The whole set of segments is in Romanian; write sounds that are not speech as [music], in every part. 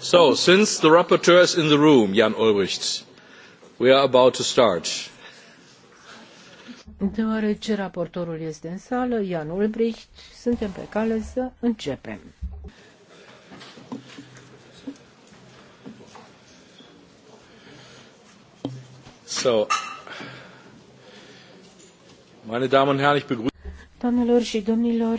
So, since the rapporteur is in the room, Jan Ulbricht, we are about to start. Deoarece raportorul este în sală, Jan Ulbricht, suntem pe cale să începem. So, meine Damen und Herren, ich begrüße Doamnelor și domnilor,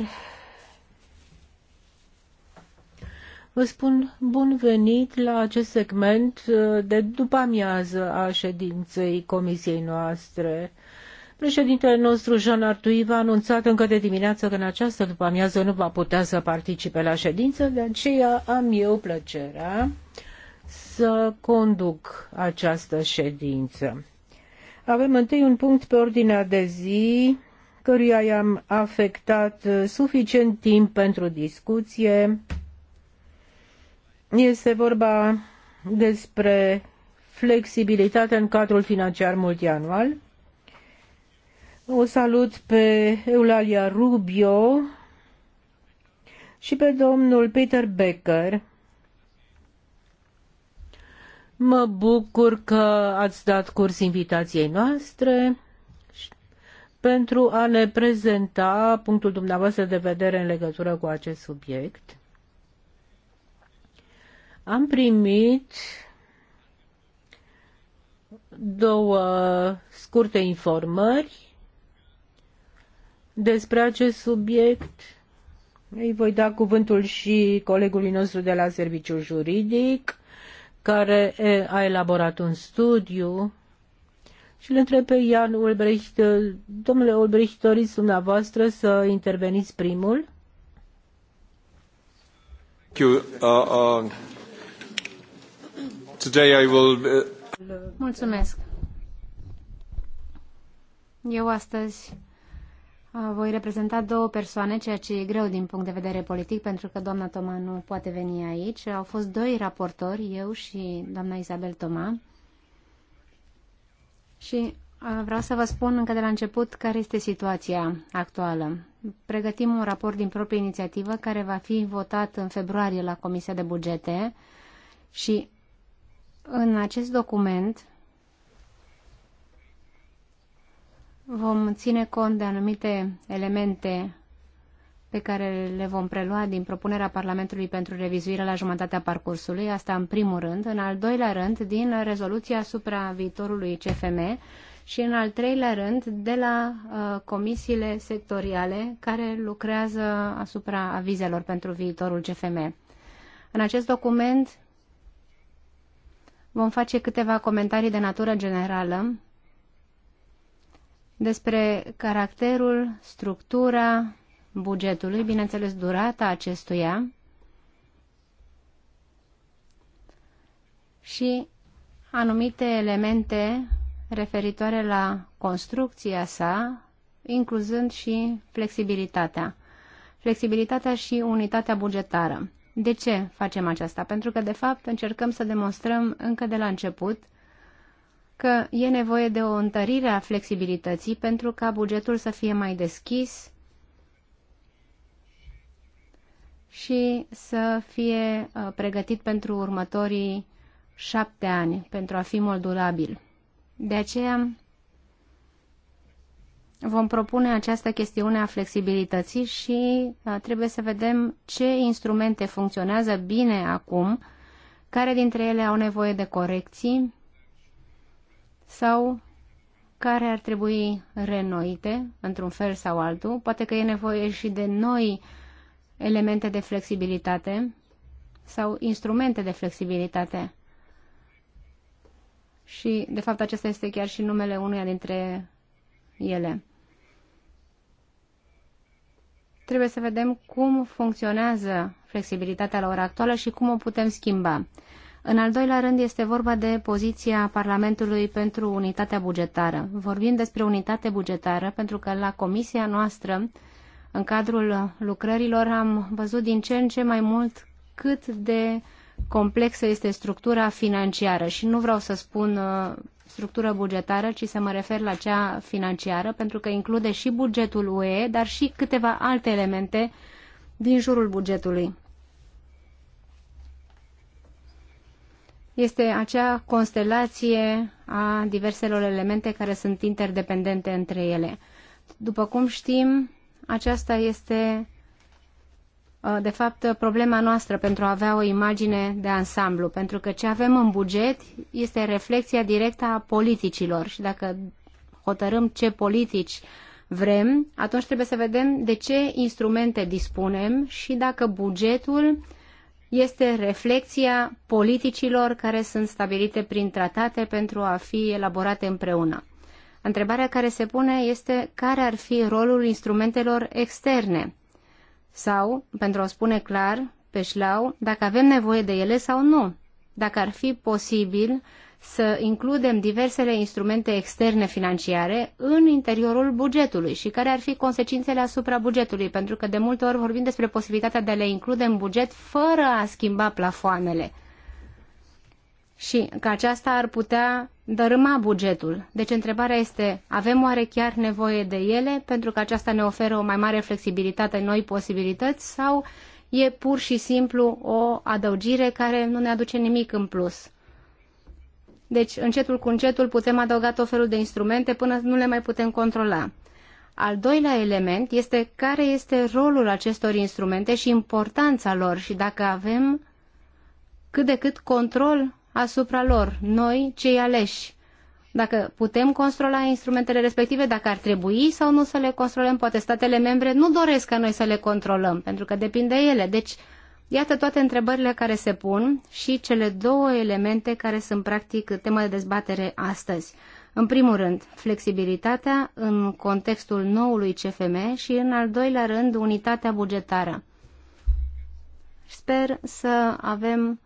Vă spun bun venit la acest segment uh, de după amiază a ședinței comisiei noastre. Președintele nostru, Jean Artui, a anunțat încă de dimineață că în această după amiază nu va putea să participe la ședință, de aceea am eu plăcerea să conduc această ședință. Avem întâi un punct pe ordinea de zi, căruia i-am afectat uh, suficient timp pentru discuție. Este vorba despre flexibilitate în cadrul financiar multianual. O salut pe Eulalia Rubio și pe domnul Peter Becker. Mă bucur că ați dat curs invitației noastre pentru a ne prezenta punctul dumneavoastră de vedere în legătură cu acest subiect. Am primit două scurte informări despre acest subiect. Îi voi da cuvântul și colegului nostru de la Serviciul Juridic, care a elaborat un studiu și le întreb pe Ian Ulbricht, domnule Ulbricht, doriți dumneavoastră să interveniți primul? Thank you. Uh, uh... Uh, Mulțumesc. Eu astăzi uh, voi reprezenta două persoane, ceea ce e greu din punct de vedere politic, pentru că doamna Toma nu poate veni aici. Au fost doi raportori, eu și doamna Isabel Toma. Și uh, vreau să vă spun încă de la început care este situația actuală. Pregătim un raport din proprie inițiativă care va fi votat în februarie la Comisia de Bugete și în acest document vom ține cont de anumite elemente pe care le vom prelua din propunerea Parlamentului pentru revizuire la jumătatea parcursului, asta în primul rând, în al doilea rând din rezoluția asupra viitorului CFM și în al treilea rând de la uh, comisiile sectoriale care lucrează asupra avizelor pentru viitorul CFM. În acest document vom face câteva comentarii de natură generală despre caracterul, structura bugetului, bineînțeles durata acestuia și anumite elemente referitoare la construcția sa, incluzând și flexibilitatea. Flexibilitatea și unitatea bugetară. De ce facem aceasta? Pentru că, de fapt, încercăm să demonstrăm încă de la început că e nevoie de o întărire a flexibilității pentru ca bugetul să fie mai deschis și să fie uh, pregătit pentru următorii șapte ani, pentru a fi moldurabil. De aceea vom propune această chestiune a flexibilității și uh, trebuie să vedem ce instrumente funcționează bine acum, care dintre ele au nevoie de corecții sau care ar trebui renoite într-un fel sau altul. Poate că e nevoie și de noi elemente de flexibilitate sau instrumente de flexibilitate. Și, de fapt, acesta este chiar și numele unuia dintre ele trebuie să vedem cum funcționează flexibilitatea la ora actuală și cum o putem schimba. În al doilea rând este vorba de poziția Parlamentului pentru unitatea bugetară. Vorbim despre unitate bugetară pentru că la comisia noastră, în cadrul lucrărilor, am văzut din ce în ce mai mult cât de complexă este structura financiară și nu vreau să spun uh, structură bugetară, ci să mă refer la cea financiară, pentru că include și bugetul UE, dar și câteva alte elemente din jurul bugetului. Este acea constelație a diverselor elemente care sunt interdependente între ele. După cum știm, aceasta este Uh, de fapt, problema noastră pentru a avea o imagine de ansamblu, pentru că ce avem în buget este reflexia directă a politicilor și dacă hotărâm ce politici vrem, atunci trebuie să vedem de ce instrumente dispunem și dacă bugetul este reflexia politicilor care sunt stabilite prin tratate pentru a fi elaborate împreună. Întrebarea care se pune este care ar fi rolul instrumentelor externe sau, pentru a spune clar, pe șlau, dacă avem nevoie de ele sau nu, dacă ar fi posibil să includem diversele instrumente externe financiare în interiorul bugetului și care ar fi consecințele asupra bugetului, pentru că de multe ori vorbim despre posibilitatea de a le include în buget fără a schimba plafoanele și că aceasta ar putea dărâma bugetul. Deci întrebarea este, avem oare chiar nevoie de ele pentru că aceasta ne oferă o mai mare flexibilitate, noi posibilități sau e pur și simplu o adăugire care nu ne aduce nimic în plus? Deci, încetul cu încetul putem adăuga tot felul de instrumente până nu le mai putem controla. Al doilea element este care este rolul acestor instrumente și importanța lor și dacă avem cât de cât control asupra lor, noi, cei aleși. Dacă putem controla instrumentele respective, dacă ar trebui sau nu să le controlăm, poate statele membre nu doresc ca noi să le controlăm, pentru că depinde de ele. Deci, iată toate întrebările care se pun și cele două elemente care sunt practic tema de dezbatere astăzi. În primul rând, flexibilitatea în contextul noului CFM și, în al doilea rând, unitatea bugetară. Sper să avem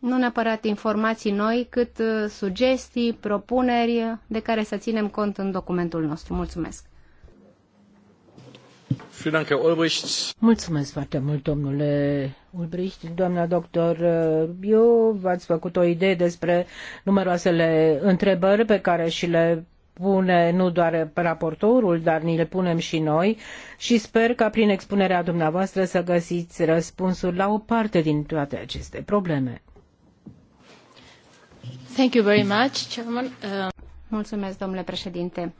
nu neapărat informații noi, cât uh, sugestii, propuneri de care să ținem cont în documentul nostru. Mulțumesc! Mulțumesc foarte mult, domnule Ulbricht. Doamna doctor, uh, eu v-ați făcut o idee despre numeroasele întrebări pe care și le pune nu doar raportorul, dar ni le punem și noi și sper ca prin expunerea dumneavoastră să găsiți răspunsuri la o parte din toate aceste probleme. Thank you very much, Chairman. Mulțumesc, domnule președinte.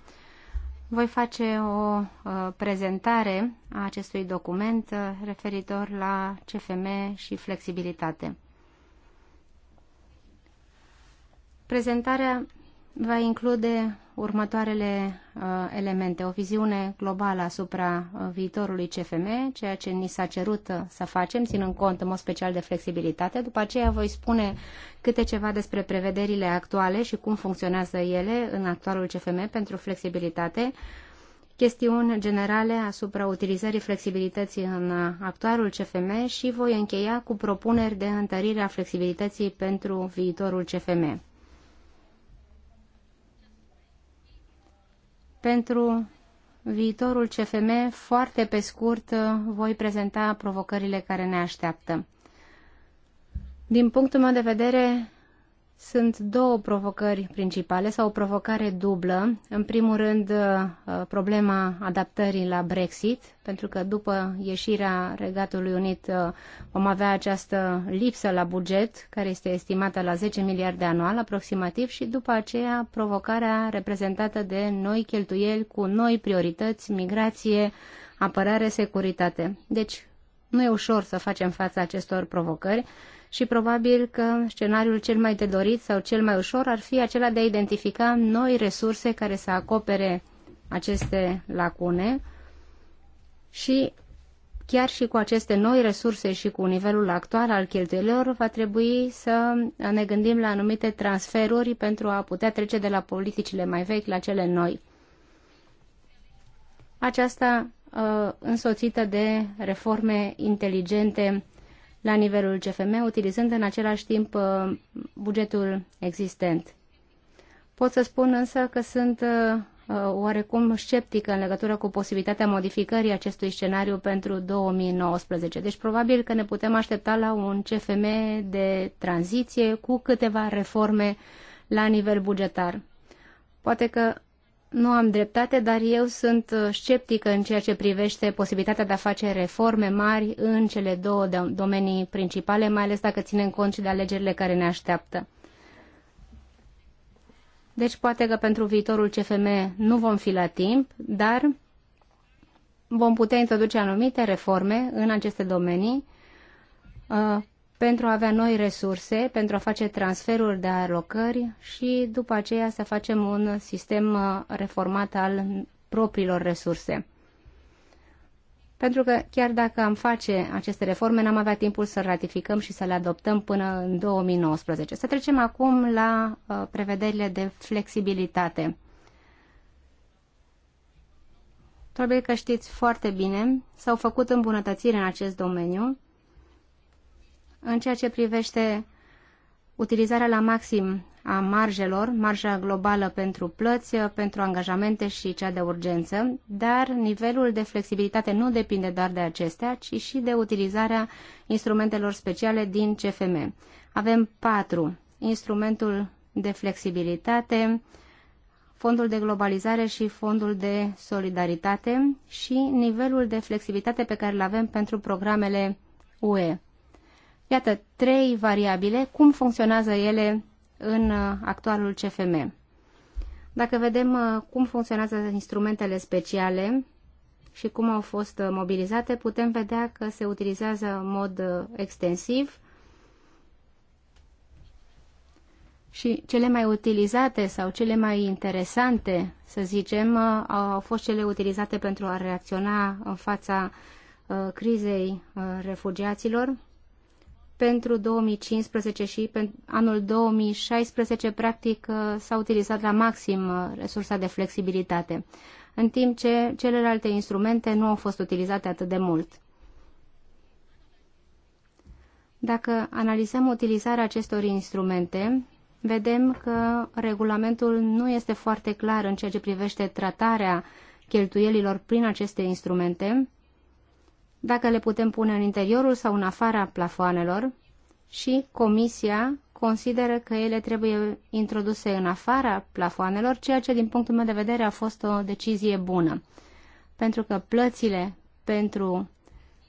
Voi face o uh, prezentare a acestui document uh, referitor la CFM și flexibilitate. Prezentarea va include următoarele uh, elemente. O viziune globală asupra uh, viitorului CFM, ceea ce ni s-a cerut uh, să facem, ținând cont în mod special de flexibilitate. După aceea voi spune câte ceva despre prevederile actuale și cum funcționează ele în actualul CFM pentru flexibilitate. Chestiuni generale asupra utilizării flexibilității în uh, actualul CFM și voi încheia cu propuneri de întărire a flexibilității pentru viitorul CFM. pentru viitorul CFM, foarte pe scurt, voi prezenta provocările care ne așteaptă. Din punctul meu de vedere, sunt două provocări principale sau o provocare dublă. În primul rând, uh, problema adaptării la Brexit, pentru că după ieșirea Regatului Unit uh, vom avea această lipsă la buget, care este estimată la 10 miliarde anual aproximativ, și după aceea provocarea reprezentată de noi cheltuieli cu noi priorități, migrație, apărare, securitate. Deci, nu e ușor să facem față acestor provocări și probabil că scenariul cel mai de dorit sau cel mai ușor ar fi acela de a identifica noi resurse care să acopere aceste lacune și chiar și cu aceste noi resurse și cu nivelul actual al cheltuielor, va trebui să ne gândim la anumite transferuri pentru a putea trece de la politicile mai vechi la cele noi. Aceasta uh, însoțită de reforme inteligente la nivelul CFM, utilizând în același timp uh, bugetul existent. Pot să spun însă că sunt uh, uh, oarecum sceptică în legătură cu posibilitatea modificării acestui scenariu pentru 2019. Deci probabil că ne putem aștepta la un CFM de tranziție cu câteva reforme la nivel bugetar. Poate că nu am dreptate, dar eu sunt uh, sceptică în ceea ce privește posibilitatea de a face reforme mari în cele două domenii principale, mai ales dacă ținem cont și de alegerile care ne așteaptă. Deci poate că pentru viitorul CFM nu vom fi la timp, dar vom putea introduce anumite reforme în aceste domenii uh, pentru a avea noi resurse, pentru a face transferuri de alocări și după aceea să facem un sistem uh, reformat al propriilor resurse. Pentru că chiar dacă am face aceste reforme, n-am avea timpul să ratificăm și să le adoptăm până în 2019. Să trecem acum la uh, prevederile de flexibilitate. Probabil că știți foarte bine, s-au făcut îmbunătățiri în acest domeniu, în ceea ce privește utilizarea la maxim a marjelor, marja globală pentru plăți, pentru angajamente și cea de urgență, dar nivelul de flexibilitate nu depinde doar de acestea, ci și de utilizarea instrumentelor speciale din CFM. Avem patru. Instrumentul de flexibilitate, fondul de globalizare și fondul de solidaritate și nivelul de flexibilitate pe care îl avem pentru programele UE. Iată, trei variabile, cum funcționează ele în uh, actualul CFM. Dacă vedem uh, cum funcționează instrumentele speciale și cum au fost uh, mobilizate, putem vedea că se utilizează în mod extensiv și cele mai utilizate sau cele mai interesante, să zicem, au fost cele utilizate pentru a reacționa în fața crizei refugiaților, pentru 2015 și pentru anul 2016, practic, uh, s-a utilizat la maxim uh, resursa de flexibilitate, în timp ce celelalte instrumente nu au fost utilizate atât de mult. Dacă analizăm utilizarea acestor instrumente, vedem că regulamentul nu este foarte clar în ceea ce privește tratarea cheltuielilor prin aceste instrumente, dacă le putem pune în interiorul sau în afara plafoanelor și Comisia consideră că ele trebuie introduse în afara plafoanelor, ceea ce din punctul meu de vedere a fost o decizie bună. Pentru că plățile pentru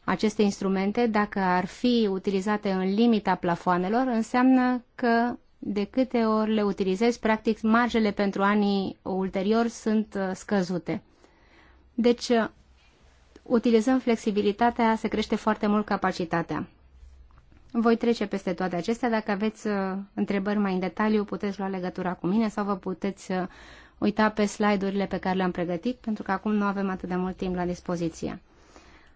aceste instrumente, dacă ar fi utilizate în limita plafoanelor, înseamnă că de câte ori le utilizezi, practic marjele pentru anii ulterior sunt uh, scăzute. Deci uh, Utilizăm flexibilitatea, se crește foarte mult capacitatea. Voi trece peste toate acestea. Dacă aveți uh, întrebări mai în detaliu, puteți lua legătura cu mine sau vă puteți uh, uita pe slide-urile pe care le-am pregătit, pentru că acum nu avem atât de mult timp la dispoziție.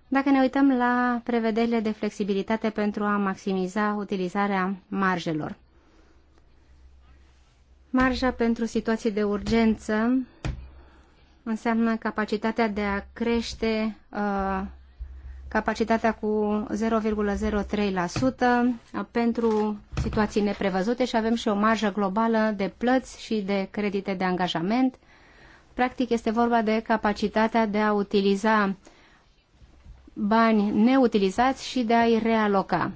Dacă ne uităm la prevederile de flexibilitate pentru a maximiza utilizarea marjelor. Marja pentru situații de urgență înseamnă capacitatea de a crește uh, capacitatea cu 0,03% uh, pentru situații neprevăzute și avem și o marjă globală de plăți și de credite de angajament. Practic este vorba de capacitatea de a utiliza bani neutilizați și de a-i realoca.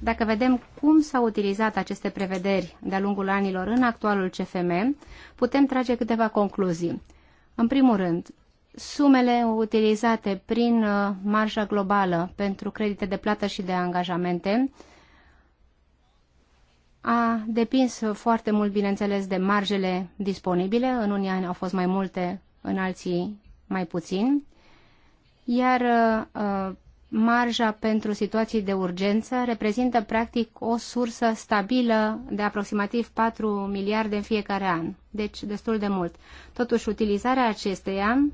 Dacă vedem cum s-au utilizat aceste prevederi de-a lungul anilor în actualul CFM, putem trage câteva concluzii. În primul rând, sumele utilizate prin uh, marja globală pentru credite de plată și de angajamente a depins foarte mult, bineînțeles, de marjele disponibile. În unii ani au fost mai multe, în alții mai puțin. Iar uh, uh, marja pentru situații de urgență reprezintă practic o sursă stabilă de aproximativ 4 miliarde în fiecare an, deci destul de mult. Totuși, utilizarea acesteia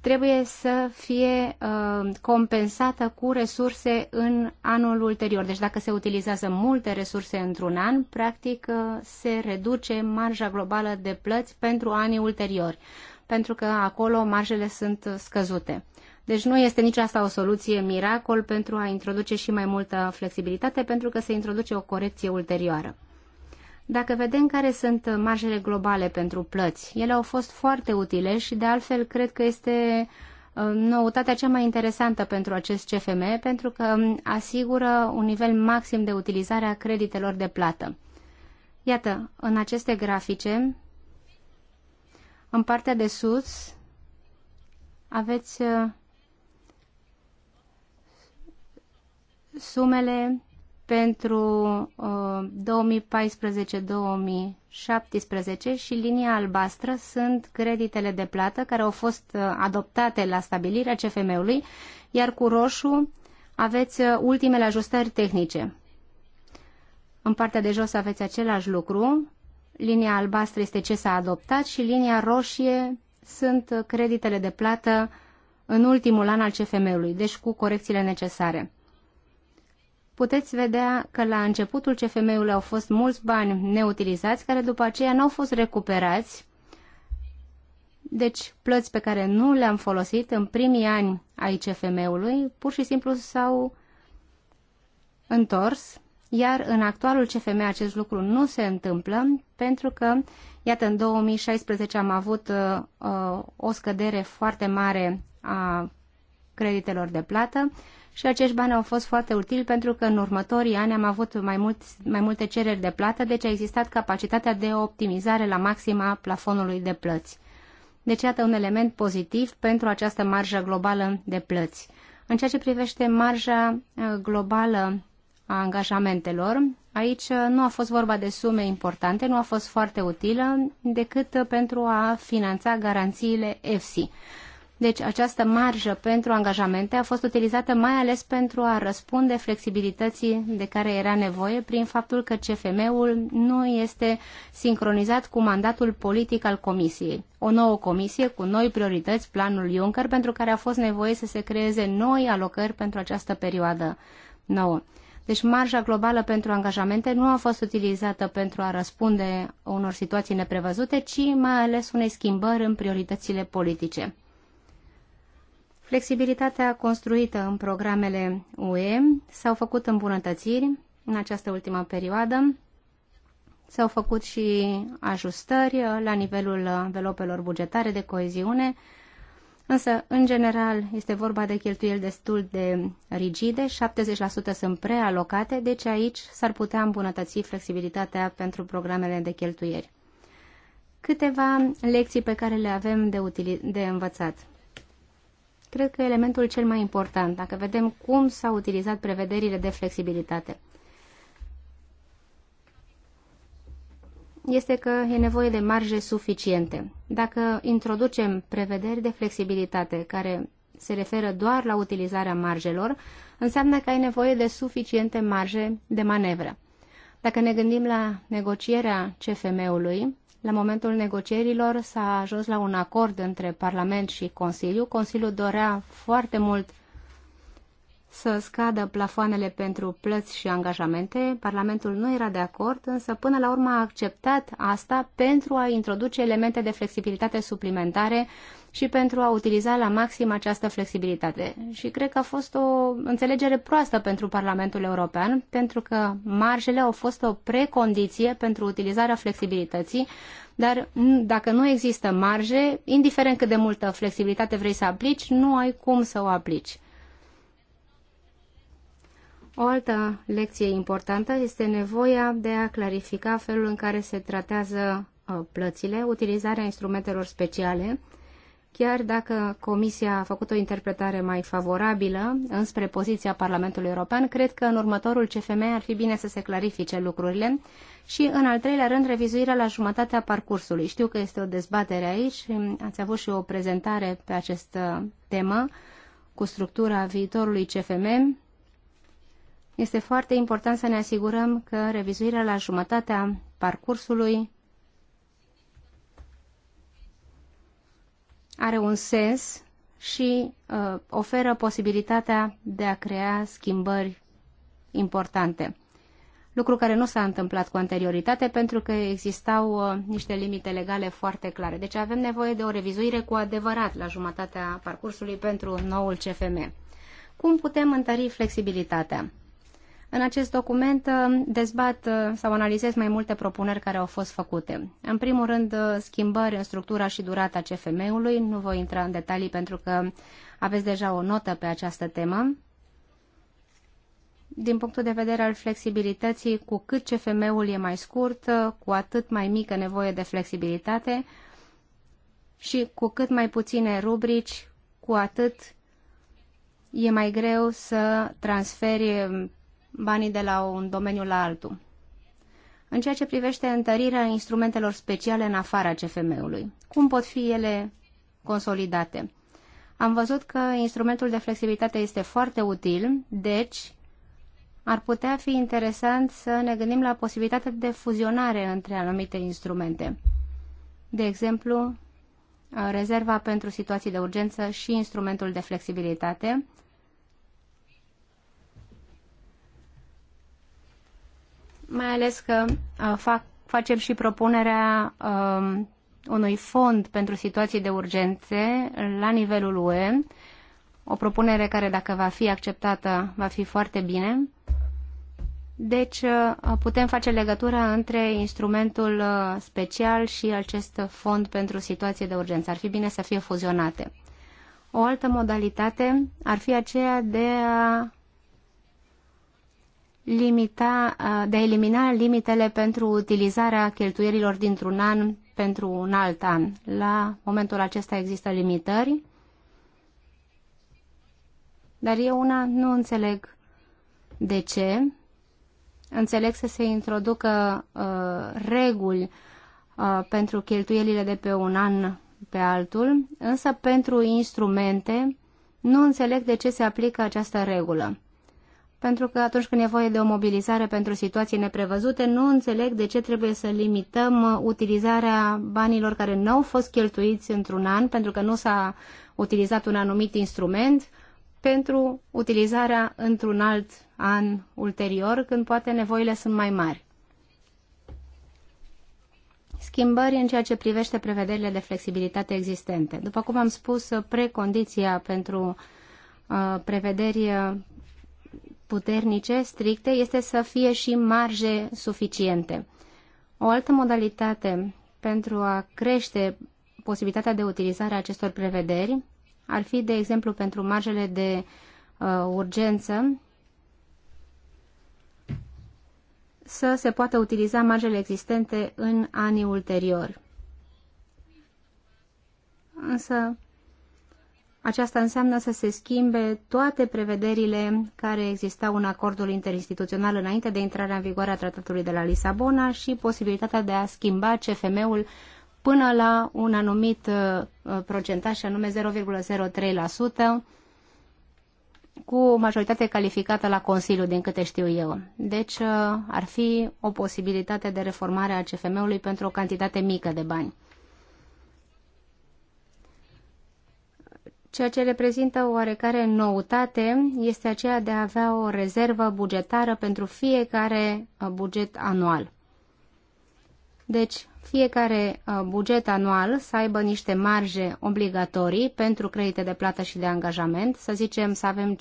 trebuie să fie uh, compensată cu resurse în anul ulterior. Deci dacă se utilizează multe resurse într-un an, practic uh, se reduce marja globală de plăți pentru anii ulteriori, pentru că acolo marjele sunt scăzute. Deci nu este nici asta o soluție miracol pentru a introduce și mai multă flexibilitate, pentru că se introduce o corecție ulterioară. Dacă vedem care sunt marjele globale pentru plăți, ele au fost foarte utile și de altfel cred că este uh, noutatea cea mai interesantă pentru acest CFM, pentru că um, asigură un nivel maxim de utilizare a creditelor de plată. Iată, în aceste grafice, în partea de sus, aveți uh, sumele pentru uh, 2014-2017 și linia albastră sunt creditele de plată care au fost uh, adoptate la stabilirea CFM-ului, iar cu roșu aveți uh, ultimele ajustări tehnice. În partea de jos aveți același lucru, linia albastră este ce s-a adoptat și linia roșie sunt creditele de plată în ultimul an al CFM-ului, deci cu corecțiile necesare puteți vedea că la începutul CFM-ului au fost mulți bani neutilizați, care după aceea nu au fost recuperați, deci plăți pe care nu le-am folosit în primii ani ai CFM-ului, pur și simplu s-au întors, iar în actualul CFM acest lucru nu se întâmplă, pentru că, iată, în 2016 am avut uh, o scădere foarte mare a creditelor de plată și acești bani au fost foarte utili pentru că în următorii ani am avut mai, mult, mai multe cereri de plată, deci a existat capacitatea de optimizare la maxima plafonului de plăți. Deci, iată un element pozitiv pentru această marjă globală de plăți. În ceea ce privește marja uh, globală a angajamentelor, aici uh, nu a fost vorba de sume importante, nu a fost foarte utilă decât uh, pentru a finanța garanțiile EFSI. Deci această marjă pentru angajamente a fost utilizată mai ales pentru a răspunde flexibilității de care era nevoie prin faptul că CFM-ul nu este sincronizat cu mandatul politic al Comisiei. O nouă comisie cu noi priorități, planul Juncker, pentru care a fost nevoie să se creeze noi alocări pentru această perioadă nouă. Deci marja globală pentru angajamente nu a fost utilizată pentru a răspunde unor situații neprevăzute, ci mai ales unei schimbări în prioritățile politice. Flexibilitatea construită în programele UE s-au făcut îmbunătățiri în această ultimă perioadă. S-au făcut și ajustări la nivelul învelopelor bugetare de coeziune, însă, în general, este vorba de cheltuieli destul de rigide, 70% sunt prealocate, deci aici s-ar putea îmbunătăți flexibilitatea pentru programele de cheltuieli. Câteva lecții pe care le avem de, de învățat cred că elementul cel mai important, dacă vedem cum s-au utilizat prevederile de flexibilitate. este că e nevoie de marje suficiente. Dacă introducem prevederi de flexibilitate care se referă doar la utilizarea marjelor, înseamnă că ai nevoie de suficiente marje de manevră. Dacă ne gândim la negocierea CFM-ului, la momentul negocierilor s-a ajuns la un acord între Parlament și Consiliu. Consiliul dorea foarte mult să scadă plafoanele pentru plăți și angajamente. Parlamentul nu era de acord, însă până la urmă a acceptat asta pentru a introduce elemente de flexibilitate suplimentare și pentru a utiliza la maxim această flexibilitate. Și cred că a fost o înțelegere proastă pentru Parlamentul European, pentru că marjele au fost o precondiție pentru utilizarea flexibilității, dar dacă nu există marje, indiferent cât de multă flexibilitate vrei să aplici, nu ai cum să o aplici. O altă lecție importantă este nevoia de a clarifica felul în care se tratează uh, plățile, utilizarea instrumentelor speciale Chiar dacă Comisia a făcut o interpretare mai favorabilă înspre poziția Parlamentului European, cred că în următorul CFM ar fi bine să se clarifice lucrurile și, în al treilea rând, revizuirea la jumătatea parcursului. Știu că este o dezbatere aici, ați avut și o prezentare pe această temă cu structura viitorului CFM. Este foarte important să ne asigurăm că revizuirea la jumătatea parcursului are un sens și uh, oferă posibilitatea de a crea schimbări importante. Lucru care nu s-a întâmplat cu anterioritate pentru că existau uh, niște limite legale foarte clare. Deci avem nevoie de o revizuire cu adevărat la jumătatea parcursului pentru noul CFM. Cum putem întări flexibilitatea? În acest document uh, dezbat uh, sau analizez mai multe propuneri care au fost făcute. În primul rând, uh, schimbări în structura și durata CFM-ului. Nu voi intra în detalii pentru că aveți deja o notă pe această temă. Din punctul de vedere al flexibilității, cu cât CFM-ul e mai scurt, cu atât mai mică nevoie de flexibilitate și cu cât mai puține rubrici, cu atât e mai greu să transferi um, banii de la un domeniu la altul. În ceea ce privește întărirea instrumentelor speciale în afara CFM-ului, cum pot fi ele consolidate? Am văzut că instrumentul de flexibilitate este foarte util, deci ar putea fi interesant să ne gândim la posibilitatea de fuzionare între anumite instrumente. De exemplu, rezerva pentru situații de urgență și instrumentul de flexibilitate mai ales că uh, fac, facem și propunerea um, unui fond pentru situații de urgențe la nivelul UE, o propunere care, dacă va fi acceptată, va fi foarte bine. Deci, uh, putem face legătura între instrumentul uh, special și acest fond pentru situații de urgență. Ar fi bine să fie fuzionate. O altă modalitate ar fi aceea de a limita, de a elimina limitele pentru utilizarea cheltuierilor dintr-un an pentru un alt an. La momentul acesta există limitări, dar eu una nu înțeleg de ce. Înțeleg să se introducă uh, reguli uh, pentru cheltuielile de pe un an pe altul, însă pentru instrumente nu înțeleg de ce se aplică această regulă pentru că atunci când e voie de o mobilizare pentru situații neprevăzute, nu înțeleg de ce trebuie să limităm uh, utilizarea banilor care nu au fost cheltuiți într-un an, pentru că nu s-a utilizat un anumit instrument, pentru utilizarea într-un alt an ulterior, când poate nevoile sunt mai mari. Schimbări în ceea ce privește prevederile de flexibilitate existente. După cum am spus, uh, precondiția pentru uh, prevederi puternice, stricte, este să fie și marje suficiente. O altă modalitate pentru a crește posibilitatea de utilizare a acestor prevederi ar fi, de exemplu, pentru marjele de uh, urgență, să se poată utiliza marjele existente în anii ulteriori. Însă, aceasta înseamnă să se schimbe toate prevederile care existau în acordul interinstituțional înainte de intrarea în vigoare a tratatului de la Lisabona și posibilitatea de a schimba CFM-ul până la un anumit uh, procentaj, anume 0,03%, cu majoritate calificată la Consiliu, din câte știu eu. Deci uh, ar fi o posibilitate de reformare a CFM-ului pentru o cantitate mică de bani. Ceea ce reprezintă o oarecare noutate este aceea de a avea o rezervă bugetară pentru fiecare uh, buget anual. Deci, fiecare uh, buget anual să aibă niște marje obligatorii pentru credite de plată și de angajament, să zicem să avem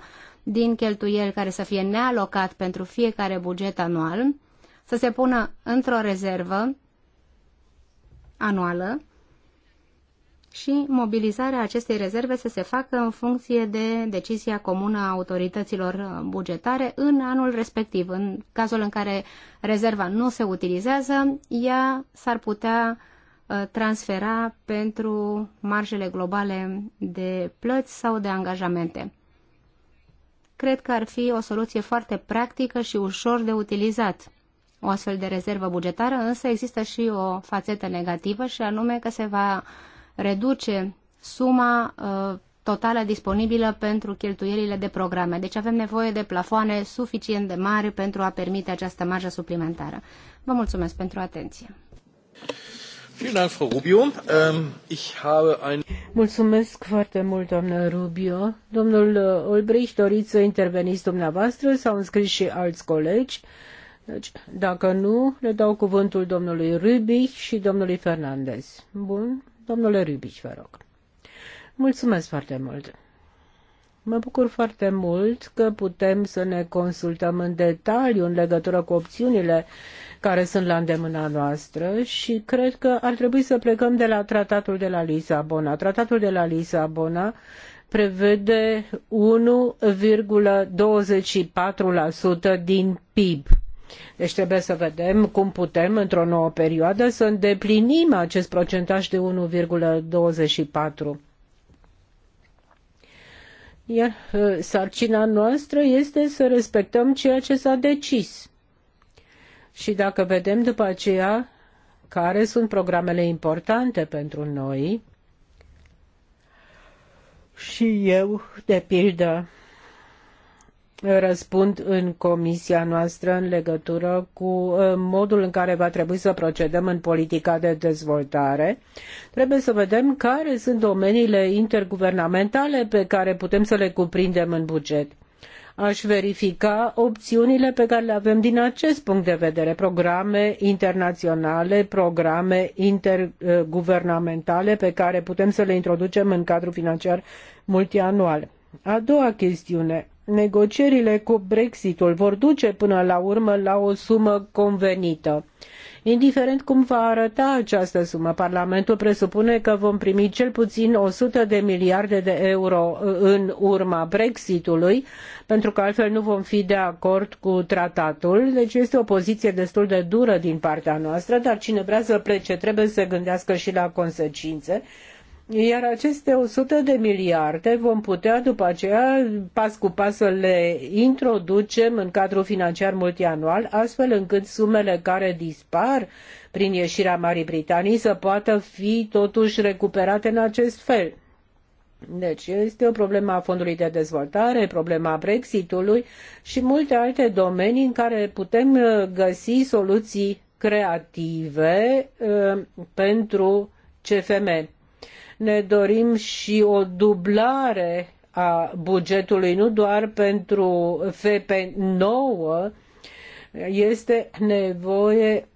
5% din cheltuieli care să fie nealocat pentru fiecare buget anual, să se pună într-o rezervă anuală și mobilizarea acestei rezerve să se facă în funcție de decizia comună a autorităților bugetare în anul respectiv. În cazul în care rezerva nu se utilizează, ea s-ar putea uh, transfera pentru marjele globale de plăți sau de angajamente. Cred că ar fi o soluție foarte practică și ușor de utilizat. O astfel de rezervă bugetară, însă există și o fațetă negativă și anume că se va uh, reduce suma uh, totală disponibilă pentru cheltuielile de programe. Deci avem nevoie de plafoane suficient de mari pentru a permite această marjă suplimentară. Vă mulțumesc pentru atenție. Ähm, mulțumesc foarte mult, doamnă Rubio. Domnul uh, Olbrich, doriți să interveniți dumneavoastră? S-au înscris și alți colegi. Deci, dacă nu, le dau cuvântul domnului Rubich și domnului Fernandez. Bun, Domnule Rubici, vă rog. Mulțumesc foarte mult. Mă bucur foarte mult că putem să ne consultăm în detaliu în legătură cu opțiunile care sunt la îndemâna noastră și cred că ar trebui să plecăm de la tratatul de la Lisabona. Tratatul de la Lisabona prevede 1,24% din PIB deci trebuie să vedem cum putem, într-o nouă perioadă, să îndeplinim acest procentaj de 1,24. Iar uh, sarcina noastră este să respectăm ceea ce s-a decis. Și dacă vedem după aceea care sunt programele importante pentru noi, și eu, de pildă, răspund în comisia noastră în legătură cu uh, modul în care va trebui să procedăm în politica de dezvoltare. Trebuie să vedem care sunt domeniile interguvernamentale pe care putem să le cuprindem în buget aș verifica opțiunile pe care le avem din acest punct de vedere, programe internaționale, programe interguvernamentale pe care putem să le introducem în cadrul financiar multianual. A doua chestiune, negocierile cu Brexitul vor duce până la urmă la o sumă convenită. Indiferent cum va arăta această sumă, Parlamentul presupune că vom primi cel puțin 100 de miliarde de euro uh, în urma Brexitului, pentru că altfel nu vom fi de acord cu tratatul. Deci este o poziție destul de dură din partea noastră, dar cine vrea să plece trebuie să se gândească și la consecințe iar aceste 100 de miliarde vom putea după aceea pas cu pas să le introducem în cadrul financiar multianual, astfel încât sumele care dispar prin ieșirea Marii Britanii să poată fi totuși recuperate în acest fel. Deci este o problemă a fondului de dezvoltare, problema Brexitului și multe alte domenii în care putem uh, găsi soluții creative uh, pentru CFM. Ne dorim și o dublare a bugetului, nu doar pentru FP9, este nevoie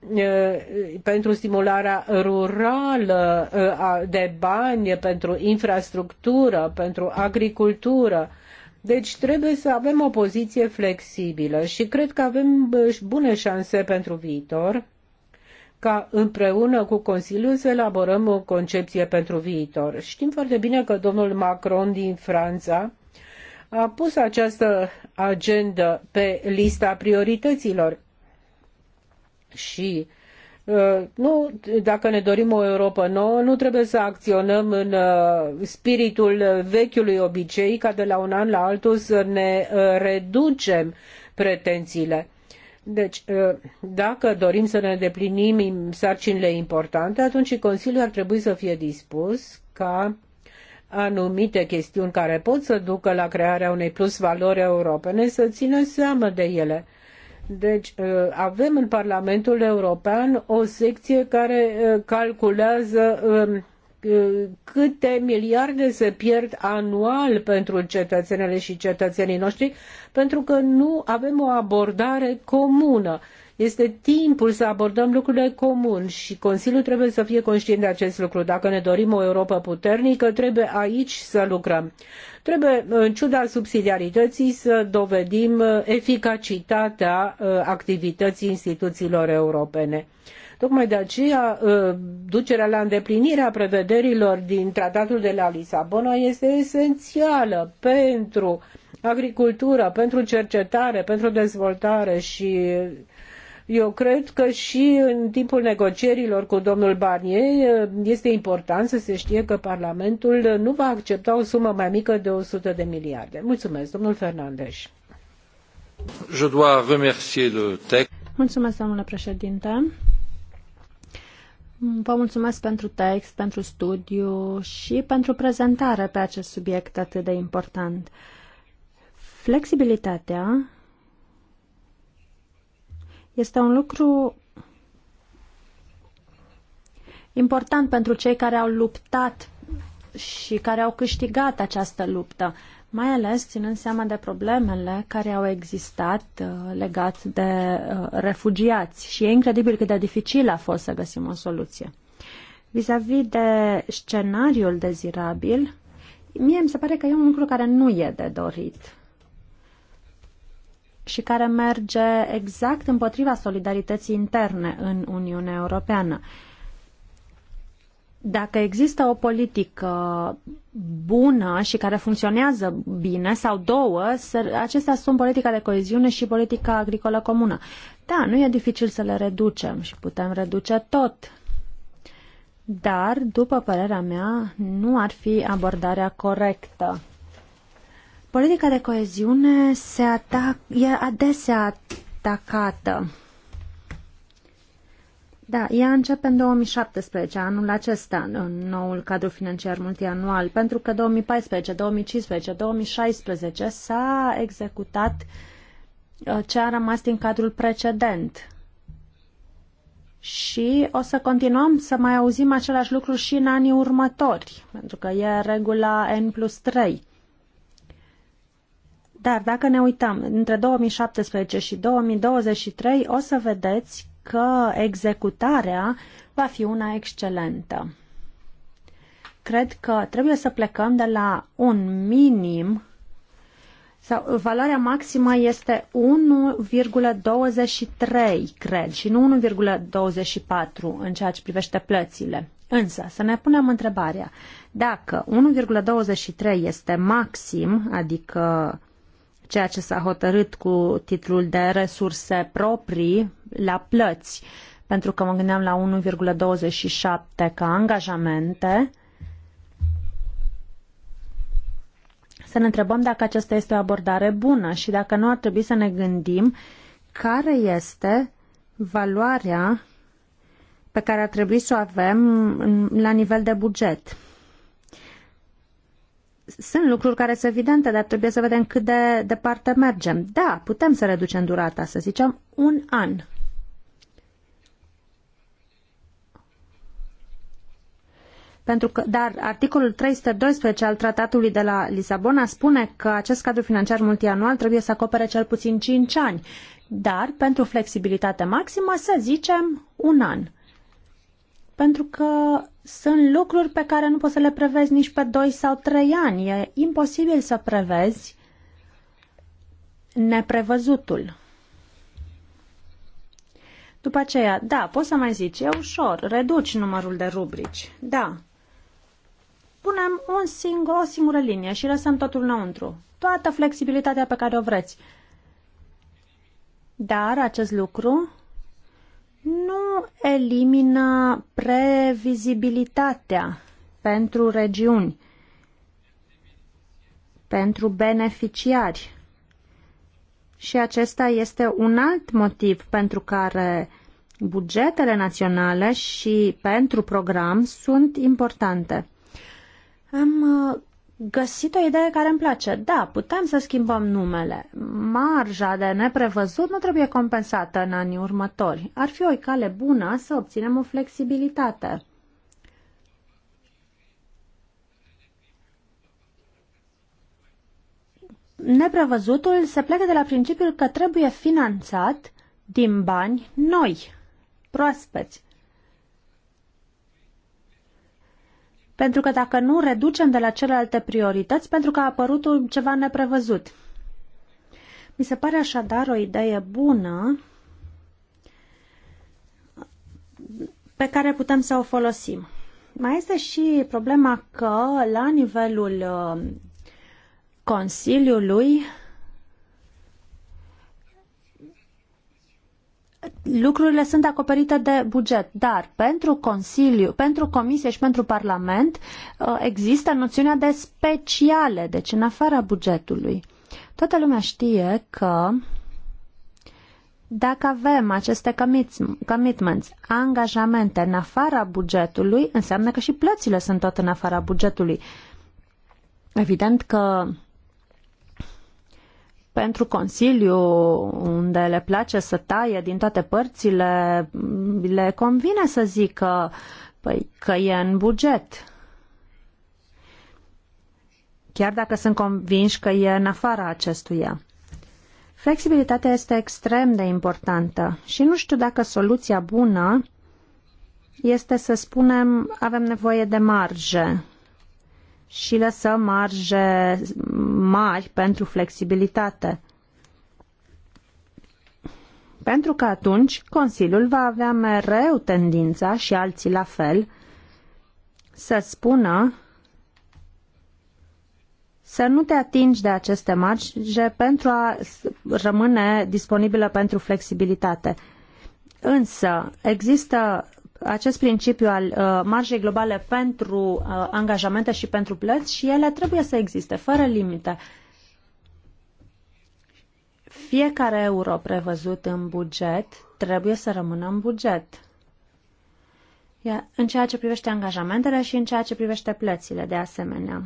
pentru stimularea rurală de bani, pentru infrastructură, pentru agricultură. Deci trebuie să avem o poziție flexibilă și cred că avem bune șanse pentru viitor ca împreună cu Consiliul să elaborăm o concepție pentru viitor. Știm foarte bine că domnul Macron din Franța a pus această agendă pe lista priorităților și uh, nu, dacă ne dorim o Europa nouă, nu trebuie să acționăm în uh, spiritul vechiului obicei ca de la un an la altul să ne uh, reducem pretențiile deci, ă, dacă dorim să ne îndeplinim sarcinile importante, atunci Consiliul ar trebui să fie dispus ca anumite chestiuni care pot să ducă la crearea unei plus valori europene să țină seamă de ele. Deci ă, avem în Parlamentul European o secție care ă, calculează câte miliarde se pierd anual pentru cetățenele și cetățenii noștri, pentru că nu avem o abordare comună. Este timpul să abordăm lucrurile comun și Consiliul trebuie să fie conștient de acest lucru. Dacă ne dorim o Europa puternică, trebuie aici să lucrăm. Trebuie, în ciuda subsidiarității, să dovedim eficacitatea uh, activității instituțiilor europene. Tocmai de aceea, ă, ducerea la îndeplinire a prevederilor din Tratatul de la Lisabona este esențială pentru agricultură, pentru cercetare, pentru dezvoltare și eu cred că și în timpul negocierilor cu domnul Barnier ă, este important să se știe că Parlamentul nu va accepta o sumă mai mică de 100 de miliarde. Mulțumesc, domnul Fernandez. Je dois remercier le texte. Mulțumesc, domnule președinte. Vă mulțumesc pentru text, pentru studiu și pentru prezentare pe acest subiect atât de important. Flexibilitatea este un lucru important pentru cei care au luptat și care au câștigat această luptă mai ales ținând seama de problemele care au existat uh, legat de uh, refugiați. Și e incredibil cât de dificil a fost să găsim o soluție. Vis-a-vis -vis de scenariul dezirabil, mie mi se pare că e un lucru care nu e de dorit și care merge exact împotriva solidarității interne în Uniunea Europeană. Uh, dacă există o politică bună și care funcționează bine, sau două, acestea sunt politica de coeziune și politica agricolă comună. Da, nu e dificil să le reducem și putem reduce tot. Dar, după părerea mea, nu ar fi abordarea corectă. Politica de coeziune se atac, e adesea atacată da, ea începe în 2017, anul acesta, în noul cadru financiar multianual, pentru că 2014, 2015, 2016 s-a executat uh, ce a rămas din cadrul precedent. Și o să continuăm să mai auzim același lucru și în anii următori, pentru că e regula N plus 3. Dar dacă ne uităm între 2017 și 2023, o să vedeți că executarea va fi una excelentă. Cred că trebuie să plecăm de la un minim sau valoarea maximă este 1,23, cred, și nu 1,24 în ceea ce privește plățile. Însă, să ne punem întrebarea, dacă 1,23 este maxim, adică ceea ce s-a hotărât cu titlul de resurse proprii la plăți, pentru că mă gândeam la 1,27 ca angajamente, să ne întrebăm dacă aceasta este o abordare bună și dacă nu ar trebui să ne gândim care este valoarea pe care ar trebui să o avem la nivel de buget. Sunt lucruri care sunt evidente, dar trebuie să vedem cât de departe mergem. Da, putem să reducem durata, să zicem, un an Pentru că, dar articolul 312 al tratatului de la Lisabona spune că acest cadru financiar multianual trebuie să acopere cel puțin 5 ani, dar pentru flexibilitate maximă să zicem un an. Pentru că sunt lucruri pe care nu poți să le prevezi nici pe 2 sau 3 ani. E imposibil să prevezi neprevăzutul. După aceea, da, poți să mai zici, e ușor, reduci numărul de rubrici. Da, punem un singur, o singură linie și lăsăm totul înăuntru. Toată flexibilitatea pe care o vreți. Dar acest lucru nu elimină previzibilitatea pentru regiuni, pentru beneficiari. Și acesta este un alt motiv pentru care bugetele naționale și pentru program sunt importante. Am uh, găsit o idee care îmi place. Da, putem să schimbăm numele. Marja de neprevăzut nu trebuie compensată în anii următori. Ar fi o cale bună să obținem o flexibilitate. Neprevăzutul se pleacă de la principiul că trebuie finanțat din bani noi, proaspeți. Pentru că dacă nu, reducem de la celelalte priorități pentru că a apărut ceva neprevăzut. Mi se pare așadar o idee bună pe care putem să o folosim. Mai este și problema că la nivelul uh, Consiliului lucrurile sunt acoperite de buget, dar pentru Consiliu, pentru Comisie și pentru Parlament uh, există noțiunea de speciale, deci în afara bugetului. Toată lumea știe că dacă avem aceste commitments, angajamente în afara bugetului, înseamnă că și plățile sunt tot în afara bugetului. Evident că pentru Consiliu, unde le place să taie din toate părțile, le convine să zică păi, că e în buget. Chiar dacă sunt convinși că e în afara acestuia. Flexibilitatea este extrem de importantă și nu știu dacă soluția bună este să spunem avem nevoie de marge și lăsăm marje mari pentru flexibilitate. Pentru că atunci Consiliul va avea mereu tendința și alții la fel să spună să nu te atingi de aceste marge pentru a rămâne disponibilă pentru flexibilitate. Însă există acest principiu al uh, marjei globale pentru uh, angajamente și pentru plăți și ele trebuie să existe, fără limite. Fiecare euro prevăzut în buget trebuie să rămână în buget. Ia, în ceea ce privește angajamentele și în ceea ce privește plățile, de asemenea.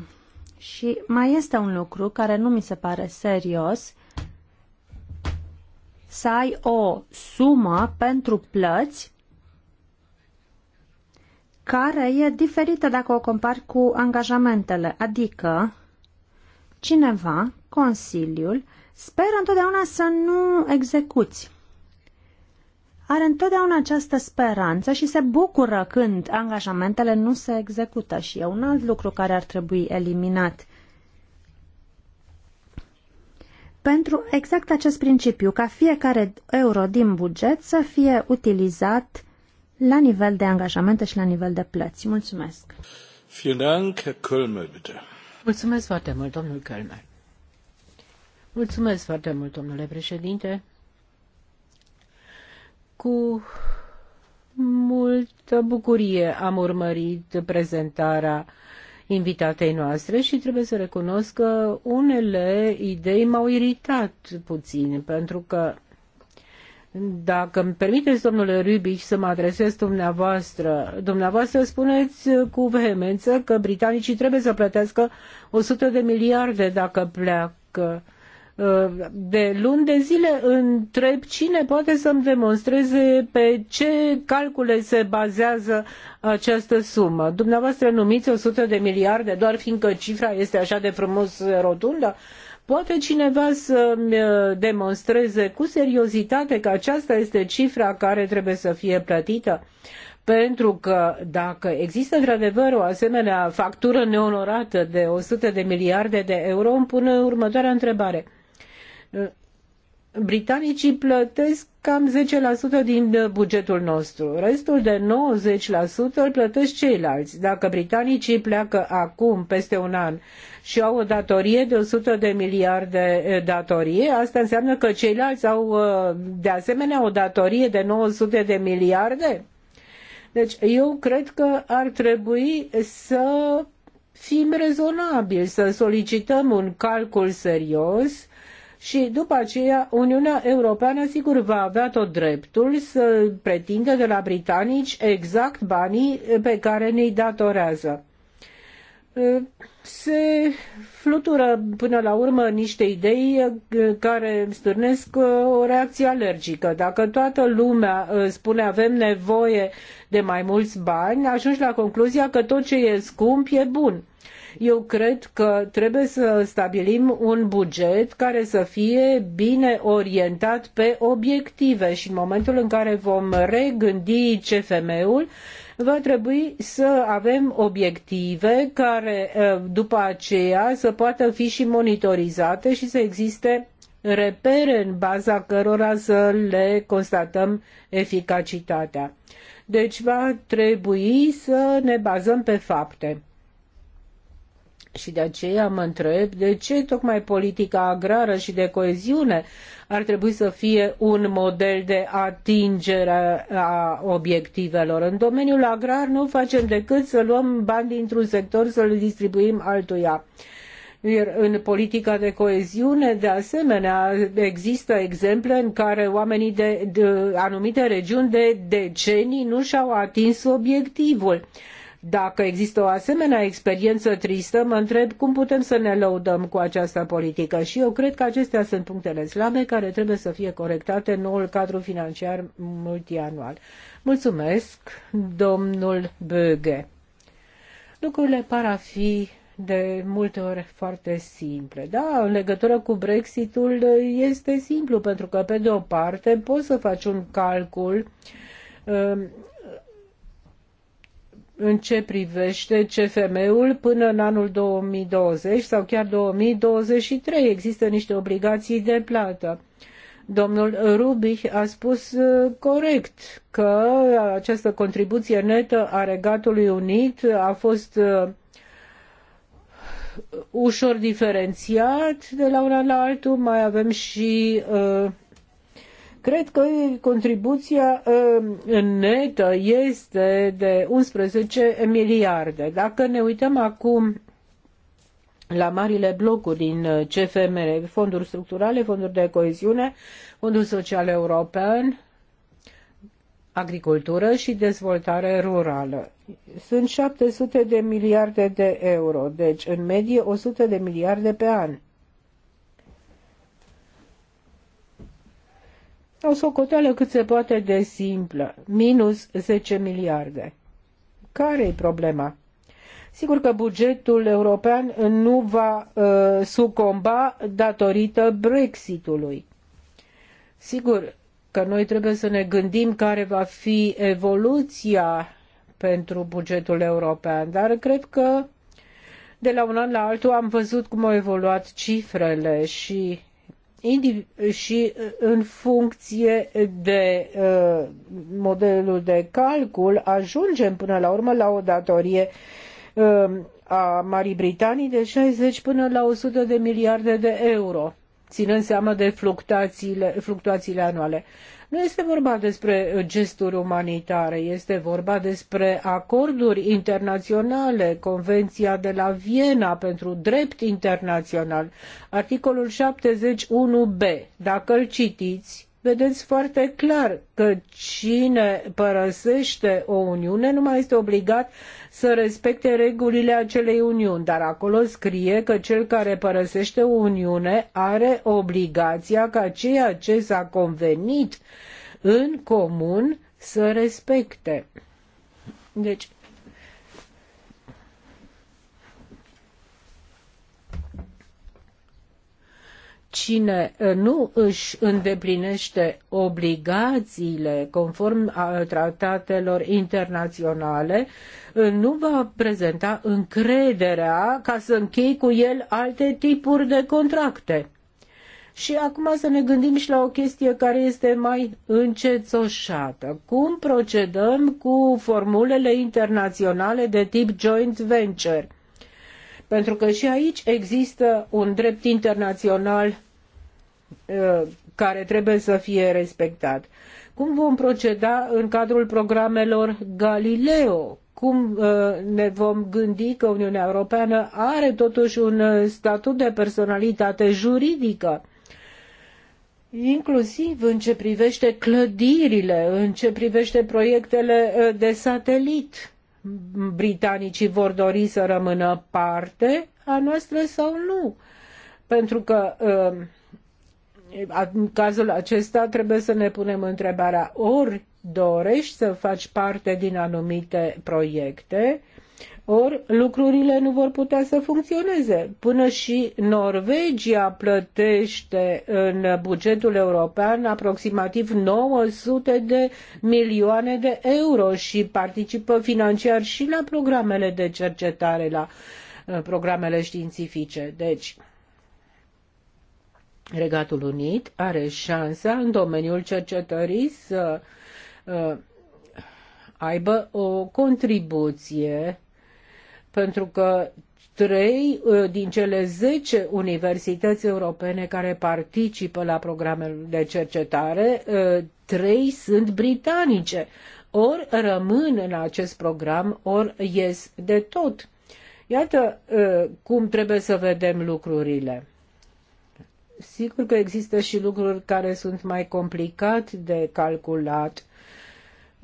Și mai este un lucru care nu mi se pare serios, să ai o sumă pentru plăți care e diferită dacă o compari cu angajamentele, adică cineva, Consiliul, speră întotdeauna să nu execuți. Are întotdeauna această speranță și se bucură când angajamentele nu se execută și e un alt lucru care ar trebui eliminat. Pentru exact acest principiu, ca fiecare euro din buget să fie utilizat la nivel de angajamente și la nivel de plăți. Mulțumesc! Mulțumesc foarte mult, domnul Kölmer. Mulțumesc foarte mult, domnule președinte. Cu multă bucurie am urmărit prezentarea invitatei noastre și trebuie să recunosc că unele idei m-au iritat puțin, pentru că dacă îmi permiteți, domnule Rubic, să mă adresez dumneavoastră, dumneavoastră spuneți cu vehemență că britanicii trebuie să plătească 100 de miliarde dacă pleacă. De luni de zile întreb cine poate să-mi demonstreze pe ce calcule se bazează această sumă. Dumneavoastră numiți 100 de miliarde doar fiindcă cifra este așa de frumos rotundă? Poate cineva să-mi uh, demonstreze cu seriozitate că aceasta este cifra care trebuie să fie plătită? Pentru că dacă există într-adevăr o asemenea factură neonorată de 100 de miliarde de euro, îmi pune următoarea întrebare britanicii plătesc cam 10% din uh, bugetul nostru. Restul de 90% îl plătesc ceilalți. Dacă britanicii pleacă acum, peste un an, și au o datorie de 100 de miliarde uh, datorie, asta înseamnă că ceilalți au uh, de asemenea o datorie de 900 de miliarde? Deci eu cred că ar trebui să fim rezonabili, să solicităm un calcul serios și după aceea Uniunea Europeană sigur va avea tot dreptul să pretindă de la britanici exact banii pe care ne-i datorează. Se flutură până la urmă niște idei care stârnesc o reacție alergică. Dacă toată lumea spune avem nevoie de mai mulți bani, ajungi la concluzia că tot ce e scump e bun. Eu cred că trebuie să stabilim un buget care să fie bine orientat pe obiective și în momentul în care vom regândi CFM-ul, va trebui să avem obiective care eh, după aceea să poată fi și monitorizate și să existe repere în baza cărora să le constatăm eficacitatea. Deci va trebui să ne bazăm pe fapte. Și de aceea mă întreb de ce tocmai politica agrară și de coeziune ar trebui să fie un model de atingere a obiectivelor. În domeniul agrar nu facem decât să luăm bani dintr-un sector să-l distribuim altuia. Iar în politica de coeziune, de asemenea, există exemple în care oamenii de, de anumite regiuni de decenii nu și-au atins obiectivul. Uh, dacă există o asemenea experiență tristă, mă întreb cum putem să ne lăudăm cu această politică și eu cred că acestea sunt punctele slabe care trebuie să fie corectate în noul cadru financiar multianual. Mulțumesc, domnul Böge. Lucrurile par a fi de multe ori foarte simple. Da, în legătură cu Brexitul este simplu, pentru că pe de o parte poți să faci un calcul um, în ce privește CFM-ul până în anul 2020 sau chiar 2023. Există niște obligații de plată. Domnul Rubich a spus uh, corect că această contribuție netă a Regatului Unit a fost uh, ușor diferențiat de la un an la altul. Mai avem și uh, Cred că contribuția ă, netă este de 11 miliarde. Dacă ne uităm acum la marile blocuri din ă, CFM, fonduri structurale, fonduri de coeziune, fondul social european, agricultură și dezvoltare rurală. Sunt 700 de miliarde de euro, deci în medie 100 de miliarde pe an. o socoteală cât se poate de simplă, minus 10 miliarde. Care e problema? Sigur că bugetul european nu va uh, sucomba datorită Brexitului. Sigur că noi trebuie să ne gândim care va fi evoluția pentru bugetul european, dar cred că de la un an la altul am văzut cum au evoluat cifrele și și uh, în funcție de uh, modelul de calcul ajungem până la urmă la o datorie uh, a Marii Britanii de 60 până la 100 de miliarde de euro, ținând seama de fluctuațiile, fluctuațiile anuale. Nu este vorba despre gesturi umanitare, este vorba despre acorduri internaționale, Convenția de la Viena pentru drept internațional, articolul 71b. Dacă îl citiți, vedeți foarte clar că cine părăsește o Uniune nu mai este obligat să respecte regulile acelei Uniuni, dar acolo scrie că cel care părăsește o Uniune are obligația ca ceea ce s-a convenit în comun să respecte. Deci, cine uh, nu își îndeplinește obligațiile conform uh, tratatelor internaționale uh, nu va prezenta încrederea ca să închei cu el alte tipuri de contracte. Și acum să ne gândim și la o chestie care este mai încețoșată. Cum procedăm cu formulele internaționale de tip joint venture? Pentru că și aici există un drept internațional uh, care trebuie să fie respectat. Cum vom proceda în cadrul programelor Galileo? Cum uh, ne vom gândi că Uniunea Europeană are totuși un uh, statut de personalitate juridică? inclusiv în ce privește clădirile, în ce privește proiectele de satelit britanicii vor dori să rămână parte a noastră sau nu. Pentru că um, în cazul acesta trebuie să ne punem întrebarea ori dorești să faci parte din anumite proiecte, ori lucrurile nu vor putea să funcționeze. Până și Norvegia plătește în bugetul european aproximativ 900 de milioane de euro și participă financiar și la programele de cercetare, la uh, programele științifice. Deci, Regatul Unit are șansa în domeniul cercetării să uh, aibă o contribuție pentru că trei ă, din cele zece universități europene care participă la programele de cercetare, ă, trei sunt britanice. Ori rămân în acest program, ori ies de tot. Iată ă, cum trebuie să vedem lucrurile. Sigur că există și lucruri care sunt mai complicat de calculat,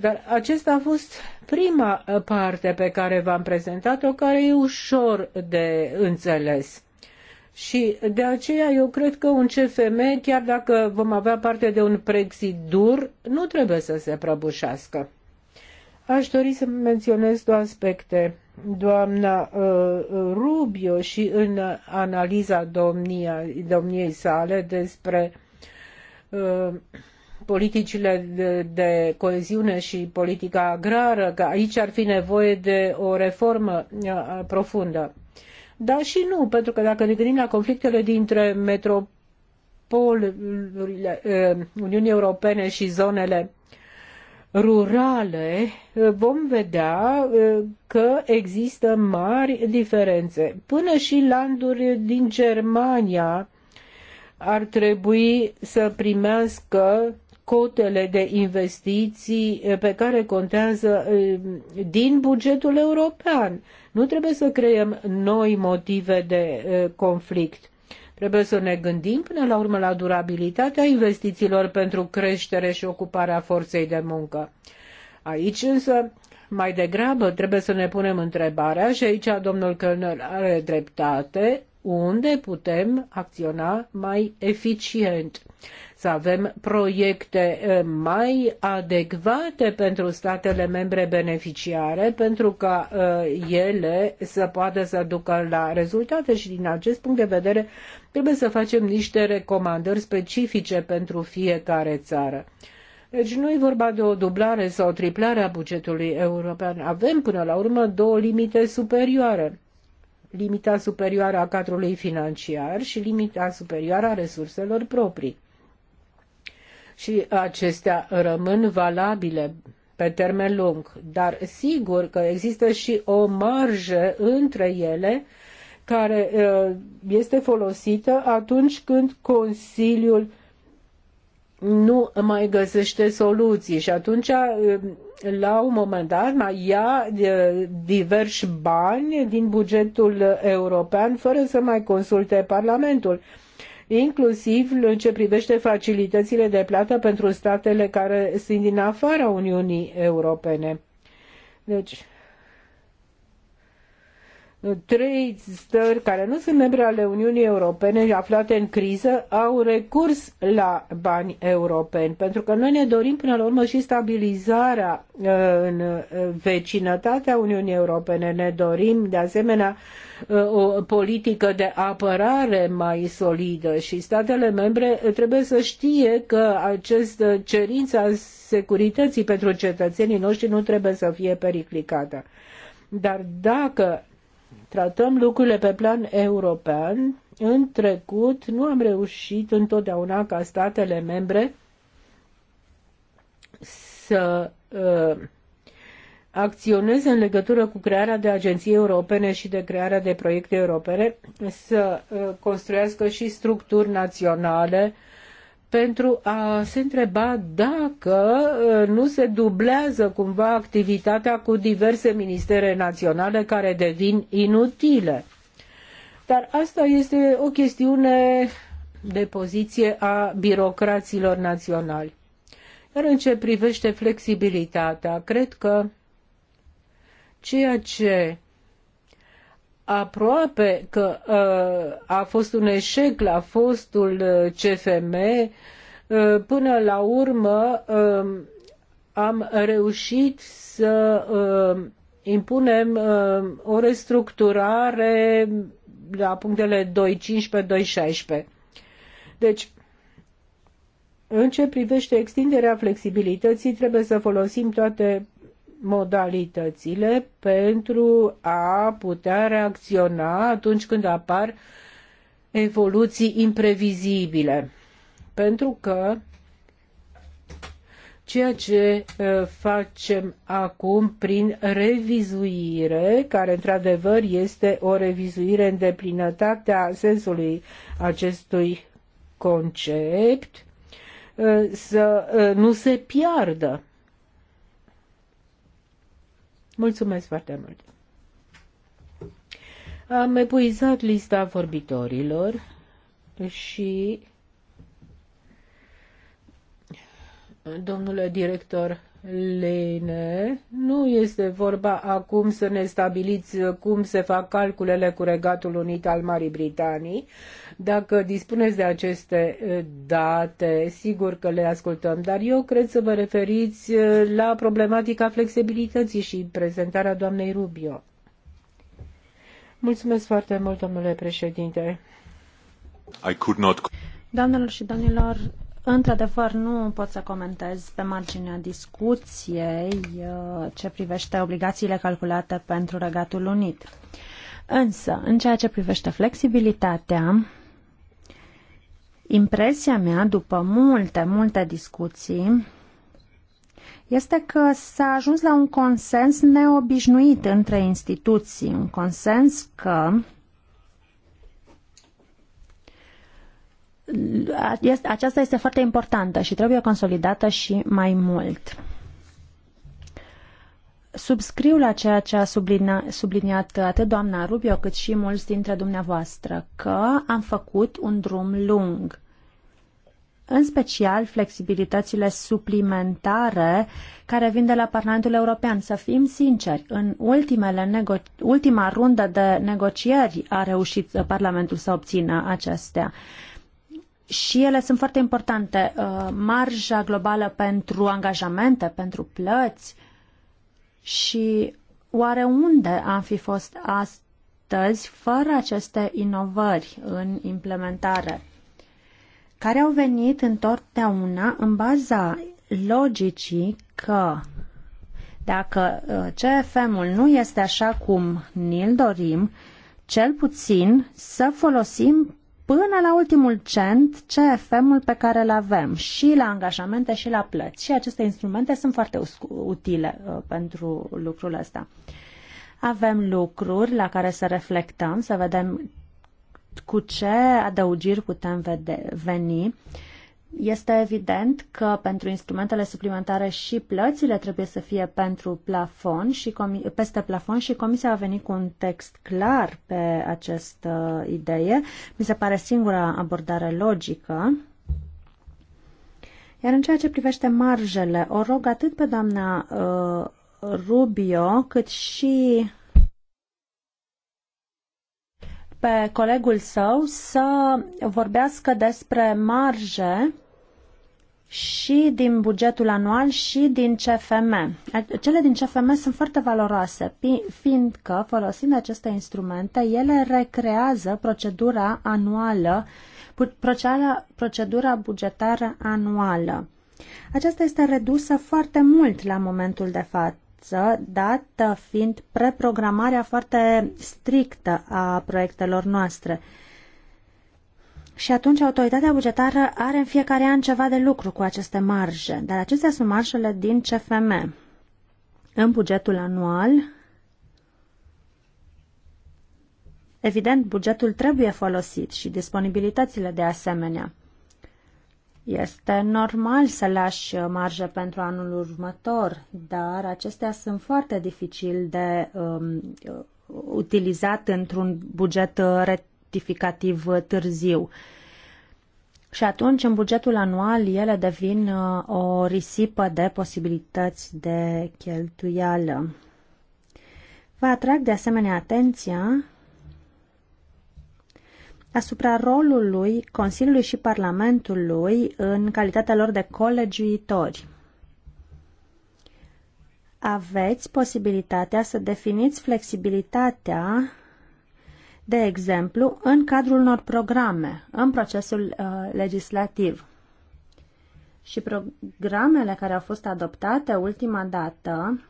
dar acesta a fost prima parte pe care v-am prezentat-o, care e ușor de înțeles. Și de aceea eu cred că un CFM, chiar dacă vom avea parte de un Brexit dur, nu trebuie să se prăbușească. Aș dori să menționez două aspecte. Doamna uh, Rubio și în analiza domnia, domniei sale despre uh, politicile de, de coeziune și politica agrară, că aici ar fi nevoie de o reformă uh, profundă. Da și nu, pentru că dacă ne gândim la conflictele dintre metropolurile uh, Uniunii Europene și zonele rurale, uh, vom vedea că există mari diferențe. Până și landuri din Germania ar trebui să primească cotele de investiții eh, pe care contează eh, din bugetul european. Nu trebuie să creăm noi motive de eh, conflict. Trebuie să ne gândim până la urmă la durabilitatea investițiilor pentru creștere și ocuparea forței de muncă. Aici însă mai degrabă trebuie să ne punem întrebarea și aici domnul Kölner are dreptate unde putem acționa mai eficient, să avem proiecte eh, mai adecvate pentru statele membre beneficiare, pentru ca eh, ele să poată să ducă la rezultate și din acest punct de vedere trebuie să facem niște recomandări specifice pentru fiecare țară. Deci nu e vorba de o dublare sau o triplare a bugetului european. Avem până la urmă două limite superioare limita superioară a cadrului financiar și limita superioară a resurselor proprii. Și acestea rămân valabile pe termen lung, dar sigur că există și o marjă între ele care uh, este folosită atunci când Consiliul nu mai găsește soluții și atunci la un moment dat mai ia diversi bani din bugetul european fără să mai consulte Parlamentul inclusiv în ce privește facilitățile de plată pentru statele care sunt din afara Uniunii Europene. Deci, trei stări care nu sunt membre ale Uniunii Europene aflate în criză au recurs la bani europeni, pentru că noi ne dorim până la urmă și stabilizarea uh, în vecinătatea Uniunii Europene. Ne dorim de asemenea uh, o politică de apărare mai solidă și statele membre trebuie să știe că această cerință a securității pentru cetățenii noștri nu trebuie să fie periclicată. Dar dacă tratăm lucrurile pe plan european, în trecut nu am reușit întotdeauna ca statele membre să uh, acționeze în legătură cu crearea de agenții europene și de crearea de proiecte europene, să uh, construiască și structuri naționale pentru a se întreba dacă uh, nu se dublează cumva activitatea cu diverse ministere naționale care devin inutile. Dar asta este o chestiune de poziție a birocraților naționali. Iar în ce privește flexibilitatea, cred că ceea ce aproape că uh, a fost un eșec la fostul uh, CFM, uh, până la urmă um, am reușit să um, impunem um, o restructurare la punctele 2.15-2.16. Deci, în ce privește extinderea flexibilității, trebuie să folosim toate modalitățile pentru a putea reacționa atunci când apar evoluții imprevizibile. Pentru că ceea ce uh, facem acum prin revizuire, care într-adevăr este o revizuire în deplinătatea sensului acestui concept, uh, să uh, nu se piardă Mulțumesc foarte mult! Am epuizat lista vorbitorilor și domnule director Lene, nu este vorba acum să ne stabiliți cum se fac calculele cu Regatul Unit al Marii Britanii, dacă dispuneți de aceste eh, date, sigur că le ascultăm, dar eu cred să vă referiți eh, la problematica flexibilității și prezentarea doamnei Rubio. Mulțumesc foarte mult, domnule președinte. I could not... Doamnelor și domnilor, Într-adevăr, nu pot să comentez pe marginea discuției eh, ce privește obligațiile calculate pentru Regatul Unit. Însă, în ceea ce privește flexibilitatea, Impresia mea, după multe, multe discuții, este că s-a ajuns la un consens neobișnuit între instituții, un consens că aceasta este foarte importantă și trebuie consolidată și mai mult subscriu la ceea ce a sublinia, subliniat atât doamna Rubio cât și mulți dintre dumneavoastră, că am făcut un drum lung. În special flexibilitățile suplimentare care vin de la Parlamentul European. Să fim sinceri, în ultimele nego- ultima rundă de negocieri a reușit Parlamentul să obțină acestea și ele sunt foarte importante. Uh, marja globală pentru angajamente, pentru plăți, și oare unde am fi fost astăzi fără aceste inovări în implementare, care au venit întotdeauna în baza logicii că dacă uh, CFM-ul nu este așa cum ni-l dorim, cel puțin să folosim până la ultimul cent CFM-ul pe care îl avem și la angajamente și la plăți. Și aceste instrumente sunt foarte utile uh, pentru lucrul ăsta. Avem lucruri la care să reflectăm, să vedem cu ce adăugiri putem vede, veni. Uh, este evident că pentru instrumentele suplimentare și plățile trebuie să fie pentru plafon și peste plafon și Comisia a venit cu un text clar pe această idee. Mi se pare singura abordare logică. Iar în ceea ce privește marjele, o rog atât pe doamna uh, Rubio cât și pe colegul său să vorbească despre marje și din bugetul anual și din CFM. Cele din CFM sunt foarte valoroase, fiindcă, folosind aceste instrumente, ele recrează procedura anuală, procedura bugetară anuală. Aceasta este redusă foarte mult la momentul de față față, dată fiind preprogramarea foarte strictă a proiectelor noastre. Și atunci autoritatea bugetară are în fiecare an ceva de lucru cu aceste marje, dar acestea sunt marjele din CFM. În bugetul anual, evident, bugetul trebuie folosit și disponibilitățile de asemenea. Este normal să lași marjă pentru anul următor, dar acestea sunt foarte dificil de um, uh, utilizat într-un buget rectificativ târziu. Și atunci, în bugetul anual, ele devin uh, o risipă de posibilități de cheltuială. Vă atrag de asemenea atenția asupra rolului Consiliului și Parlamentului în calitatea lor de colegiuitori. Aveți posibilitatea să definiți flexibilitatea, de exemplu, în cadrul unor programe, în procesul uh, legislativ. Și programele care au fost adoptate ultima dată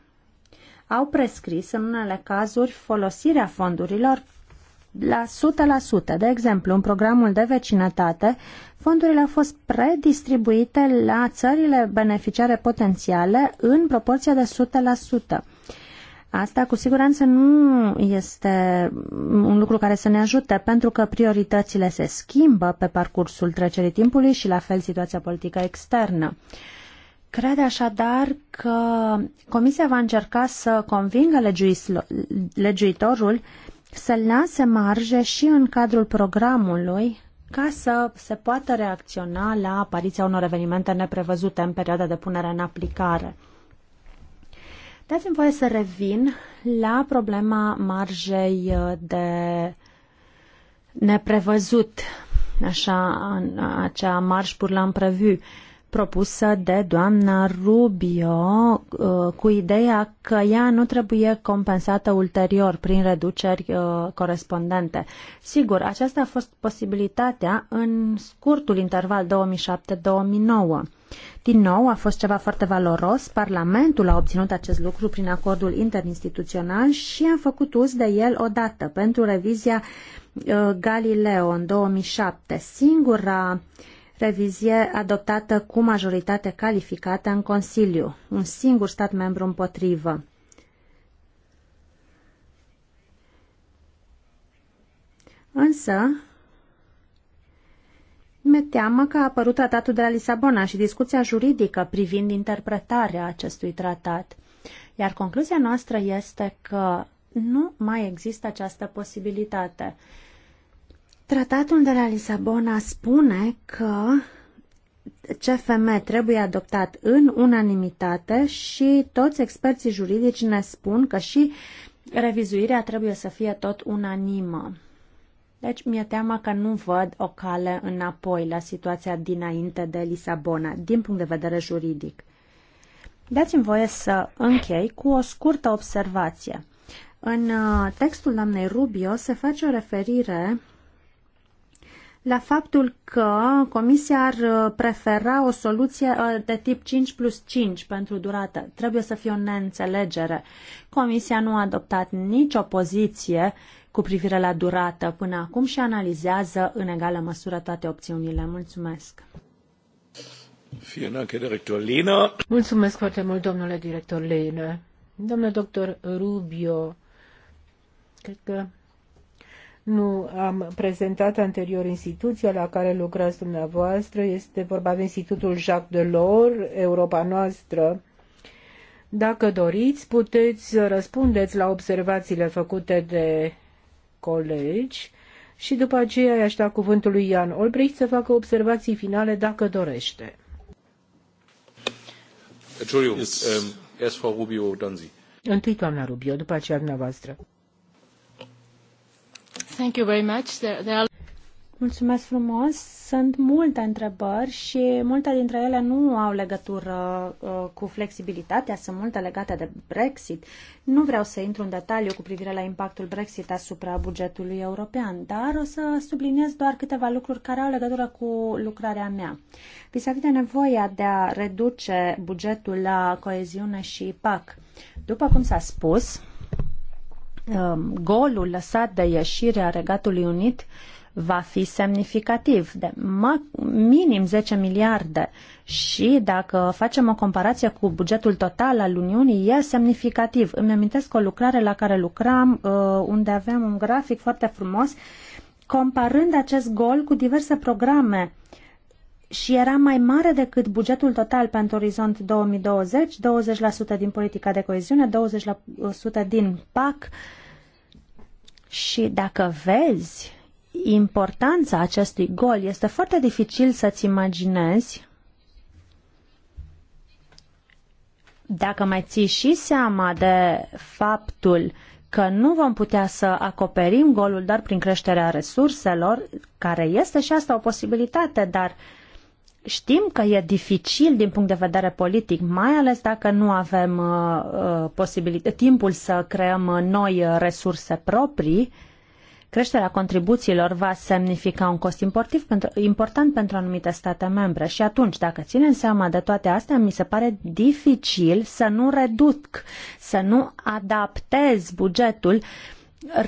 au prescris în unele cazuri folosirea fondurilor la 100%. De exemplu, în programul de vecinătate, fondurile au fost predistribuite la țările beneficiare potențiale în proporție de 100%. Asta cu siguranță nu este un lucru care să ne ajute, pentru că prioritățile se schimbă pe parcursul trecerii timpului și la fel situația politică externă. Cred așadar că Comisia va încerca să convingă legiuitorul să lase marge și în cadrul programului ca să se poată reacționa la apariția unor evenimente neprevăzute în perioada de punere în aplicare. Dați-mi voie să revin la problema marjei uh, de neprevăzut, așa, uh, acea marș pur la împrevu propusă de doamna Rubio uh, cu ideea că ea nu trebuie compensată ulterior prin reduceri uh, corespondente. Sigur, aceasta a fost posibilitatea în scurtul interval 2007-2009. Din nou, a fost ceva foarte valoros. Parlamentul a obținut acest lucru prin acordul interinstituțional și a făcut uz de el odată pentru revizia uh, Galileo în 2007. Singura uh, revizie adoptată cu majoritate calificată în Consiliu, un singur stat membru împotrivă. Însă, mi-e teamă că a apărut tratatul de la Lisabona și discuția juridică privind interpretarea acestui tratat. Iar concluzia noastră este că nu mai există această posibilitate. Tratatul de la Lisabona spune că CFM trebuie adoptat în unanimitate și toți experții juridici ne spun că și revizuirea trebuie să fie tot unanimă. Deci mi-e teamă că nu văd o cale înapoi la situația dinainte de Lisabona, din punct de vedere juridic. Dați-mi voie să închei cu o scurtă observație. În uh, textul doamnei Rubio se face o referire la faptul că Comisia ar uh, prefera o soluție uh, de tip 5 plus 5 pentru durată. Trebuie să fie o neînțelegere. Comisia nu a adoptat nicio poziție cu privire la durată până acum și analizează în egală măsură toate opțiunile. Mulțumesc! Mulțumesc foarte mult, domnule director Leine. Domnule doctor Rubio, cred că nu am prezentat anterior instituția la care lucrați dumneavoastră. Este vorba de Institutul Jacques Delors, Europa Noastră. Dacă doriți, puteți să răspundeți la observațiile făcute de colegi și după aceea i-aș da cuvântul lui Ian Olbricht să facă observații finale dacă dorește. Entschuldigung, ähm, erst Frau Rubio, Întâi doamna Rubio, după aceea dumneavoastră. Mulțumesc Sunt multe întrebări și multe dintre ele nu au legătură uh, cu flexibilitatea, sunt multe legate de Brexit. Nu vreau să intru în detaliu cu privire la impactul Brexit asupra bugetului european, dar o să subliniez doar câteva lucruri care au legătură cu lucrarea mea. Vis-a-vis de nevoia de a reduce bugetul la coeziune și PAC. După cum s-a spus, Um, golul lăsat de ieșirea Regatului Unit va fi semnificativ, de minim 10 miliarde. Și dacă facem o comparație cu bugetul total al Uniunii, e semnificativ. Îmi amintesc o lucrare la care lucram, uh, unde aveam un grafic foarte frumos, comparând acest gol cu diverse programe uh, și era mai mare decât bugetul total pentru Orizont 2020, 20% din politica de coeziune, 20% din PAC. Și dacă vezi importanța acestui gol, este foarte dificil să-ți imaginezi dacă mai ții și seama de faptul că nu vom putea să acoperim golul doar prin creșterea resurselor, care este și asta o posibilitate, dar uh, Știm că e dificil din punct de vedere politic, mai ales dacă nu avem uh, uh timpul să creăm uh, noi resurse proprii. Creșterea contribuțiilor va semnifica un cost important pentru, important pentru anumite state membre și atunci, dacă ținem seama de toate astea, mi se pare dificil să nu reduc, să nu adaptez bugetul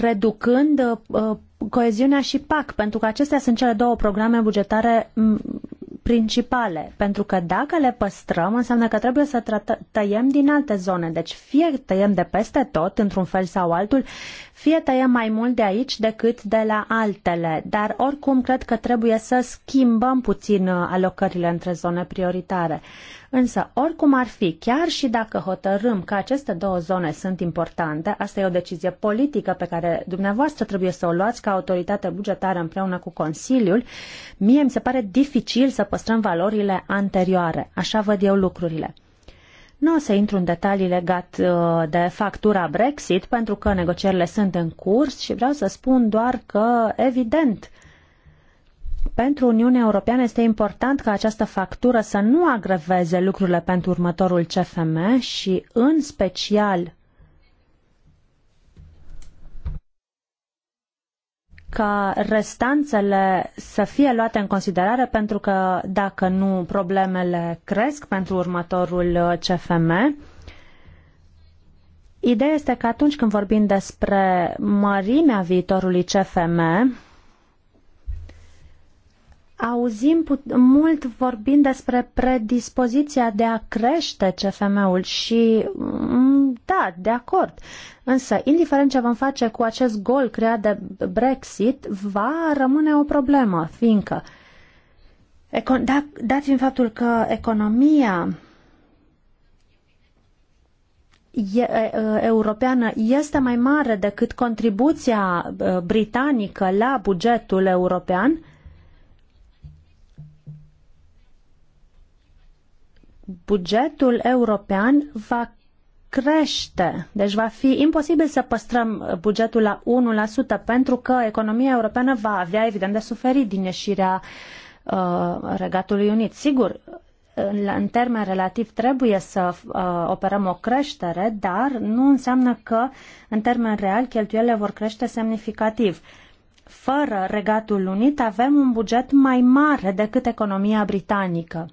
reducând uh, uh coeziunea și PAC, pentru că acestea sunt cele două programe bugetare principale, pentru că dacă le păstrăm, înseamnă că trebuie să tăiem din alte zone. Deci fie tăiem de peste tot, într-un fel sau altul, fie tăiem mai mult de aici decât de la altele. Dar oricum cred că trebuie să schimbăm puțin uh, alocările între zone prioritare. Însă, oricum ar fi, chiar și dacă hotărâm că aceste două zone sunt importante, asta e o decizie politică pe care dumneavoastră trebuie să o luați ca autoritate bugetară împreună cu Consiliul, mie mi se pare dificil să păstrăm valorile anterioare. Așa văd eu lucrurile. Nu o să intru în detalii legat uh, de factura Brexit, pentru că negocierile sunt în curs și vreau să spun doar că, evident, pentru Uniunea Europeană este important ca această factură să nu agreveze lucrurile pentru următorul CFM și, în special, ca restanțele să fie luate în considerare pentru că dacă nu problemele cresc pentru următorul CFM. Ideea este că atunci când vorbim despre mărimea viitorului CFM, auzim mult vorbind despre predispoziția de a crește CFM-ul și mm, da, de acord. Însă, indiferent ce vom face cu acest gol creat de Brexit, va rămâne o problemă, fiindcă econ- da, dat fiind faptul că economia e, e, europeană este mai mare decât contribuția britanică la bugetul european, bugetul european va crește. Deci va fi imposibil să păstrăm bugetul la 1% pentru că economia europeană va avea evident de suferit din ieșirea uh, Regatului Unit. Sigur, în termen relativ trebuie să uh, operăm o creștere, dar nu înseamnă că în termen real cheltuielile vor crește semnificativ. Fără Regatul Unit avem un buget mai mare decât economia britanică.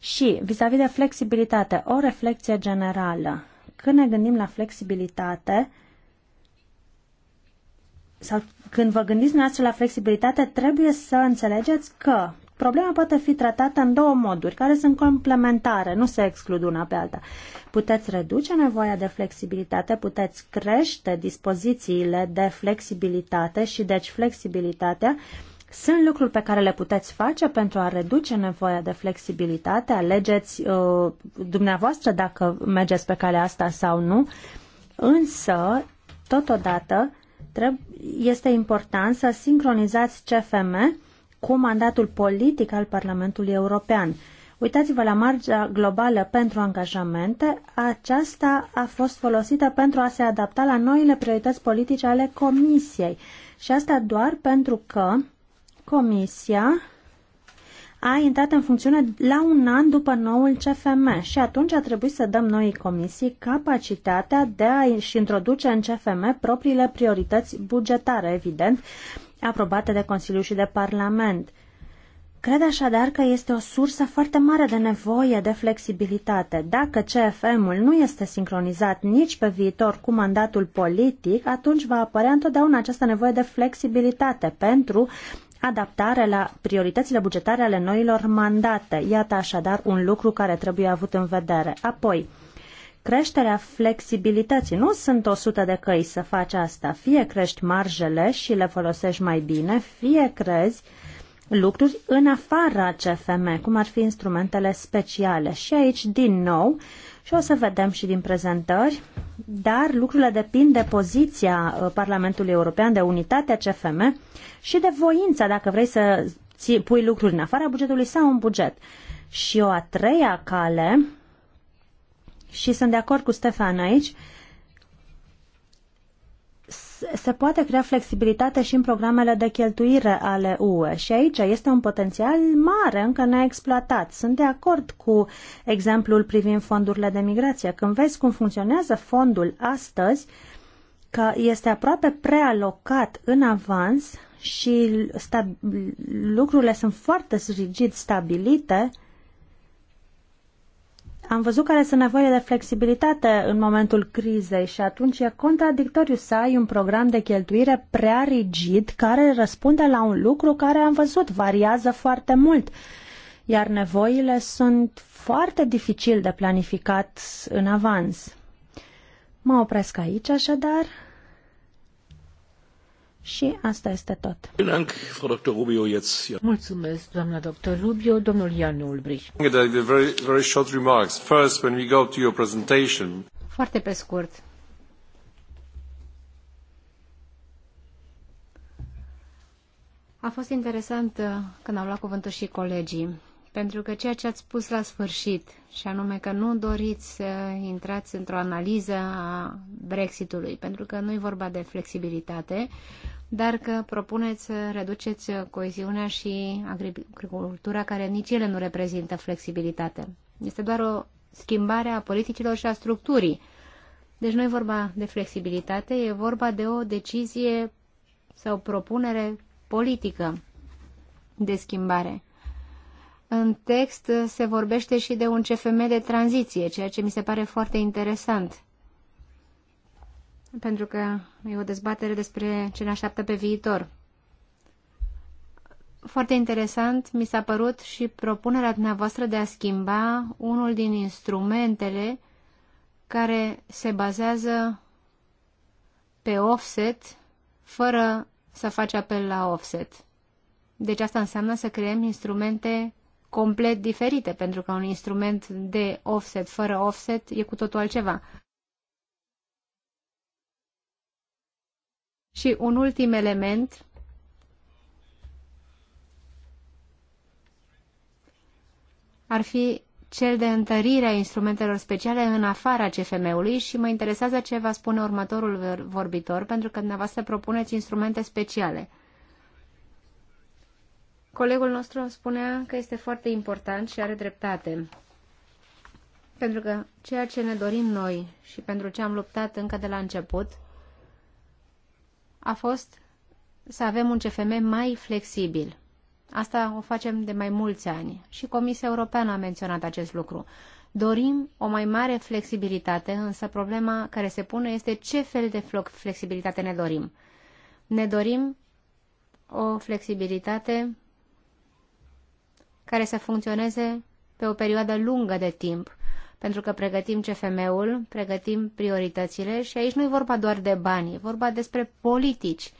Și vis-a-vis -vis de flexibilitate, o reflexie generală. Când ne gândim la flexibilitate, sau când vă gândiți noastră la flexibilitate, trebuie să înțelegeți că Problema poate fi tratată în două moduri, care sunt complementare, nu se exclud una pe alta. Puteți reduce nevoia de flexibilitate, puteți crește dispozițiile de flexibilitate și deci flexibilitatea sunt lucruri pe care le puteți face pentru a reduce nevoia de flexibilitate, alegeți uh, dumneavoastră dacă mergeți pe calea asta sau nu, însă, totodată, este important să sincronizați CFM cu mandatul politic al Parlamentului European. Uitați-vă la marginea globală pentru angajamente. Aceasta a fost folosită pentru a se adapta la noile priorități politice ale Comisiei. Și asta doar pentru că Comisia a intrat în funcțiune la un an după noul CFM și atunci a trebuit să dăm noi comisii capacitatea de a-și introduce în CFM propriile priorități bugetare, evident, aprobate de Consiliu și de Parlament. Cred așadar că este o sursă foarte mare de nevoie de flexibilitate. Dacă CFM-ul nu este sincronizat nici pe viitor cu mandatul politic, atunci va apărea întotdeauna această nevoie de flexibilitate pentru adaptare la prioritățile bugetare ale noilor mandate. Iată așadar un lucru care trebuie avut în vedere. Apoi, creșterea flexibilității. Nu sunt 100 de căi să faci asta. Fie crești marjele și le folosești mai bine, fie crezi lucruri în afara CFM, cum ar fi instrumentele speciale. Și aici, din nou, și o să vedem și din prezentări, dar lucrurile depind de poziția uh, Parlamentului European, de unitatea CFM și de voința, dacă vrei să pui lucruri în afara bugetului sau în buget. Și o a treia cale, și sunt de acord cu Stefan aici, uh, se poate crea flexibilitate și în programele de cheltuire ale UE și aici este un potențial mare încă neexploatat. Sunt de acord cu exemplul privind fondurile de migrație. Când vezi cum funcționează fondul astăzi, că este aproape prealocat în avans și lucrurile sunt foarte rigid stabilite, am văzut care sunt nevoile de flexibilitate în momentul crizei și atunci e contradictoriu să ai un program de cheltuire prea rigid care răspunde la un lucru care am văzut variază foarte mult, iar nevoile sunt foarte dificil de planificat în avans. Mă opresc aici așadar. Și asta este tot. Mulțumesc, doamna doctor Rubio, domnul Ian Ulbrich. Foarte pe scurt. A fost interesant uh, când au luat cuvântul și colegii pentru că ceea ce ați spus la sfârșit, și anume că nu doriți să intrați într-o analiză a Brexitului, pentru că nu e vorba de flexibilitate, dar că propuneți să reduceți coeziunea și agricultura, care nici ele nu reprezintă flexibilitate. Este doar o schimbare a politicilor și a structurii. Deci nu e vorba de flexibilitate, e vorba de o decizie sau propunere politică de schimbare. În text se vorbește și de un CFM de tranziție, ceea ce mi se pare foarte interesant. Pentru că e o dezbatere despre ce ne așteaptă pe viitor. Foarte interesant mi s-a părut și propunerea dumneavoastră de a schimba unul din instrumentele care se bazează pe offset fără să faci apel la offset. Deci asta înseamnă să creăm instrumente complet diferite, pentru că un instrument de offset fără offset e cu totul altceva. Și un ultim element ar fi cel de întărire a instrumentelor speciale în afara CFM-ului și mă interesează ce va spune următorul vorbitor, pentru că dumneavoastră propuneți instrumente speciale. Colegul nostru spunea că este foarte important și are dreptate. Pentru că ceea ce ne dorim noi și pentru ce am luptat încă de la început a fost să avem un CFM mai flexibil. Asta o facem de mai mulți ani și Comisia Europeană a menționat acest lucru. Dorim o mai mare flexibilitate, însă problema care se pune este ce fel de flexibilitate ne dorim. Ne dorim o flexibilitate care să funcționeze pe o perioadă lungă de timp, pentru că pregătim CFM-ul, pregătim prioritățile și aici nu e vorba doar de bani, e vorba despre politici.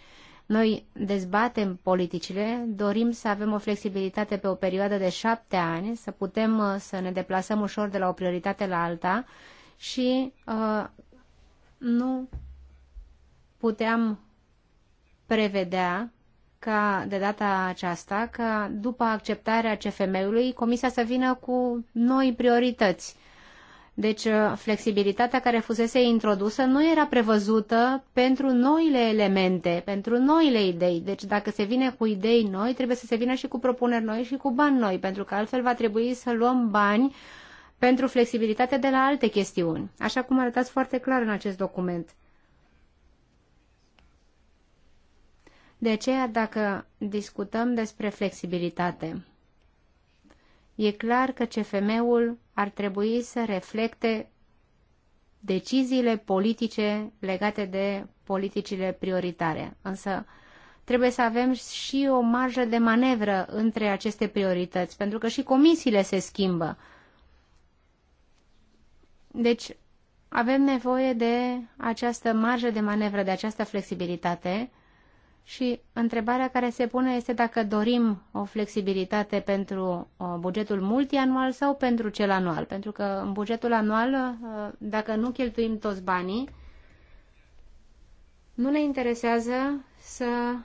Noi dezbatem politicile, dorim să avem o flexibilitate pe o perioadă de șapte ani, să putem uh, să ne deplasăm ușor de la o prioritate la alta și uh, nu puteam prevedea ca de data aceasta, ca după acceptarea CFM-ului, Comisia să vină cu noi priorități. Deci uh, flexibilitatea care fusese introdusă nu era prevăzută pentru noile elemente, pentru noile idei. Deci dacă se vine cu idei noi, trebuie să se vină și cu propuneri noi și cu bani noi, pentru că altfel va trebui să luăm bani pentru flexibilitate de la alte chestiuni, așa cum arătați foarte clar în acest document. De aceea, dacă discutăm despre flexibilitate, e clar că CFM-ul ar trebui să reflecte deciziile politice legate de politicile prioritare. Însă trebuie să avem și o marjă de manevră între aceste priorități, pentru că și comisiile se schimbă. Deci avem nevoie de această marjă de manevră, de această flexibilitate și întrebarea care se pune este dacă dorim o flexibilitate pentru uh, bugetul multianual sau pentru cel anual. Pentru că în bugetul anual, uh, dacă nu cheltuim toți banii, nu ne interesează să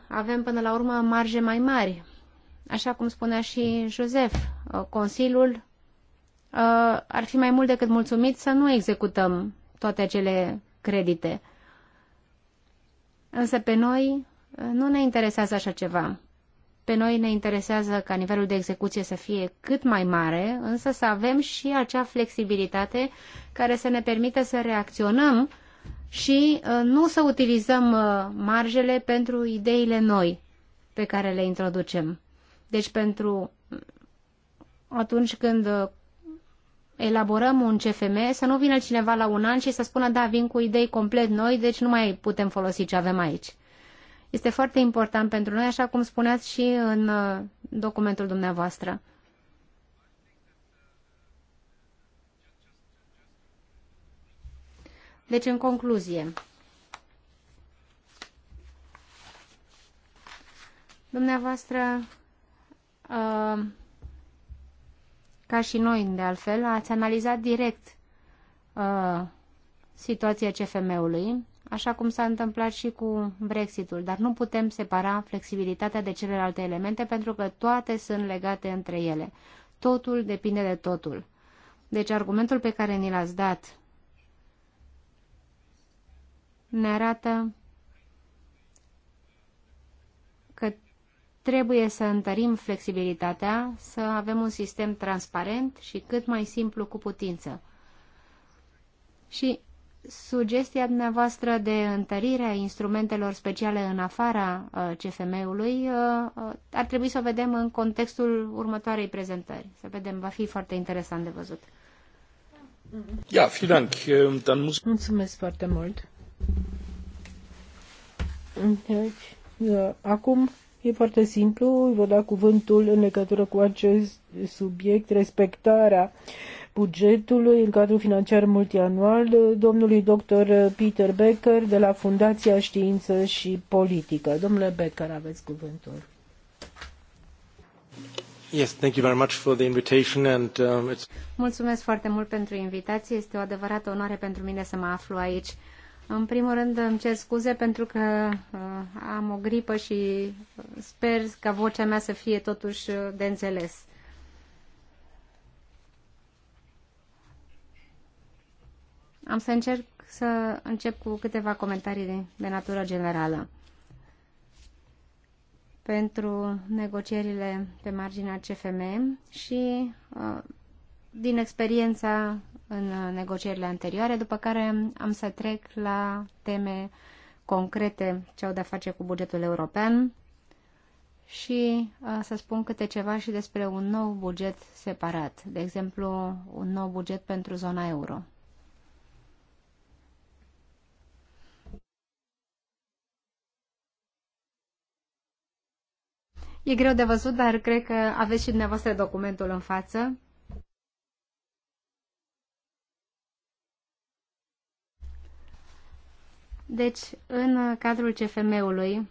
avem până la urmă marje mai mari. Așa cum spunea și Josef, uh, Consiliul ar fi mai mult decât mulțumit să nu executăm toate acele credite. Însă pe noi nu ne interesează așa ceva. Pe noi ne interesează ca nivelul de execuție să fie cât mai mare, însă să avem și acea flexibilitate care să ne permită să reacționăm și uh, nu să utilizăm uh, marjele pentru ideile noi pe care le introducem. Deci pentru mm, atunci când uh, elaborăm un CFM, să nu vină cineva la un an și să spună, da, vin cu idei complet noi, deci nu mai putem folosi ce avem aici este foarte important pentru noi, așa cum spuneați și în uh, documentul dumneavoastră. Deci, în concluzie, dumneavoastră, uh, ca și noi, de altfel, ați analizat direct uh, situația CFM-ului așa cum s-a întâmplat și cu Brexitul, dar nu putem separa flexibilitatea de celelalte elemente pentru că toate sunt legate între ele. Totul depinde de totul. Deci argumentul pe care ni l-ați dat ne arată că trebuie să întărim flexibilitatea, să avem un sistem transparent și cât mai simplu cu putință. Și sugestia dumneavoastră de întărire a instrumentelor speciale în afara uh, CFM-ului uh, uh, ar trebui să o vedem în contextul următoarei prezentări. Să vedem, va fi foarte interesant de văzut. Ja, vielen Dank. Ähm, Mulțumesc foarte mult. Deci, da, acum e foarte simplu, îi vă da cuvântul în legătură cu acest subiect, respectarea uh, bugetului în cadrul financiar multianual domnului dr. Peter Becker de la Fundația Știință și Politică. Domnule Becker, aveți cuvântul. Yes, thank you very much for the invitation and, um, it's... Mulțumesc foarte mult pentru invitație. Este o adevărată onoare pentru mine să mă aflu aici. În primul rând îmi cer scuze pentru că uh, am o gripă și uh, sper ca vocea mea să fie totuși uh, de înțeles. Am să încerc să încep cu câteva comentarii de, de natură generală. Pentru negocierile pe marginea CFM și uh, din experiența în negocierile anterioare, după care am să trec la teme concrete ce au de-a face cu bugetul european și uh, să spun câte ceva și despre un nou buget separat, de exemplu un nou buget pentru zona euro. E greu de văzut, dar cred că aveți și dumneavoastră documentul în față. Deci, în cadrul CFM-ului,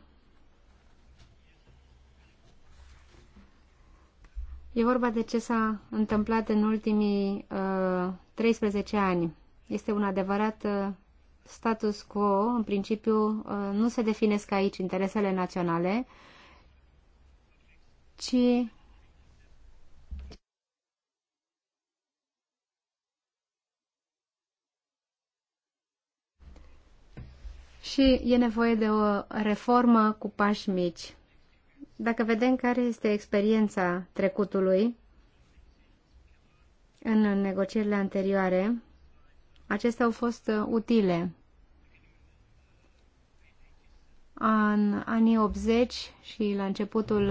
e vorba de ce s-a întâmplat în ultimii uh, 13 ani. Este un adevărat uh, status quo, în principiu uh, nu se definesc aici interesele naționale, uh, ci și e nevoie de o reformă cu pași mici. Dacă vedem care este experiența trecutului în negocierile anterioare, acestea au fost utile. În anii 80 și la începutul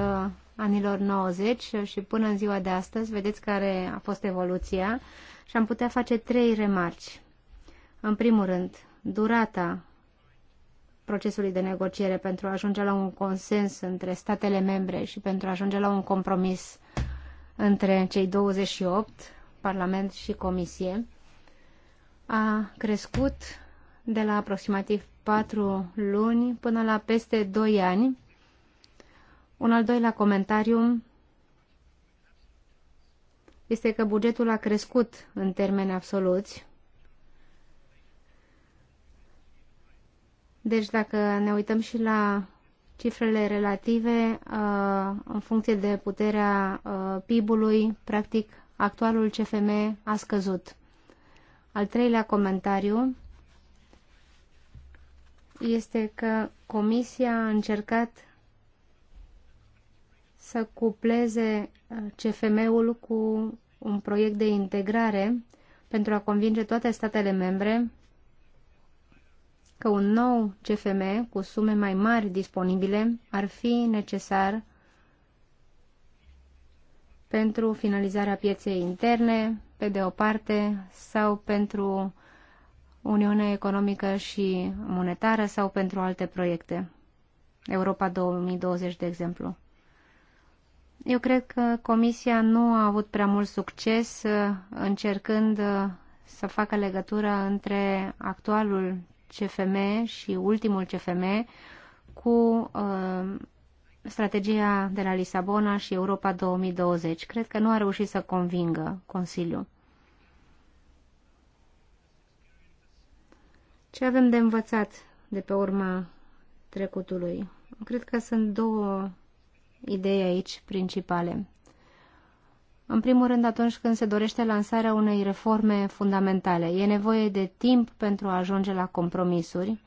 anilor 90 și până în ziua de astăzi, vedeți care a fost evoluția și am putea face trei remarci. În primul rând, durata procesului de negociere pentru a ajunge la un consens între statele membre și pentru a ajunge la un compromis între cei 28, Parlament și Comisie, a crescut de la aproximativ 4 luni până la peste 2 ani un al doilea comentariu este că bugetul a crescut în termeni absoluți. Deci dacă ne uităm și la cifrele relative uh, în funcție de puterea uh, PIB-ului, practic actualul CFM a scăzut. Al treilea comentariu este că Comisia a încercat să cupleze uh, CFM-ul cu un proiect de integrare pentru a convinge toate statele membre că un nou CFM cu sume mai mari disponibile ar fi necesar pentru finalizarea pieței interne, pe de o parte, sau pentru Uniunea Economică și Monetară sau pentru alte proiecte. Europa 2020, de exemplu. Eu cred că Comisia nu a avut prea mult succes uh, încercând uh, să facă legătura între actualul CFM și ultimul CFM cu uh, strategia de la Lisabona și Europa 2020. Cred că nu a reușit să convingă Consiliul. Ce avem de învățat de pe urma trecutului? Cred că sunt două idei aici principale. În primul rând, atunci când se dorește lansarea unei reforme fundamentale, e nevoie de timp pentru a ajunge la compromisuri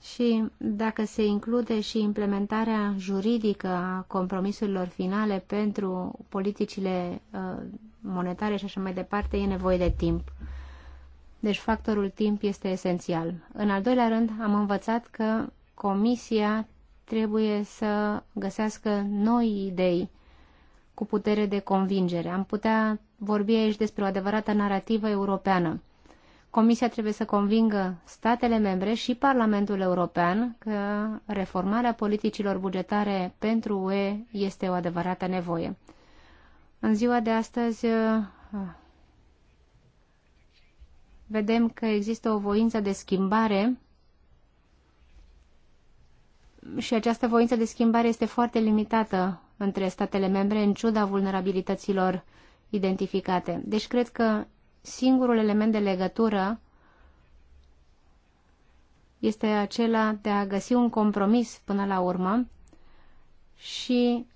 și dacă se include și implementarea juridică a compromisurilor finale pentru politicile uh, monetare și așa mai departe, e nevoie de timp. Deci factorul timp este esențial. În al doilea rând, am învățat că Comisia trebuie să găsească noi idei cu putere de convingere. Am putea vorbi aici despre o adevărată narrativă europeană. Comisia trebuie să convingă statele membre și Parlamentul European că reformarea politicilor bugetare pentru UE este o adevărată nevoie. În ziua de astăzi vedem că există o voință de schimbare și această voință de schimbare este foarte limitată între statele membre, în ciuda vulnerabilităților identificate. Deci cred că singurul element de legătură este acela de a găsi un compromis până la urmă și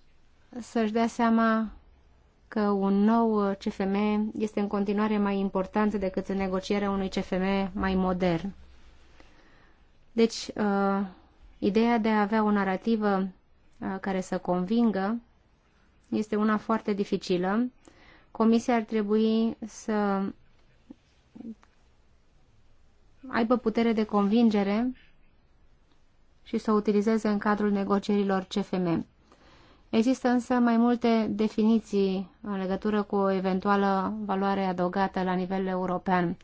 să-și dea seama că un nou CFM este în continuare mai important decât negocierea unui CFM mai modern. Deci, uh, Ideea de a avea o narrativă uh, care să convingă este una foarte dificilă. Comisia ar trebui să aibă putere de convingere și să o utilizeze în cadrul negocierilor CFM. Există însă mai multe definiții în legătură cu o eventuală valoare adăugată la nivel european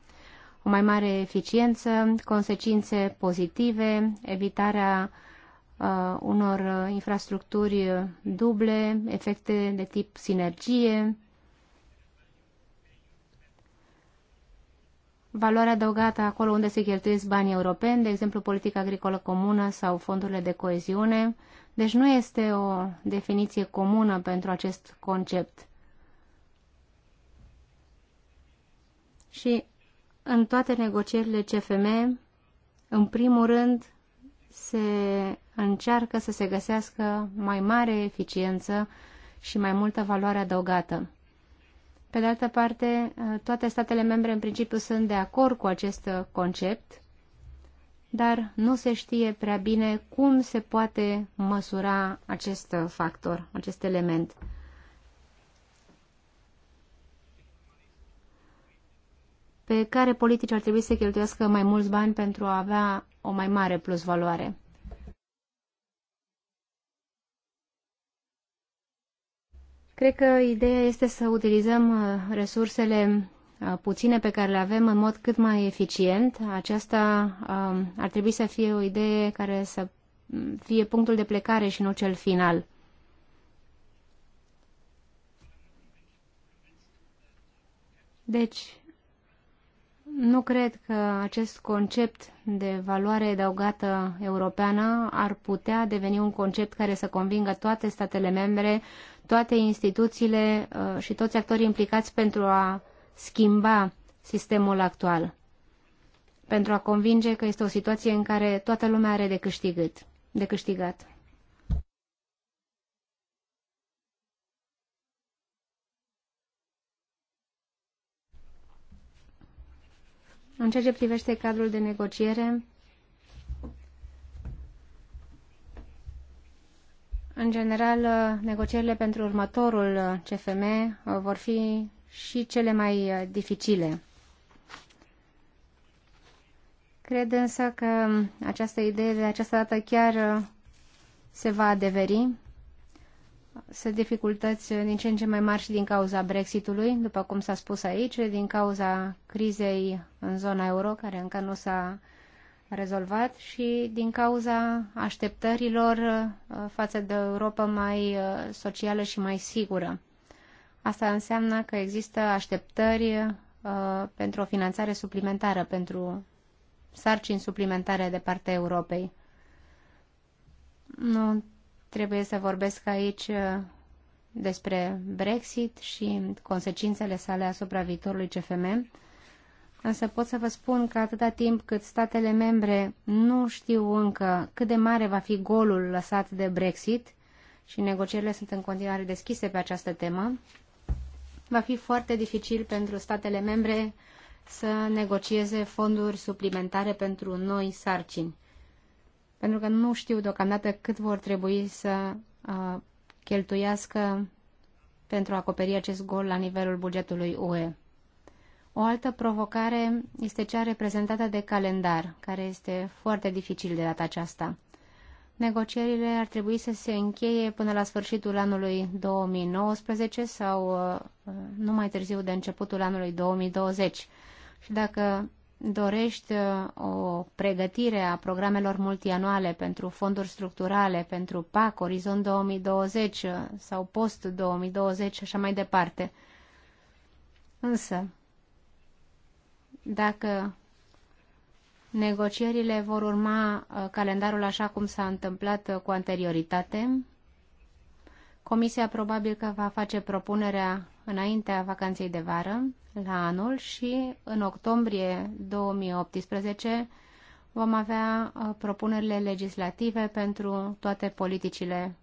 o mai mare eficiență, consecințe pozitive, evitarea uh, unor infrastructuri duble, efecte de tip sinergie, valoarea adăugată acolo unde se cheltuiesc banii europeni, de exemplu politica agricolă comună sau fondurile de coeziune. Deci nu este o definiție comună pentru acest concept. Și în toate negocierile CFM, în primul rând, se încearcă să se găsească mai mare eficiență și mai multă valoare adăugată. Pe de altă parte, toate statele membre în principiu sunt de acord cu acest concept, dar nu se știe prea bine cum se poate măsura acest factor, acest element. pe care politici ar trebui să cheltuiască mai mulți bani pentru a avea o mai mare plus valoare. Cred că ideea este să utilizăm uh, resursele uh, puține pe care le avem în mod cât mai eficient. Aceasta uh, ar trebui să fie o idee care să fie punctul de plecare și nu cel final. Deci, nu cred că acest concept de valoare adăugată europeană ar putea deveni un concept care să convingă toate statele membre, toate instituțiile uh, și toți actorii implicați pentru a schimba sistemul actual, pentru a convinge că este o situație în care toată lumea are de câștigat. De câștigat. În ceea ce privește cadrul de negociere, în general, negocierile pentru următorul CFM vor fi și cele mai dificile. Cred însă că această idee de această dată chiar se va adeveri sunt dificultăți din ce în ce mai mari și din cauza Brexitului, după cum s-a spus aici, din cauza crizei în zona euro, care încă nu s-a rezolvat și din cauza așteptărilor uh, față de Europa mai uh, socială și mai sigură. Asta înseamnă că există așteptări uh, pentru o finanțare suplimentară, pentru sarcini suplimentare de partea Europei. Nu Trebuie să vorbesc aici uh, despre Brexit și consecințele sale asupra viitorului CFM, însă pot să vă spun că atâta timp cât statele membre nu știu încă cât de mare va fi golul lăsat de Brexit și negocierile sunt în continuare deschise pe această temă, va fi foarte dificil pentru statele membre să negocieze fonduri suplimentare pentru noi sarcini pentru că nu știu deocamdată cât vor trebui să uh, cheltuiască pentru a acoperi acest gol la nivelul bugetului UE. O altă provocare este cea reprezentată de calendar, care este foarte dificil de data aceasta. Negocierile ar trebui să se încheie până la sfârșitul anului 2019 sau uh, uh, nu mai târziu de începutul anului 2020. Și dacă dorești uh, o pregătire a programelor multianuale pentru fonduri structurale, pentru PAC, Orizont 2020 uh, sau Post 2020 și așa mai departe. Însă, dacă negocierile vor urma uh, calendarul așa cum s-a întâmplat cu anterioritate, Comisia probabil că va face propunerea înaintea vacanței de vară, la anul și în octombrie 2018 vom avea uh, propunerile legislative pentru toate politicile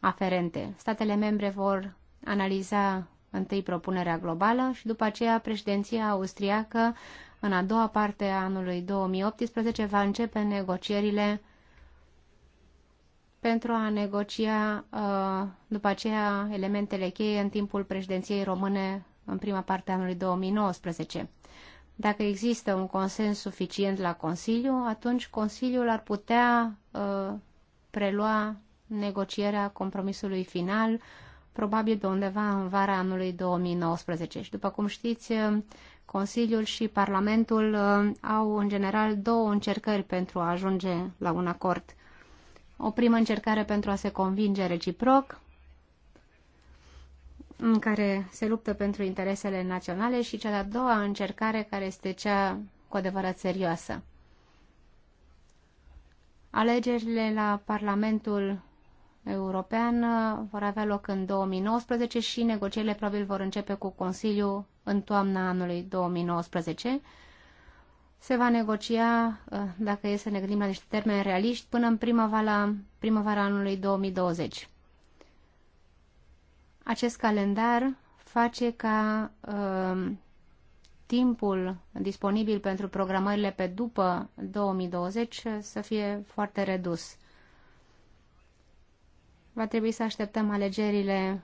aferente. Statele membre vor analiza întâi propunerea globală și după aceea președinția austriacă în a doua parte a anului 2018 va începe negocierile pentru a negocia uh, după aceea elementele cheie în timpul președinției române în prima parte a anului 2019. Dacă există un consens suficient la Consiliu, atunci Consiliul ar putea uh, prelua negocierea compromisului final, probabil de undeva în vara anului 2019. Și după cum știți, uh, Consiliul și Parlamentul au în general două încercări pentru a ajunge la un acord o primă încercare pentru a se convinge reciproc, în care se luptă pentru interesele naționale și cea de-a doua încercare care este cea cu adevărat serioasă. Alegerile la Parlamentul European vor avea loc în 2019 și negocierile probabil vor începe cu Consiliul în toamna anului 2019 se va negocia, uh, dacă e să ne gândim la niște termeni realiști, până în primăvara, primăvara anului 2020. Acest calendar face ca uh, timpul disponibil pentru programările pe după 2020 să fie foarte redus. Va trebui să așteptăm alegerile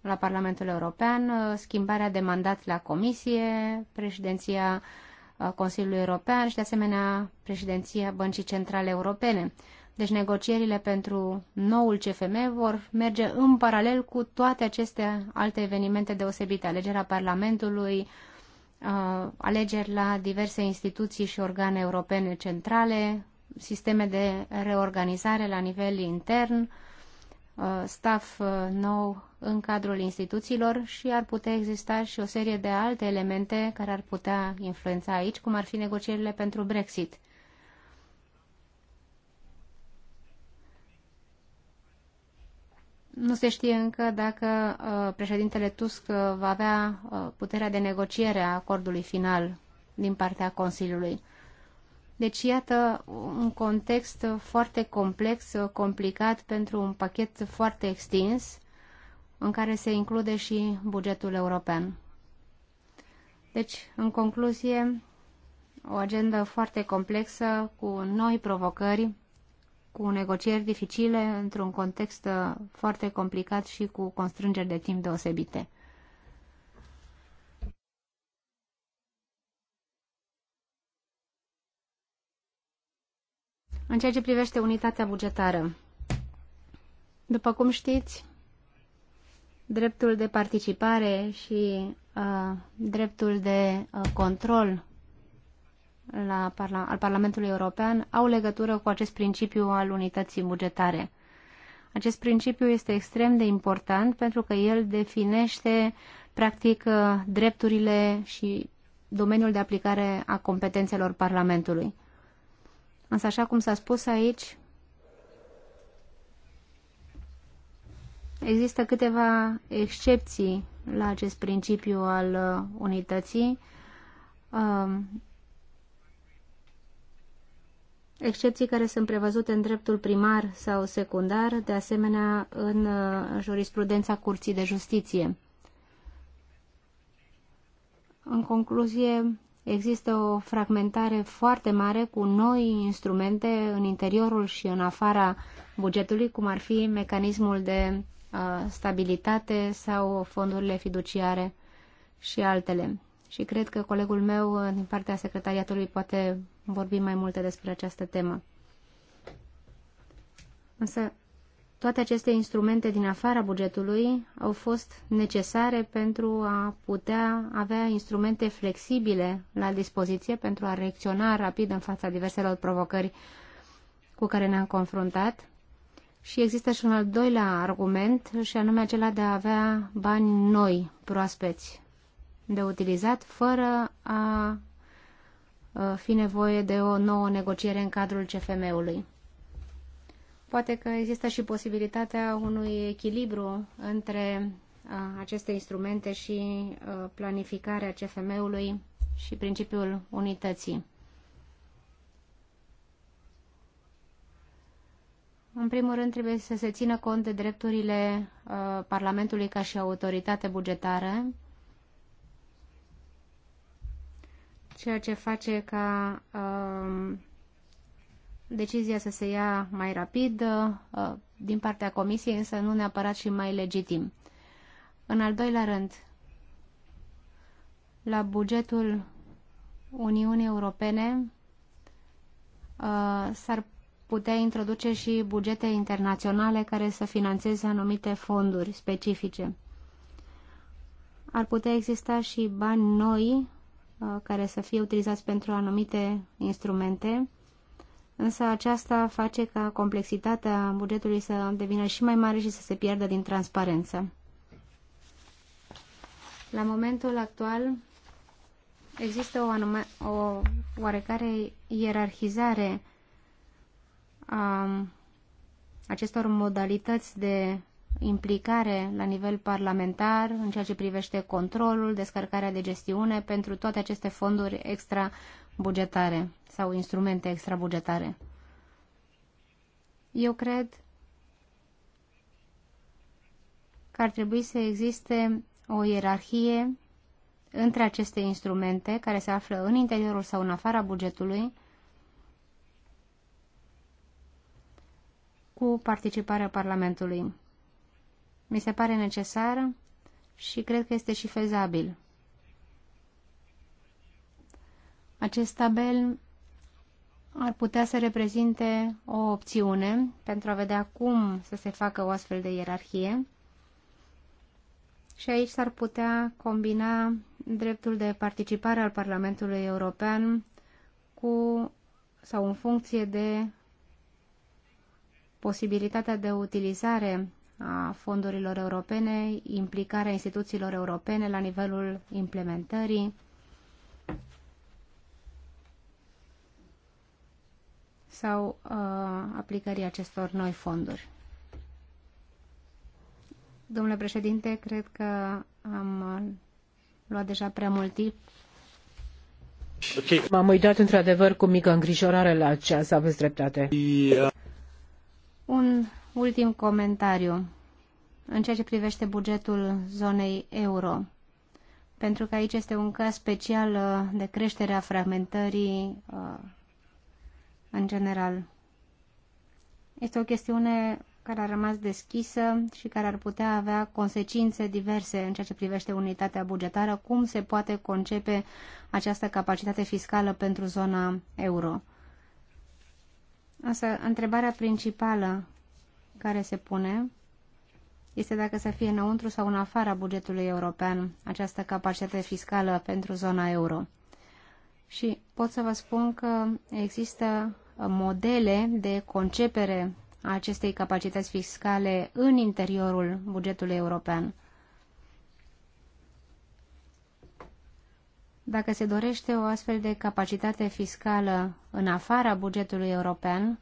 la Parlamentul European, uh, schimbarea de mandat la Comisie, președinția uh, Consiliului European și, de asemenea, președinția Băncii Centrale Europene. Deci negocierile pentru noul CFM vor merge în paralel cu toate aceste alte evenimente deosebite, alegerea Parlamentului, alegeri la diverse instituții și organe europene centrale, sisteme de reorganizare la nivel intern, Uh, staff uh, nou în cadrul instituțiilor și ar putea exista și o serie de alte elemente care ar putea influența aici, cum ar fi negocierile pentru Brexit. Nu se știe încă dacă uh, președintele Tusk va avea puterea de negociere a acordului final din partea Consiliului. Deci, iată un context foarte complex, complicat pentru un pachet foarte extins, în care se include și bugetul european. Deci, în concluzie, o agendă foarte complexă, cu noi provocări, cu negocieri dificile, într-un context foarte complicat și cu constrângeri de timp deosebite. În ceea ce privește unitatea bugetară, după cum știți, dreptul de participare și uh, dreptul de uh, control la parla al Parlamentului European au legătură cu acest principiu al unității bugetare. Acest principiu este extrem de important pentru că el definește, practic, uh, drepturile și domeniul de aplicare a competențelor Parlamentului. Însă, așa cum s-a spus aici, există câteva excepții la acest principiu al uh, unității, um, excepții care sunt prevăzute în dreptul primar sau secundar, de asemenea în uh, jurisprudența Curții de Justiție. În concluzie, Există o fragmentare foarte mare cu noi instrumente în interiorul și în afara bugetului, cum ar fi mecanismul de uh, stabilitate sau fondurile fiduciare și altele. Și cred că colegul meu uh, din partea secretariatului poate vorbi mai multe despre această temă. Însă toate aceste instrumente din afara bugetului au fost necesare pentru a putea avea instrumente flexibile la dispoziție pentru a reacționa rapid în fața diverselor provocări cu care ne-am confruntat. Și există și un al doilea argument, și anume acela de a avea bani noi, proaspeți, de utilizat, fără a fi nevoie de o nouă negociere în cadrul CFM-ului. Poate că există și posibilitatea unui echilibru între aceste instrumente și planificarea CFM-ului și principiul unității. În primul rând, trebuie să se țină cont de drepturile uh, Parlamentului ca și autoritate bugetară, ceea ce face ca uh, decizia să se ia mai rapid uh, din partea Comisiei, însă nu neapărat și mai legitim. În al doilea rând, la bugetul Uniunii Europene uh, s-ar putea introduce și bugete internaționale care să financeze anumite fonduri specifice. Ar putea exista și bani noi uh, care să fie utilizați pentru anumite instrumente însă aceasta face ca complexitatea bugetului să devină și mai mare și să se pierdă din transparență. La momentul actual există o, anume, o oarecare ierarhizare a um, acestor modalități de implicare la nivel parlamentar în ceea ce privește controlul, descărcarea de gestiune pentru toate aceste fonduri extra bugetare sau instrumente extrabugetare. Eu cred că ar trebui să existe o ierarhie între aceste instrumente care se află în interiorul sau în afara bugetului cu participarea Parlamentului. Mi se pare necesar și cred că este și fezabil. Acest tabel ar putea să reprezinte o opțiune pentru a vedea cum să se facă o astfel de ierarhie. Și aici s-ar putea combina dreptul de participare al Parlamentului European cu sau în funcție de posibilitatea de utilizare a fondurilor europene, implicarea instituțiilor europene la nivelul implementării, sau uh, aplicării acestor noi fonduri. Domnule președinte, cred că am uh, luat deja prea mult timp. Okay. M-am uitat într-adevăr cu mică îngrijorare la ceas, aveți dreptate. Yeah. Uh, un ultim comentariu în ceea ce privește bugetul zonei euro, pentru că aici este un caz special uh, de creștere a fragmentării în general. Este o chestiune care a rămas deschisă și care ar putea avea consecințe diverse în ceea ce privește unitatea bugetară, cum se poate concepe această capacitate fiscală pentru zona euro. Însă, întrebarea principală care se pune este dacă să fie înăuntru sau în afara bugetului european această capacitate fiscală pentru zona euro. Și pot să vă spun că există modele de concepere a acestei capacități fiscale în interiorul bugetului european. Dacă se dorește o astfel de capacitate fiscală în afara bugetului european,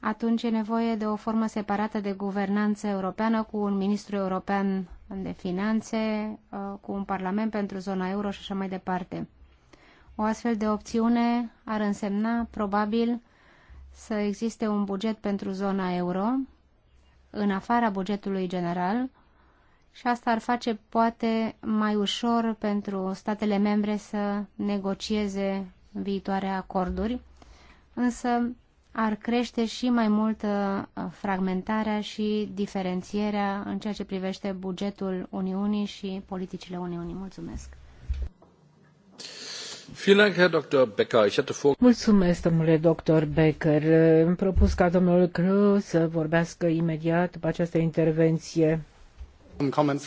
atunci e nevoie de o formă separată de guvernanță europeană cu un ministru european de finanțe, uh, cu un parlament pentru zona euro și așa mai departe. O astfel de opțiune ar însemna, probabil, să existe un buget pentru zona euro, în afara bugetului general, și asta ar face poate mai ușor pentru statele membre să negocieze viitoare acorduri, însă ar crește și mai mult uh, fragmentarea și diferențierea în ceea ce privește bugetul Uniunii și politicile Uniunii. Mulțumesc! Mulțumesc, domnule doctor Becker. Îmi propus ca domnul Crău să vorbească imediat după această intervenție. Um,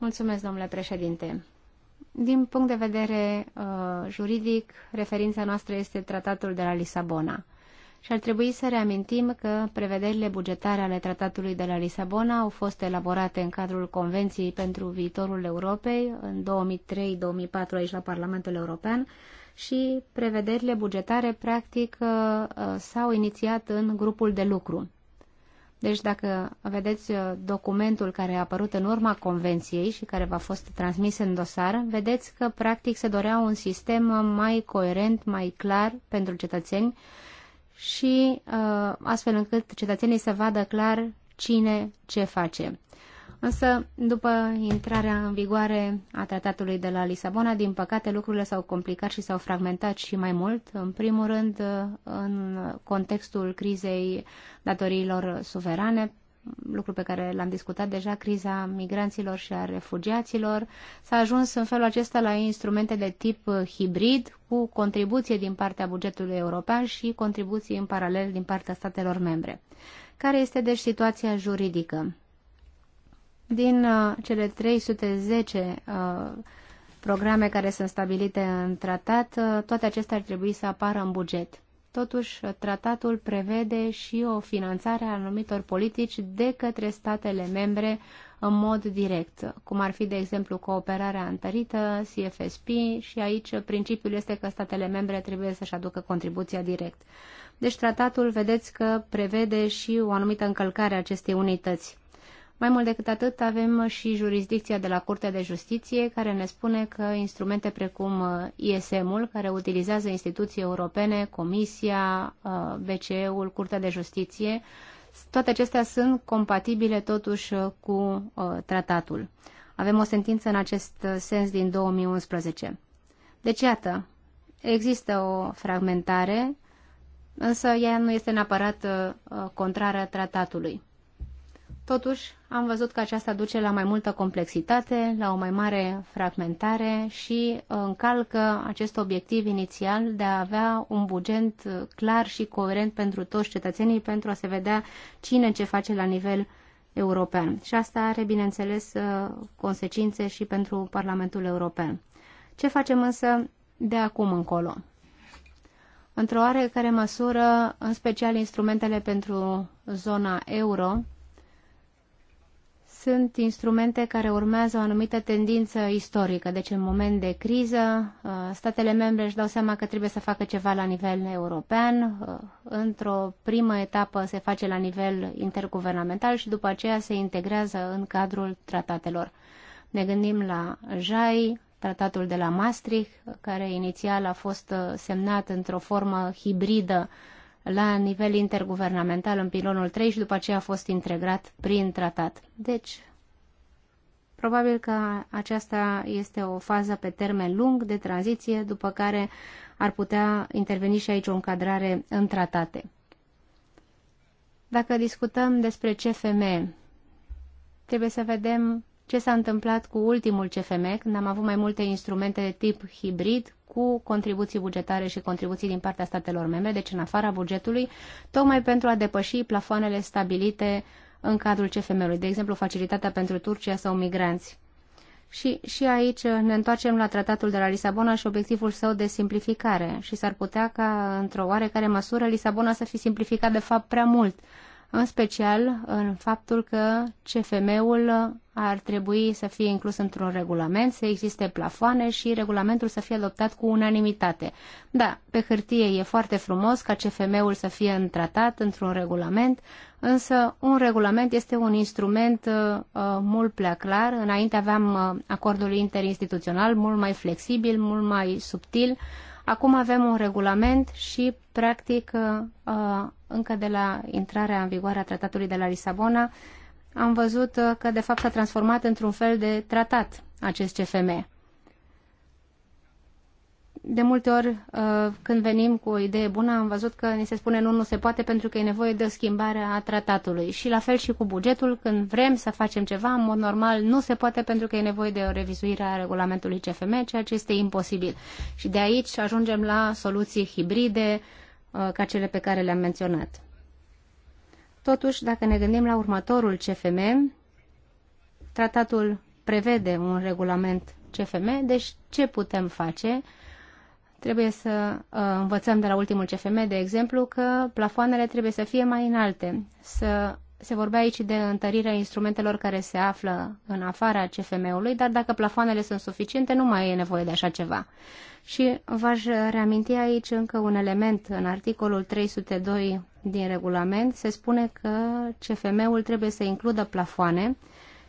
Mulțumesc, domnule președinte. Din punct de vedere uh, juridic, referința noastră este tratatul de la Lisabona. Și ar trebui să reamintim că prevederile bugetare ale tratatului de la Lisabona au fost elaborate în cadrul Convenției pentru viitorul Europei în 2003-2004 aici la Parlamentul European și prevederile bugetare practic uh, s-au inițiat în grupul de lucru. Deci dacă vedeți uh, documentul care a apărut în urma convenției și care v-a fost transmis în dosar, vedeți că practic se dorea un sistem uh, mai coerent, mai clar pentru cetățeni și uh, astfel încât cetățenii să vadă clar cine ce face. Însă, după intrarea în vigoare a tratatului de la Lisabona, din păcate lucrurile s-au complicat și s-au fragmentat și mai mult, în primul rând în contextul crizei datoriilor suverane, lucru pe care l-am discutat deja, criza migranților și a refugiaților, s-a ajuns în felul acesta la instrumente de tip hibrid, cu contribuție din partea bugetului european și contribuții în paralel din partea statelor membre. Care este deci situația juridică? Din uh, cele 310 uh, programe care sunt stabilite în tratat, uh, toate acestea ar trebui să apară în buget. Totuși, uh, tratatul prevede și o finanțare a anumitor politici de către statele membre în mod direct, cum ar fi, de exemplu, cooperarea întărită, CFSP și aici principiul este că statele membre trebuie să-și aducă contribuția direct. Deci tratatul, vedeți că prevede și o anumită încălcare a acestei unități. Mai mult decât atât, avem și jurisdicția de la Curtea de Justiție, care ne spune că instrumente precum uh, ISM-ul, care utilizează instituții europene, Comisia, uh, BCE-ul, Curtea de Justiție, toate acestea sunt compatibile totuși uh, cu tratatul. Avem o sentință în acest sens din 2011. Deci, iată, există o fragmentare, însă ea nu este neapărat contrară tratatului. Totuși, am văzut că aceasta duce la mai multă complexitate, la o mai mare fragmentare și încalcă acest obiectiv inițial de a avea un buget clar și coerent pentru toți cetățenii pentru a se vedea cine ce face la nivel european. Și asta are, bineînțeles, consecințe și pentru Parlamentul European. Ce facem însă de acum încolo? Într-o oarecare măsură, în special instrumentele pentru zona euro, sunt instrumente care urmează o anumită tendință istorică. Deci, în moment de criză, uh, statele membre își dau seama că trebuie să facă ceva la nivel european. Uh, într-o primă etapă se face la nivel interguvernamental și după aceea se integrează în cadrul tratatelor. Ne gândim la JAI, tratatul de la Maastricht, care inițial a fost uh, semnat într-o formă hibridă la nivel interguvernamental în pilonul 3 și după aceea a fost integrat prin tratat. Deci, probabil că aceasta este o fază pe termen lung de tranziție, după care ar putea interveni și aici o încadrare în tratate. Dacă discutăm despre CFM, trebuie să vedem ce s-a întâmplat cu ultimul CFM, când am avut mai multe instrumente de tip hibrid, cu contribuții bugetare și contribuții din partea statelor membre, deci în afara bugetului, tocmai pentru a depăși plafoanele stabilite în cadrul CFM-ului, de exemplu facilitatea pentru Turcia sau migranți. Și, și aici ne întoarcem la tratatul de la Lisabona și obiectivul său de simplificare. Și s-ar putea ca, într-o oarecare măsură, Lisabona să fi simplificat de fapt prea mult în special în faptul că CFM-ul ar trebui să fie inclus într-un regulament, să existe plafoane și regulamentul să fie adoptat cu unanimitate. Da, pe hârtie e foarte frumos ca CFM-ul să fie întratat într-un regulament, însă un regulament este un instrument uh, uh, mult prea clar. Înainte aveam uh, acordul interinstituțional mult mai flexibil, mult mai subtil. Acum avem un regulament și, practic, uh, uh încă de la intrarea în vigoare a tratatului de la Lisabona, am văzut uh, că de fapt s-a transformat într-un fel de tratat acest CFM. De multe ori, uh, când venim cu o idee bună, am văzut că ni se spune nu, nu se poate pentru că e nevoie de o schimbare a tratatului. Și la fel și cu bugetul, când vrem să facem ceva, în mod normal, nu se poate pentru că e nevoie de o revizuire a regulamentului CFM, ceea ce este imposibil. Și de aici ajungem la soluții hibride, uh, Uh, ca cele pe care le-am menționat. Totuși, dacă ne gândim la următorul CFM, tratatul prevede un regulament CFM, deci ce putem face? Trebuie să uh, învățăm de la ultimul CFM, de exemplu, că plafoanele trebuie să fie mai înalte, să se vorbea aici de întărirea instrumentelor care se află în afara CFM-ului, dar dacă plafoanele sunt suficiente, nu mai e nevoie de așa ceva. Și v-aș reaminti aici încă un element. În articolul 302 din regulament se spune că CFM-ul trebuie să includă plafoane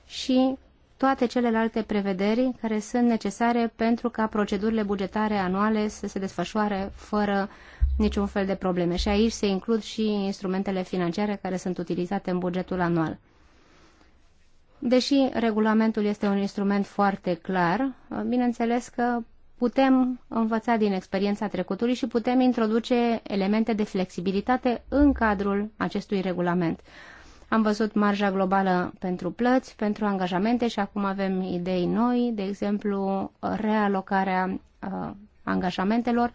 și toate celelalte prevederi care sunt necesare pentru ca procedurile bugetare anuale să se desfășoare fără uh, niciun fel de probleme. Și aici se includ și instrumentele financiare care sunt utilizate în bugetul anual. Deși regulamentul este un instrument foarte clar, bineînțeles că putem învăța din experiența trecutului și putem introduce elemente de flexibilitate în cadrul acestui regulament. Am văzut marja globală pentru plăți, pentru angajamente și acum avem idei noi, de exemplu realocarea uh, angajamentelor,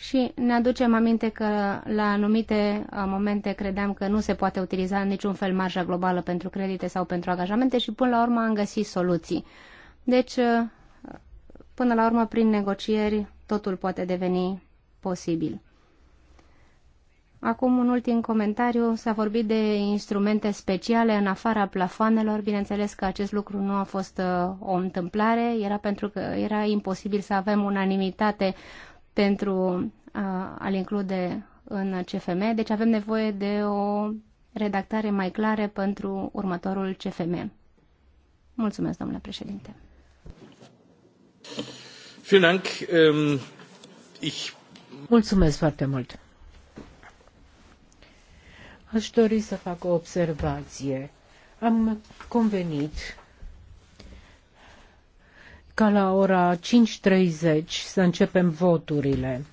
și ne aducem aminte că la anumite uh, momente credeam că nu se poate utiliza în niciun fel marja globală pentru credite sau pentru angajamente și până la urmă am găsit soluții. Deci, uh, până la urmă, prin negocieri, totul poate deveni posibil. Acum un ultim comentariu. S-a vorbit de instrumente speciale în afara plafoanelor. Bineînțeles că acest lucru nu a fost uh, o întâmplare. Era pentru că era imposibil să avem unanimitate pentru a-l include în CFM, deci avem nevoie de o redactare mai clară pentru următorul CFM. Mulțumesc, domnule președinte. Ähm, Mulțumesc foarte mult. Aș dori să fac o observație. Am convenit ca la ora 5.30 să începem voturile.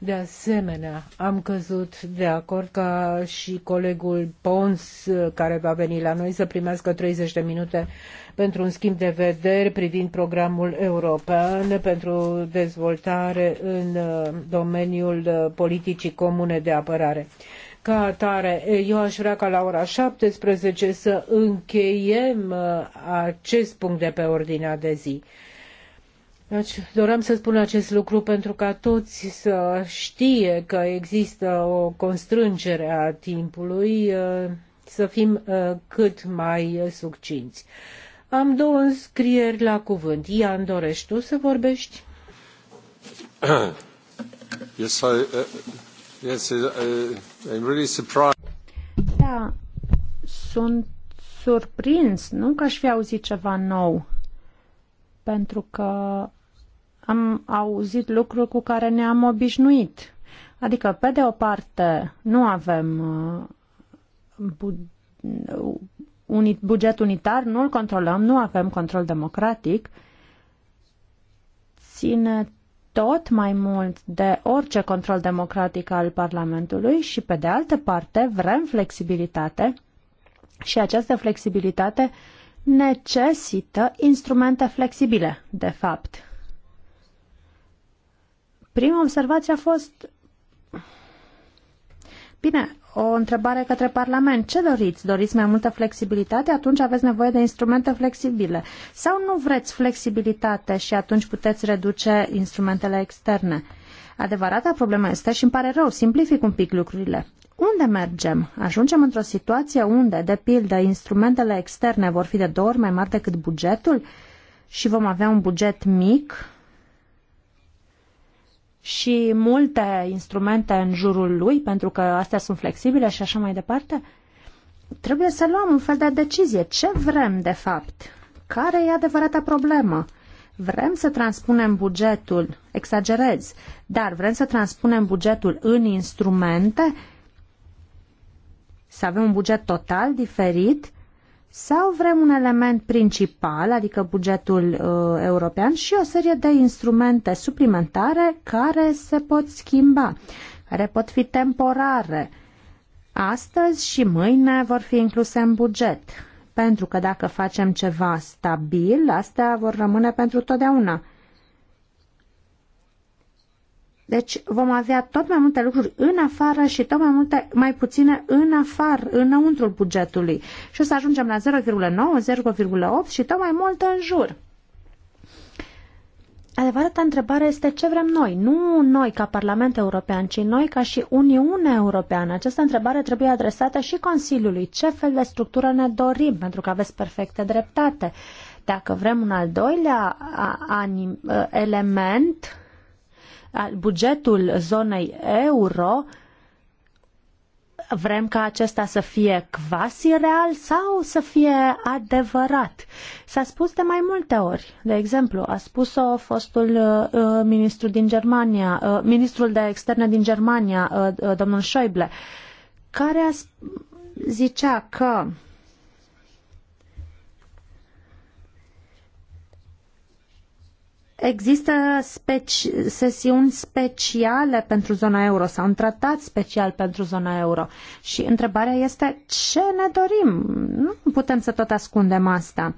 De asemenea, am căzut de acord ca și colegul Pons, care va veni la noi, să primească 30 de minute pentru un schimb de vederi privind programul european pentru dezvoltare în uh, domeniul uh, politicii comune de apărare. Ca atare, eu aș vrea ca la ora 17 să încheiem uh, acest punct de pe ordinea de zi. Deci, doream să spun acest lucru pentru ca toți să știe că există o constrângere a timpului, uh, să fim uh, cât mai succinți. Am două înscrieri la cuvânt. Ian, dorești tu să vorbești? [clears throat] Yes, să Yes, uh, uh, I'm really surprised. Da, sunt surprins, nu că aș fi auzit ceva nou, pentru că am auzit lucruri cu care ne-am obișnuit. Adică, pe de o parte, nu avem uh, bu- unit, buget unitar, nu-l controlăm, nu avem control democratic, ține tot mai mult de orice control democratic al Parlamentului și, pe de altă parte, vrem flexibilitate și această flexibilitate necesită instrumente flexibile, de fapt. Prima observație a fost Bine, o întrebare către Parlament. Ce doriți? Doriți mai multă flexibilitate? Atunci aveți nevoie de instrumente flexibile. Sau nu vreți flexibilitate și atunci puteți reduce instrumentele externe? Adevărata problemă este și îmi pare rău, simplific un pic lucrurile. Unde mergem? Ajungem într-o situație unde, de pildă, instrumentele externe vor fi de două ori mai mari decât bugetul și vom avea un buget mic și multe instrumente în jurul lui, pentru că astea sunt flexibile și așa mai departe? Trebuie să luăm un fel de decizie. Ce vrem, de fapt? Care e adevărata problemă? Vrem să transpunem bugetul, exagerez, dar vrem să transpunem bugetul în instrumente? Să avem un buget total diferit? sau vrem un element principal, adică bugetul uh, european și o serie de instrumente suplimentare care se pot schimba, care pot fi temporare. Astăzi și mâine vor fi incluse în buget, pentru că dacă facem ceva stabil, astea vor rămâne pentru totdeauna. Deci vom avea tot mai multe lucruri în afară și tot mai multe, mai puține în afară, înăuntrul bugetului. Și o să ajungem la 0,9, 0,8 și tot mai mult în jur. Adevărata întrebare este ce vrem noi, nu noi ca Parlament European, ci noi ca și Uniunea Europeană. Această întrebare trebuie adresată și Consiliului. Ce fel de structură ne dorim? Pentru că aveți perfecte dreptate. Dacă vrem un al doilea element, bugetul zonei euro, vrem ca acesta să fie quasi real sau să fie adevărat. S-a spus de mai multe ori. De exemplu, a spus-o fostul uh, ministru din Germania, uh, ministrul de externe din Germania, uh, uh, domnul Schäuble, care a zicea că Există speci- sesiuni speciale pentru zona euro sau un tratat special pentru zona euro. Și întrebarea este ce ne dorim? Nu putem să tot ascundem asta.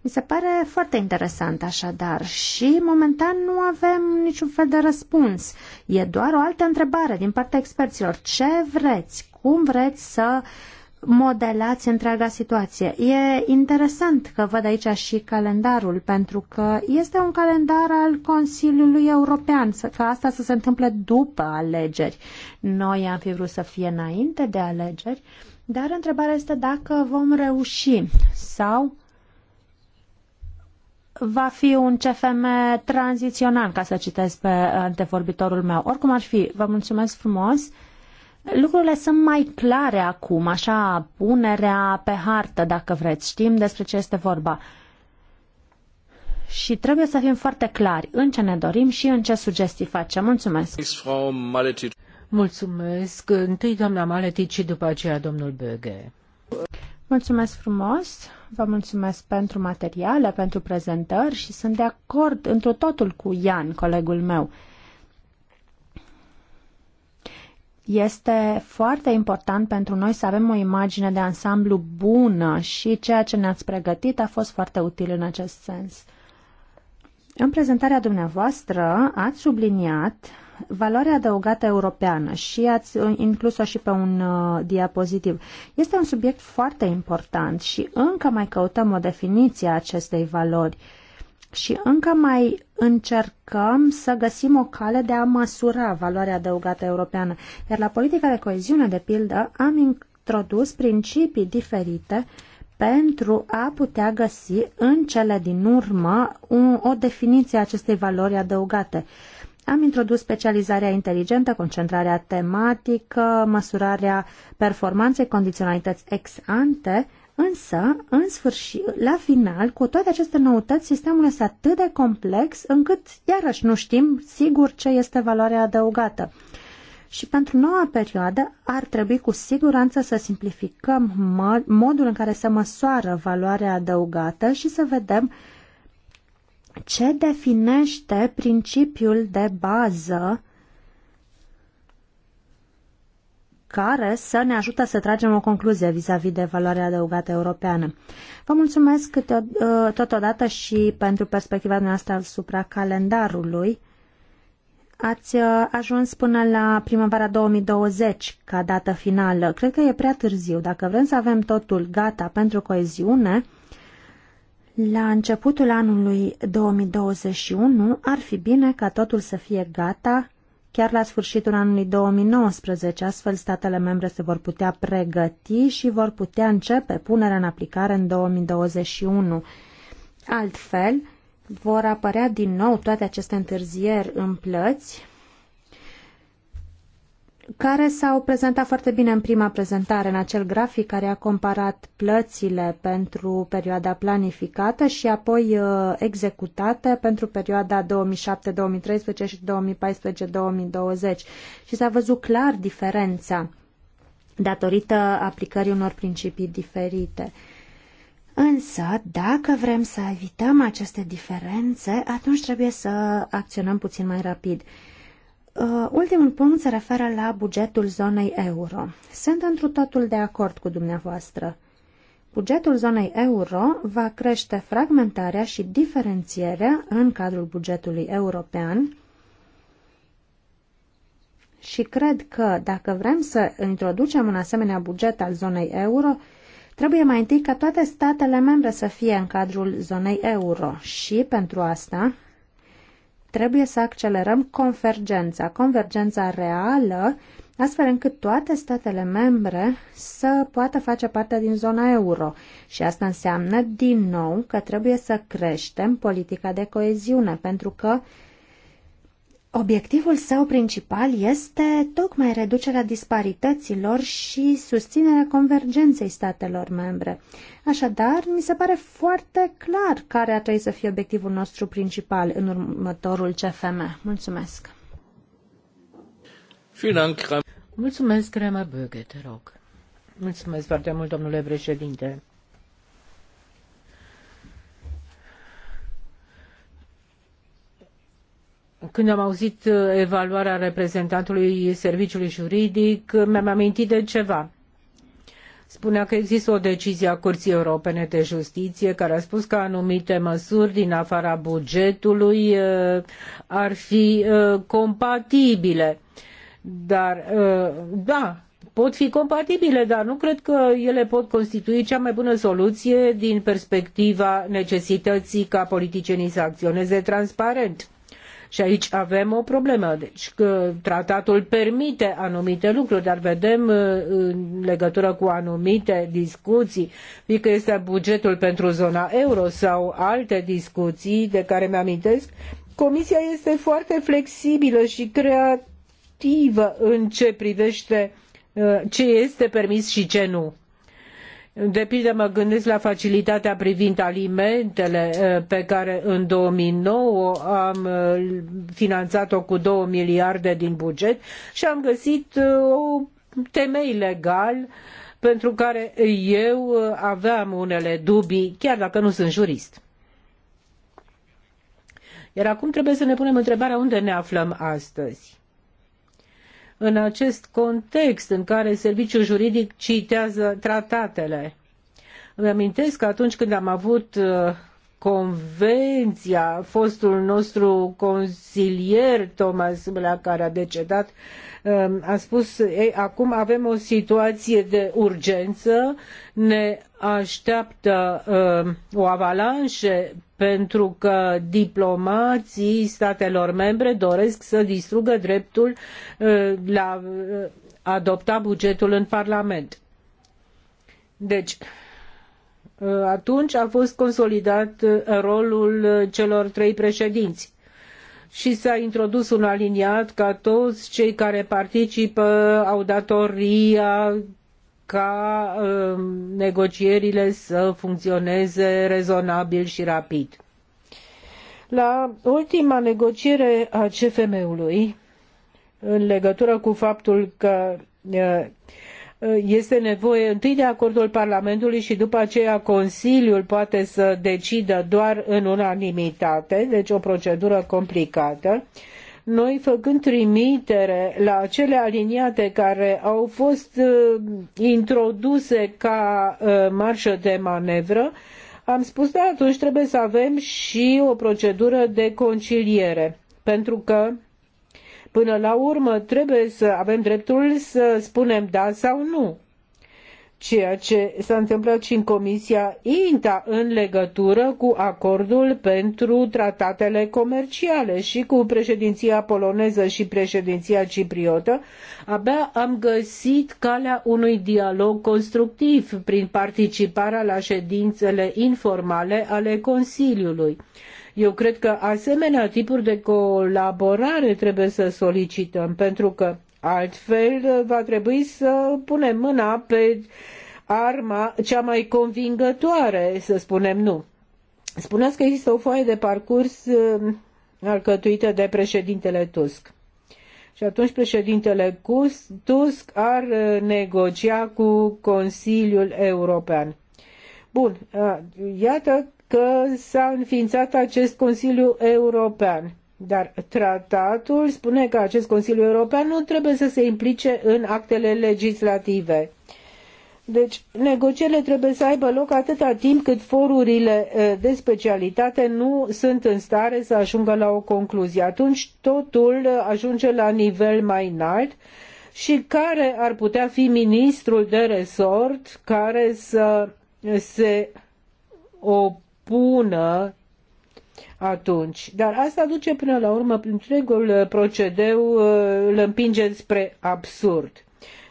Mi se pare foarte interesant așadar și momentan nu avem niciun fel de răspuns. E doar o altă întrebare din partea experților. Ce vreți? Cum vreți să uh, modelați întreaga situație. E interesant că văd aici și calendarul, pentru că este un calendar al Consiliului European, ca asta să se întâmple după alegeri. Noi am fi vrut să fie înainte de alegeri, dar întrebarea este dacă vom reuși sau va fi un CFM tranzițional, ca să citesc pe antevorbitorul meu. Oricum ar fi, vă mulțumesc frumos. Lucrurile sunt mai clare acum, așa, punerea pe hartă, dacă vreți. Știm despre ce este vorba. Și trebuie să fim foarte clari în ce ne dorim și în ce sugestii facem. Mulțumesc! Mulțumesc! Întâi doamna Maletici și după aceea domnul Böge. Mulțumesc frumos, vă mulțumesc pentru materiale, pentru prezentări și sunt de acord întru totul cu Ian, colegul meu. Este foarte important pentru noi să avem o imagine de ansamblu bună și ceea ce ne-ați pregătit a fost foarte util în acest sens. În prezentarea dumneavoastră ați subliniat valoarea adăugată europeană și ați inclus-o și pe un uh, diapozitiv. Este un subiect foarte important și încă mai căutăm o definiție a acestei valori și încă mai încercăm încercăm să găsim o cale de a măsura valoarea adăugată europeană. Iar la politica de coeziune, de pildă, am introdus principii diferite pentru a putea găsi în cele din urmă un, o definiție a acestei valori adăugate. Am introdus specializarea inteligentă, concentrarea tematică, măsurarea performanței, condiționalități ex ante, Însă, în sfârșit, la final, cu toate aceste noutăți, sistemul este atât de complex încât, iarăși, nu știm sigur ce este valoarea adăugată. Și pentru noua perioadă ar trebui cu siguranță să simplificăm modul în care se măsoară valoarea adăugată și să vedem ce definește principiul de bază care să ne ajută să tragem o concluzie vis-a-vis -vis de valoarea adăugată europeană. Vă mulțumesc ă, totodată și pentru perspectiva noastră asupra calendarului. Ați ă, ajuns până la primăvara 2020 ca dată finală. Cred că e prea târziu. Dacă vrem să avem totul gata pentru coeziune, la începutul anului 2021 ar fi bine ca totul să fie gata chiar la sfârșitul anului 2019. Astfel, statele membre se vor putea pregăti și vor putea începe punerea în aplicare în 2021. Altfel, vor apărea din nou toate aceste întârzieri în plăți care s-au prezentat foarte bine în prima prezentare, în acel grafic care a comparat plățile pentru perioada planificată și apoi uh, executate pentru perioada 2007-2013 și 2014-2020. Și s-a văzut clar diferența datorită aplicării unor principii diferite. Însă, dacă vrem să evităm aceste diferențe, atunci trebuie să acționăm puțin mai rapid. Uh, Uh, ultimul punct se referă la bugetul zonei euro. Sunt întru totul de acord cu dumneavoastră. Bugetul zonei euro va crește fragmentarea și diferențierea în cadrul bugetului european și cred că dacă vrem să introducem un asemenea buget al zonei euro, trebuie mai întâi ca toate statele membre să fie în cadrul zonei euro și pentru asta trebuie să accelerăm convergența, convergența reală, astfel încât toate statele membre să poată face parte din zona euro. Și asta înseamnă, din nou, că trebuie să creștem politica de coeziune, pentru că uh, Obiectivul său principal este tocmai reducerea disparităților și susținerea convergenței statelor membre. Așadar, mi se pare foarte clar care ar trebui să fie obiectivul nostru principal în următorul CFM. Mulțumesc! Mulțumesc, Crema Böge, te rog. Mulțumesc foarte mult, domnule președinte. când am auzit uh, evaluarea reprezentantului serviciului juridic, uh, mi-am amintit de ceva. Spunea că există o decizie a Curții Europene de Justiție care a spus că anumite măsuri din afara bugetului uh, ar fi compatibile. Dar, da, pot fi compatibile, dar nu cred că ele pot constitui cea mai bună soluție din perspectiva necesității ca politicienii să acționeze transparent și aici avem o problemă. Deci că tratatul permite anumite lucruri, dar vedem uh, în legătură cu anumite discuții, fie că este bugetul pentru zona euro sau alte discuții de care mi-amintesc, Comisia este foarte flexibilă și creativă în ce privește uh, ce este permis și ce nu. De pildă mă gândesc la facilitatea privind alimentele eh, pe care în nouă am eh, finanțat-o cu 2 miliarde din buget și am găsit eh, o temei legal pentru care eu aveam unele dubii, chiar dacă nu sunt jurist. Iar acum trebuie să ne punem întrebarea unde ne aflăm astăzi în acest context în care serviciul juridic citează tratatele. Îmi amintesc că atunci când am avut uh, convenția, fostul nostru consilier Thomas Blea, care a decedat, um, a spus, ei, acum avem o situație de urgență, ne ateaptă uh, o avalanșă pentru că diplomații statelor membre doresc să distrugă dreptul uh, la uh, adopta bugetul în Parlament. Deci, atunci a fost consolidat rolul celor trei președinți și s-a introdus un aliniat ca toți cei care participă au datoria ca um, negocierile să funcționeze rezonabil și rapid. La ultima negociere a CFM-ului, în legătură cu faptul că uh, este nevoie întâi de acordul Parlamentului și după aceea Consiliul poate să decidă doar în unanimitate, deci o procedură complicată. Uh, noi făcând trimitere la cele aliniate care au fost uh, introduse ca uh, marșă de manevră, am spus, că da, atunci trebuie să avem și o procedură de conciliere, pentru că până la urmă trebuie să avem dreptul să spunem da sau nu ceea ce s-a întâmplat și în Comisia INTA în legătură cu acordul pentru tratatele comerciale și cu președinția poloneză și președinția cipriotă, abia am găsit calea unui dialog constructiv prin participarea la ședințele informale ale Consiliului. Eu cred că asemenea tipuri de colaborare trebuie să solicităm, pentru că Altfel, uh, va trebui să punem mâna pe arma cea mai convingătoare, să spunem nu. Spuneați că există o foaie de parcurs uh, alcătuită de președintele Tusk. Și atunci președintele Tusk ar uh, negocia cu Consiliul European. Bun, iată că s-a înființat acest Consiliu European. Dar tratatul spune că acest Consiliu European nu trebuie să se implice în actele legislative. Deci, negocierile trebuie să aibă loc atâta timp cât forurile eh, de specialitate nu sunt în stare să ajungă la o concluzie. Atunci totul eh, ajunge la nivel mai înalt și care ar putea fi ministrul de resort care să se opună atunci. Dar asta duce până la urmă întregul uh, procedeu, uh, îl împinge spre absurd.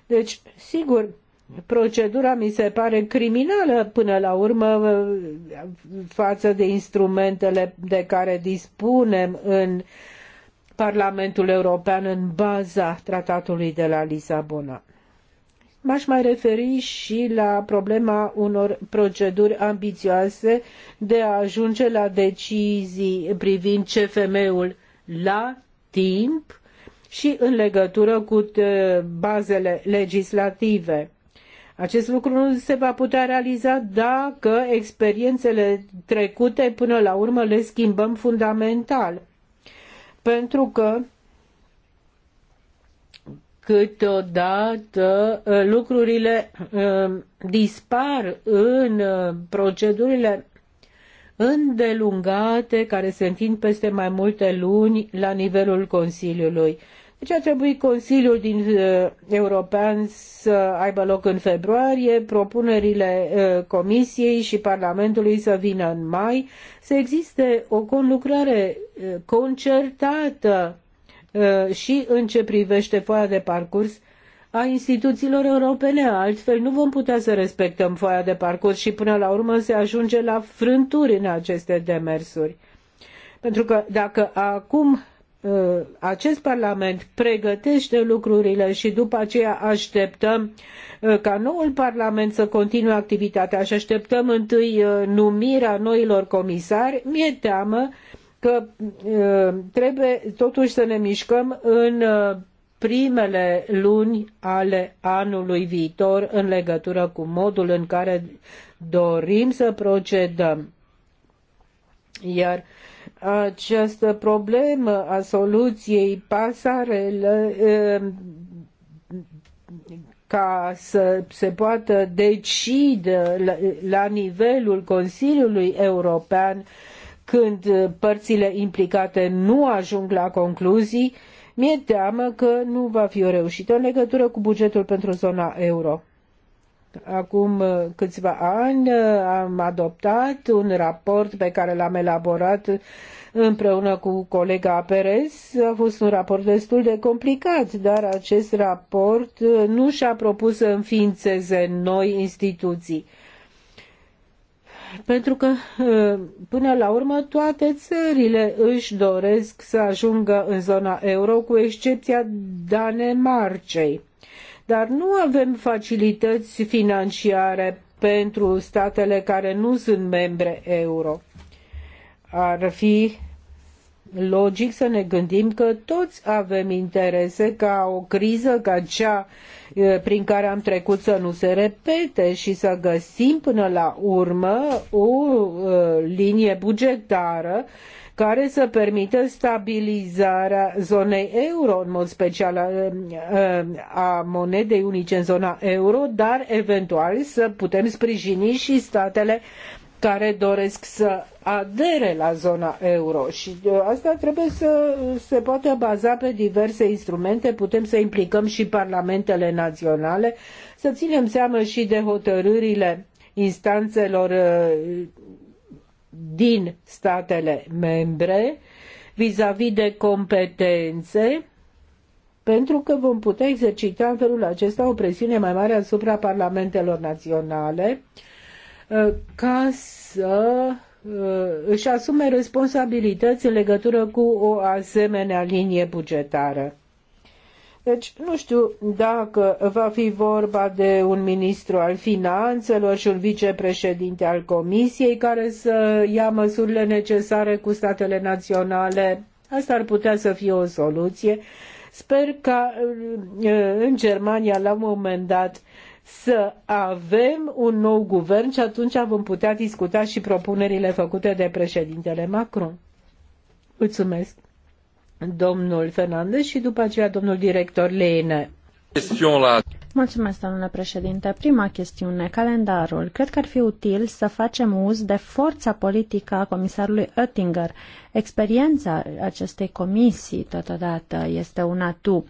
Deci, sigur, procedura mi se pare criminală până la urmă uh, față de instrumentele de care dispunem în Parlamentul European în baza tratatului de la Lisabona. M-aș mai referi și la problema unor proceduri ambițioase de a ajunge la decizii privind CFM-ul la timp și în legătură cu eh, bazele legislative. Acest lucru nu se va putea realiza dacă experiențele trecute până la urmă le schimbăm fundamental. Pentru că câteodată uh, lucrurile uh, dispar în uh, procedurile îndelungate care se întind peste mai multe luni la nivelul Consiliului. Deci a trebuit Consiliul din, European să aibă loc în februarie, propunerile Comisiei și Parlamentului să vină în mai, să existe o conlucrare concertată Uh, și în ce privește foaia de parcurs a instituțiilor europene, altfel nu vom putea să respectăm foaia de parcurs și până la urmă se ajunge la frânturi în aceste demersuri. Pentru că dacă acum uh, acest Parlament pregătește lucrurile și după aceea așteptăm uh, ca noul Parlament să continue activitatea și așteptăm întâi numirea noilor comisari, mi-e teamă că trebuie totuși să ne mișcăm în primele luni ale anului viitor în legătură cu modul în care dorim să procedăm. Iar această problemă a soluției pasarele ca să se poată decide la nivelul Consiliului European când uh, părțile implicate nu ajung la concluzii, mi-e teamă că nu va fi o reușită în legătură cu bugetul pentru zona euro. Acum uh, câțiva ani uh, am adoptat un raport pe care l-am elaborat împreună cu colega Perez. A fost un raport destul de complicat, dar acest raport nu și-a propus să înființeze noi instituții pentru că, ă, până la urmă, toate țările își doresc să ajungă în zona euro, cu excepția Danemarcei. Dar nu avem facilități financiare pentru statele care nu sunt membre euro. Ar fi logic să ne gândim că toți avem interese ca o criză ca cea prin care am trecut să nu se repete și să găsim până la urmă o linie bugetară care să permită stabilizarea zonei euro, în mod special a, a monedei unice în zona euro, dar eventual să putem sprijini și statele care doresc să adere la zona euro și uh, asta trebuie să se poată baza pe diverse instrumente, putem să implicăm și parlamentele naționale, să ținem seama și de hotărârile instanțelor uh, din statele membre vis-a-vis -vis de competențe, pentru că vom putea exercita în felul acesta o presiune mai mare asupra parlamentelor naționale, uh, Uh, ca să uh, își asume responsabilități în legătură cu o asemenea linie bugetară. Deci, nu știu dacă va fi vorba de un ministru al finanțelor și un vicepreședinte al comisiei care să ia măsurile necesare cu statele naționale. Asta ar putea să fie o soluție. Sper ca uh, în Germania, la un moment dat, să avem un nou guvern și atunci vom putea discuta și propunerile făcute de președintele Macron. Mulțumesc, domnul Fernandez și după aceea domnul director Leine. Mulțumesc, domnule președinte. Prima chestiune, calendarul. Cred că ar fi util să facem uz de forța politică a comisarului Oettinger. Experiența acestei comisii, totodată, este una tu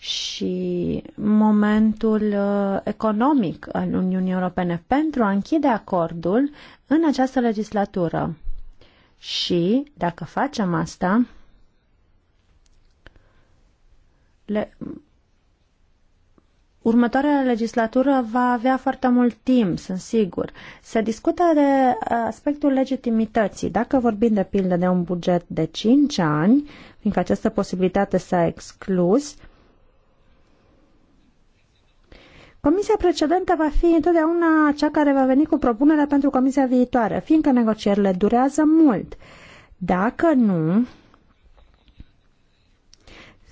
și momentul uh, economic al Uniunii Europene pentru a închide acordul în această legislatură. Și, dacă facem asta, le... următoarea legislatură va avea foarte mult timp, sunt sigur. Se discută de uh, aspectul legitimității. Dacă vorbim de pildă de un buget de 5 ani, fiindcă această posibilitate s-a exclus, Comisia precedentă va fi întotdeauna cea care va veni cu propunerea pentru comisia viitoare, fiindcă negocierile durează mult. Dacă nu,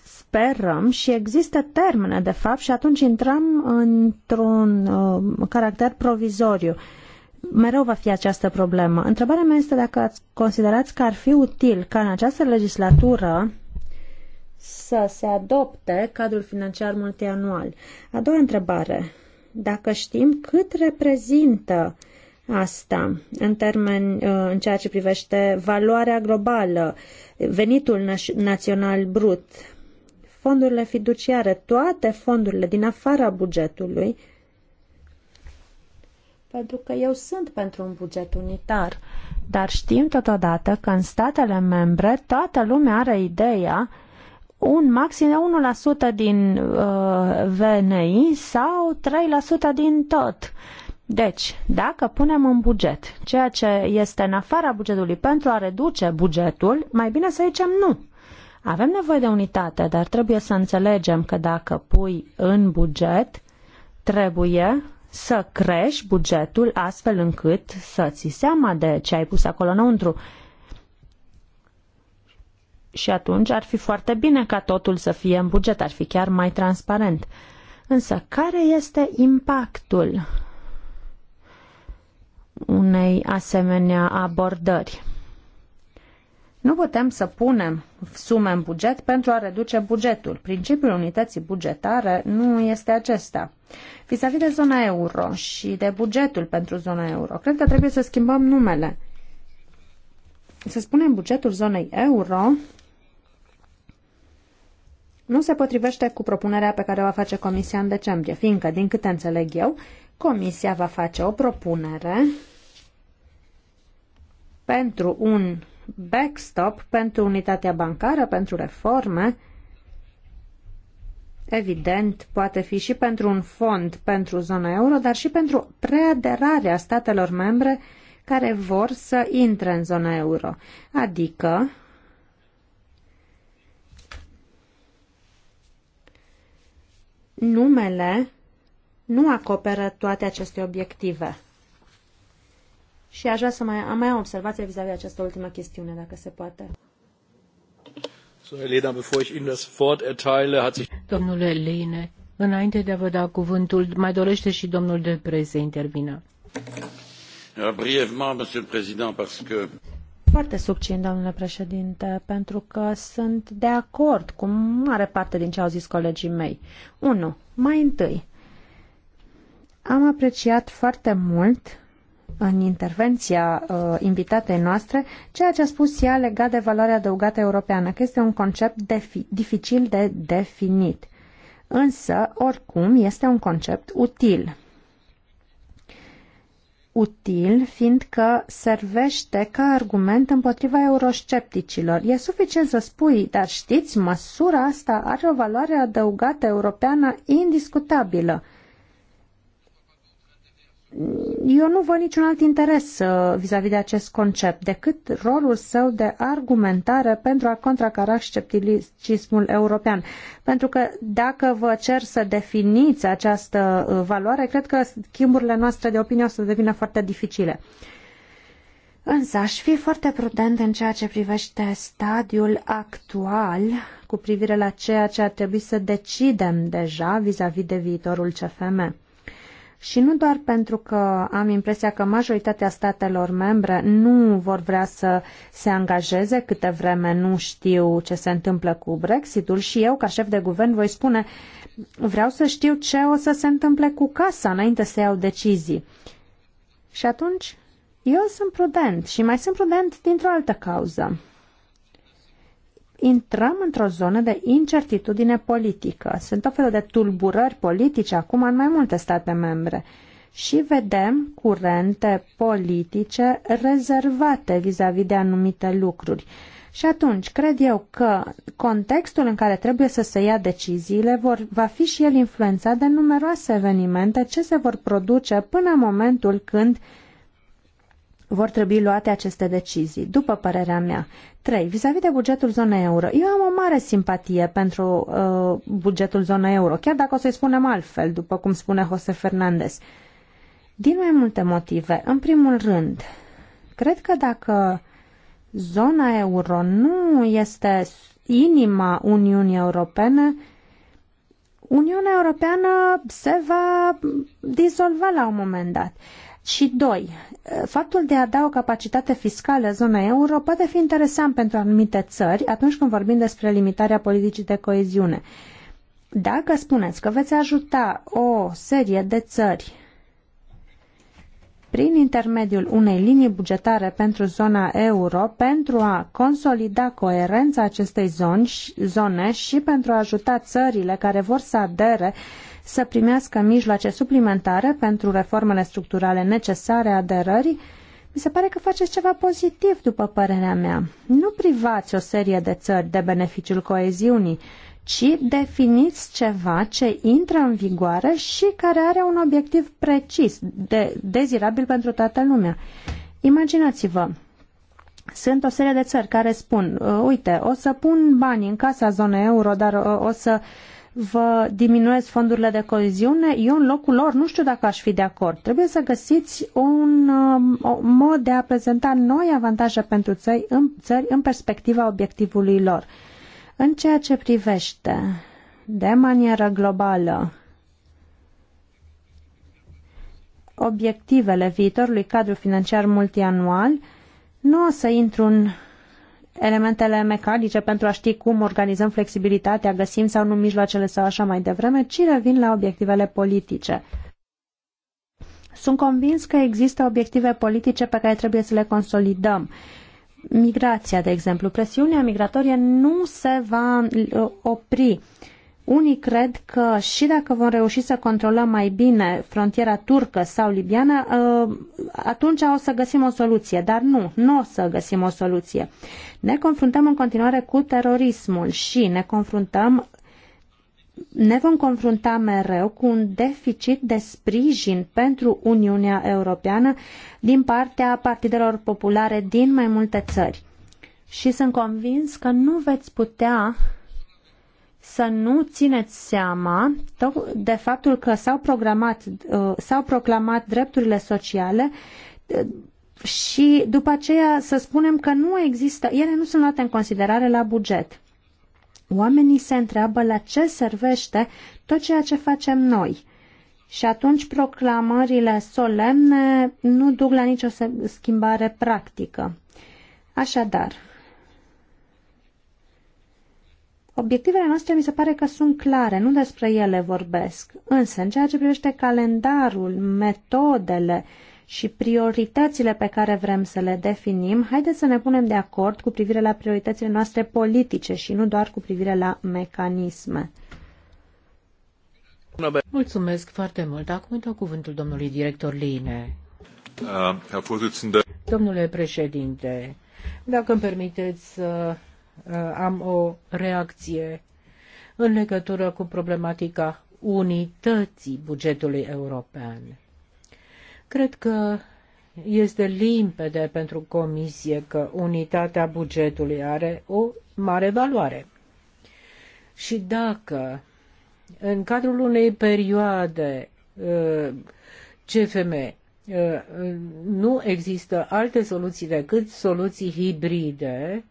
sperăm și există termene, de fapt, și atunci intrăm într-un uh, caracter provizoriu. Mereu va fi această problemă. Întrebarea mea este dacă ați considerați că ar fi util ca în această legislatură să se adopte cadrul financiar multianual. A doua întrebare. Dacă știm cât reprezintă asta în termen uh, în ceea ce privește valoarea globală, venitul național brut, fondurile fiduciare, toate fondurile din afara bugetului, pentru că eu sunt pentru un buget unitar, dar știm totodată că în statele membre toată lumea are ideea un maxim de 1% din uh, VNI sau 3% din tot. Deci, dacă punem în buget ceea ce este în afara bugetului pentru a reduce bugetul, mai bine să zicem nu. Avem nevoie de unitate, dar trebuie să înțelegem că dacă pui în buget, trebuie să crești bugetul astfel încât să ți seama de ce ai pus acolo înăuntru și atunci ar fi foarte bine ca totul să fie în buget, ar fi chiar mai transparent. Însă, care este impactul unei asemenea abordări? Nu putem să punem sume în buget pentru a reduce bugetul. Principiul unității bugetare nu este acesta. Vis-a-vis de zona euro și de bugetul pentru zona euro, cred că trebuie să schimbăm numele. Să spunem bugetul zonei euro nu se potrivește cu propunerea pe care o va face Comisia în decembrie, fiindcă, din câte înțeleg eu, Comisia va face o propunere pentru un backstop, pentru unitatea bancară, pentru reforme, Evident, poate fi și pentru un fond pentru zona euro, dar și pentru preaderarea statelor membre care vor să intre în zona euro. Adică, numele nu acoperă toate aceste obiective. Și aș vrea să mai am mai o observație vis-a-vis această ultimă chestiune, dacă se poate. Domnule Leine, înainte de a vă da cuvântul, mai dorește și domnul Depre să intervină. Brièvement, monsieur le président, parce que foarte succint, domnule președinte, pentru că sunt de acord cu mare parte din ce au zis colegii mei. 1. Mai întâi, am apreciat foarte mult în intervenția uh, invitatei noastre ceea ce a spus ea legat de valoarea adăugată europeană, că este un concept dificil de definit. Însă, oricum, este un concept util util, fiindcă servește ca argument împotriva euroscepticilor. E suficient să spui, dar știți, măsura asta are o valoare adăugată europeană indiscutabilă eu nu văd niciun alt interes uh, vis-a-vis -vis de acest concept decât rolul său de argumentare pentru a contracara scepticismul european. Pentru că dacă vă cer să definiți această uh, valoare, cred că schimburile noastre de opinie o să devină foarte dificile. Însă aș fi foarte prudent în ceea ce privește stadiul actual cu privire la ceea ce ar trebui să decidem deja vis-a-vis -vis de viitorul CFM. Și nu doar pentru că am impresia că majoritatea statelor membre nu vor vrea să se angajeze câte vreme nu știu ce se întâmplă cu Brexitul și eu, ca șef de guvern, voi spune vreau să știu ce o să se întâmple cu casa înainte să iau decizii. Și atunci eu sunt prudent și mai sunt prudent dintr-o altă cauză intrăm într-o zonă de incertitudine politică. Sunt o felul de tulburări politice acum în mai multe state membre și vedem curente politice rezervate vis-a-vis -vis de anumite lucruri. Și atunci, cred eu că contextul în care trebuie să se ia deciziile vor, va fi și el influențat de numeroase evenimente ce se vor produce până în momentul când vor trebui luate aceste decizii, după părerea mea. 3. Vis-a-vis de bugetul zonei euro. Eu am o mare simpatie pentru uh, bugetul zonei euro, chiar dacă o să-i spunem altfel, după cum spune Jose Fernandez. Din mai multe motive. În primul rând, cred că dacă zona euro nu este inima Uniunii Europene, Uniunea Europeană se va dizolva la un moment dat. Uh, și doi, faptul de a da o capacitate fiscală zonei euro poate fi interesant pentru anumite țări atunci când vorbim despre limitarea politicii de coeziune. Dacă spuneți că veți ajuta o serie de țări prin intermediul unei linii bugetare pentru zona euro pentru a consolida coerența acestei zone și pentru a ajuta țările care vor să adere uh, să primească mijloace suplimentare pentru reformele structurale necesare aderării, mi se pare că faceți ceva pozitiv, după părerea mea. Nu privați o serie de țări de beneficiul coeziunii, ci definiți ceva ce intră în vigoare și care are un obiectiv precis, de, dezirabil pentru toată lumea. Imaginați-vă, sunt o serie de țări care spun, uite, o să pun bani în casa zonei euro, dar o, o să uh, vă diminuez fondurile de coeziune, eu în locul lor nu știu dacă aș fi de acord. Trebuie să găsiți un, un um, mod de a prezenta noi avantaje pentru țări în, țări în perspectiva obiectivului lor. În ceea ce privește de manieră globală obiectivele viitorului cadru financiar multianual, nu o să intru în elementele mecanice pentru a ști cum organizăm flexibilitatea, găsim sau nu mijloacele sau așa mai devreme, ci revin la obiectivele politice. Sunt convins că există obiective politice pe care trebuie să le consolidăm. Migrația, de exemplu, presiunea migratorie nu se va uh, opri. Uh, unii cred că și dacă vom reuși să controlăm mai bine frontiera turcă sau libiană, ă, atunci o să găsim o soluție, dar nu, nu o să găsim o soluție. Ne confruntăm în continuare cu terorismul și ne confruntăm ne vom confrunta mereu cu un deficit de sprijin pentru Uniunea Europeană din partea partidelor populare din mai multe țări. Și sunt convins că nu veți putea să nu țineți seama de faptul că s-au, programat, uh, s-au proclamat drepturile sociale uh, și după aceea să spunem că nu există, ele nu sunt luate în considerare la buget. Oamenii se întreabă la ce servește tot ceea ce facem noi. Și atunci proclamările solemne nu duc la nicio schimbare practică. Așadar, Obiectivele noastre mi se pare că sunt clare, nu despre ele vorbesc. Însă, în ceea ce privește calendarul, metodele și prioritățile pe care vrem să le definim, haideți să ne punem de acord cu privire la prioritățile noastre politice și nu doar cu privire la mecanisme. Mulțumesc foarte mult. Acum dau cuvântul domnului director Line. Uh, Domnule președinte, dacă îmi permiteți să Uh, am o reacție în legătură cu problematica unității bugetului european. Cred că este limpede pentru Comisie că unitatea bugetului are o mare valoare. Și dacă în cadrul unei perioade uh, CFM uh, nu există alte soluții decât soluții hibride,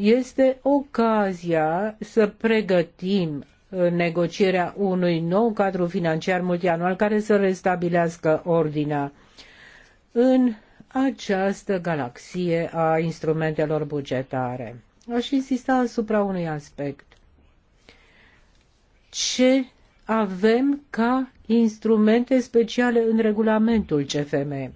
este ocazia să pregătim uh, negocierea unui nou cadru financiar multianual care să restabilească ordinea în această galaxie a instrumentelor bugetare. Aș insista asupra unui aspect. Ce avem ca instrumente speciale în regulamentul CFM?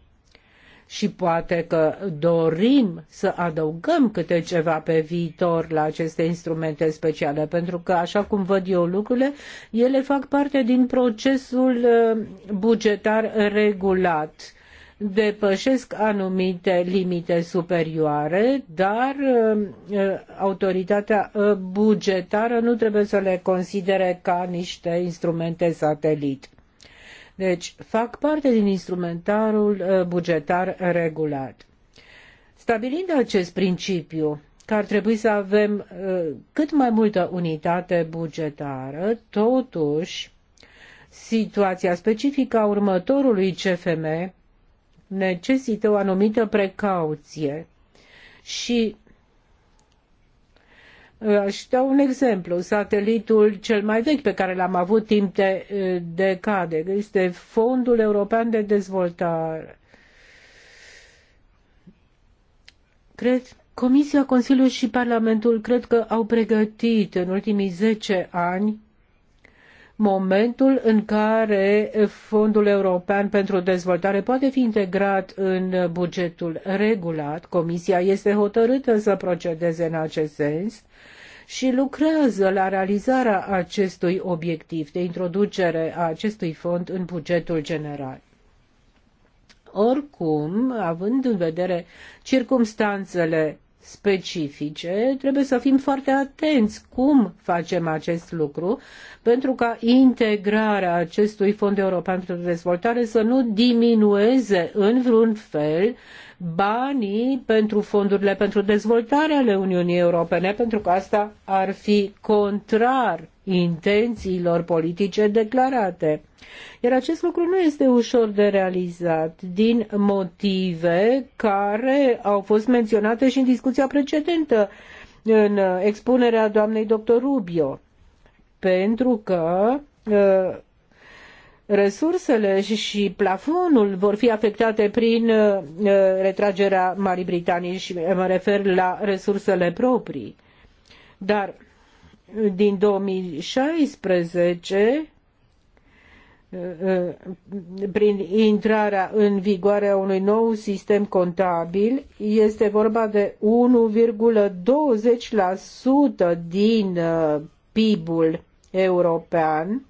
și poate că dorim să adăugăm câte ceva pe viitor la aceste instrumente speciale, pentru că, așa cum văd eu lucrurile, ele fac parte din procesul uh, bugetar regulat depășesc anumite limite superioare, dar uh, uh, autoritatea bugetară nu trebuie să le considere ca niște instrumente satelit. Deci fac parte din instrumentarul uh, bugetar regulat. Stabilind acest principiu, că ar trebui să avem uh, cât mai multă unitate bugetară, totuși situația specifică a următorului CFM necesită o anumită precauție și Aș da un exemplu. Satelitul cel mai vechi pe care l-am avut timp de decade este Fondul European de Dezvoltare. Cred, Comisia, Consiliul și Parlamentul cred că au pregătit în ultimii zece ani momentul în care Fondul European pentru Dezvoltare poate fi integrat în bugetul regulat. Comisia este hotărâtă să procedeze în acest sens și lucrează la realizarea acestui obiectiv de introducere a acestui fond în bugetul general. Oricum, având în vedere circumstanțele specifice, trebuie să fim foarte atenți cum facem acest lucru, pentru ca integrarea acestui Fond European pentru Dezvoltare să nu diminueze în vreun fel banii pentru fondurile pentru dezvoltare ale Uniunii Europene, pentru că asta ar fi contrar intențiilor politice declarate. Iar acest lucru nu este ușor de realizat din motive care au fost menționate și în discuția precedentă în expunerea doamnei dr. Rubio, pentru că uh, resursele și plafonul vor fi afectate prin uh, uh, retragerea Marii Britanii și mă refer la resursele proprii. Dar din 2016 uh, prin intrarea în vigoare a unui nou sistem contabil, este vorba de 1,20% din PIB-ul european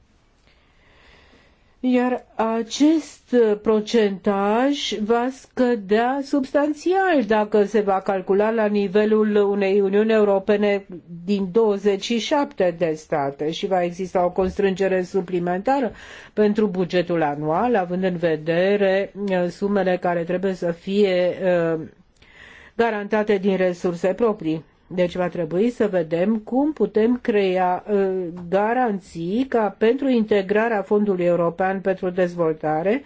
iar acest procentaj va scădea substanțial dacă se va calcula la nivelul unei Uniuni Europene din 27 de state și va exista o constrângere suplimentară pentru bugetul anual, având în vedere uh, sumele care trebuie să fie uh, garantate din resurse proprii. Deci va trebui să vedem cum putem crea uh, garanții ca pentru integrarea Fondului European pentru Dezvoltare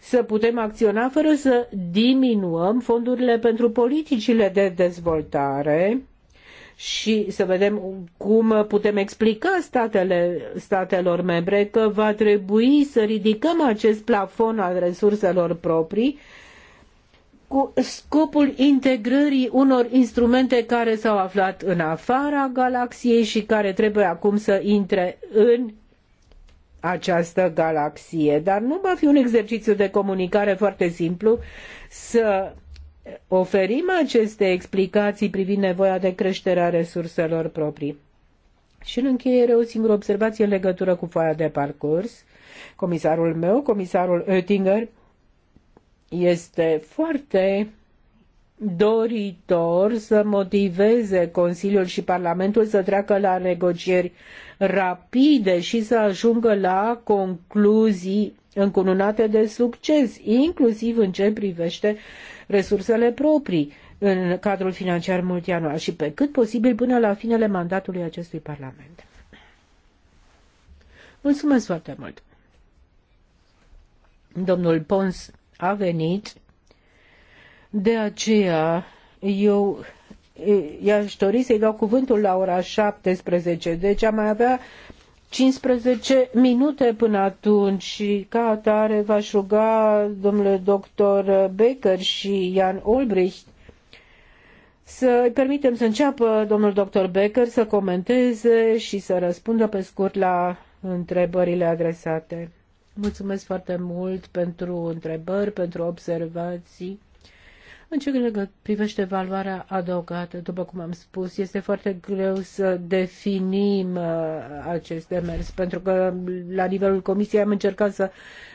să putem acționa fără să diminuăm fondurile pentru politicile de dezvoltare și să vedem cum putem explica statele, statelor membre că va trebui să ridicăm acest plafon al resurselor proprii cu scopul integrării unor instrumente care s-au aflat în afara galaxiei și care trebuie acum să intre în această galaxie. Dar nu va fi un exercițiu de comunicare foarte simplu să oferim aceste explicații privind nevoia de creștere a resurselor proprii. Și în încheiere o singură observație în legătură cu foaia de parcurs. Comisarul meu, comisarul Oettinger, este foarte doritor să motiveze Consiliul și Parlamentul să treacă la negocieri rapide și să ajungă la concluzii încununate de succes, inclusiv în ce privește resursele proprii în cadrul financiar multianual și pe cât posibil până la finele mandatului acestui Parlament. Mulțumesc foarte mult! Domnul Pons a venit. De aceea eu i-aș dori să-i dau cuvântul la ora 17, deci am mai avea 15 minute până atunci și ca atare v-aș ruga domnule doctor Baker și Ian Olbricht să îi permitem să înceapă domnul doctor Becker să comenteze și să răspundă pe scurt la întrebările adresate. Mulțumesc foarte mult pentru întrebări, pentru observații. În ce privește valoarea adăugată, după cum am spus, este foarte greu să definim uh, acest demers, pentru că la nivelul Comisiei am încercat să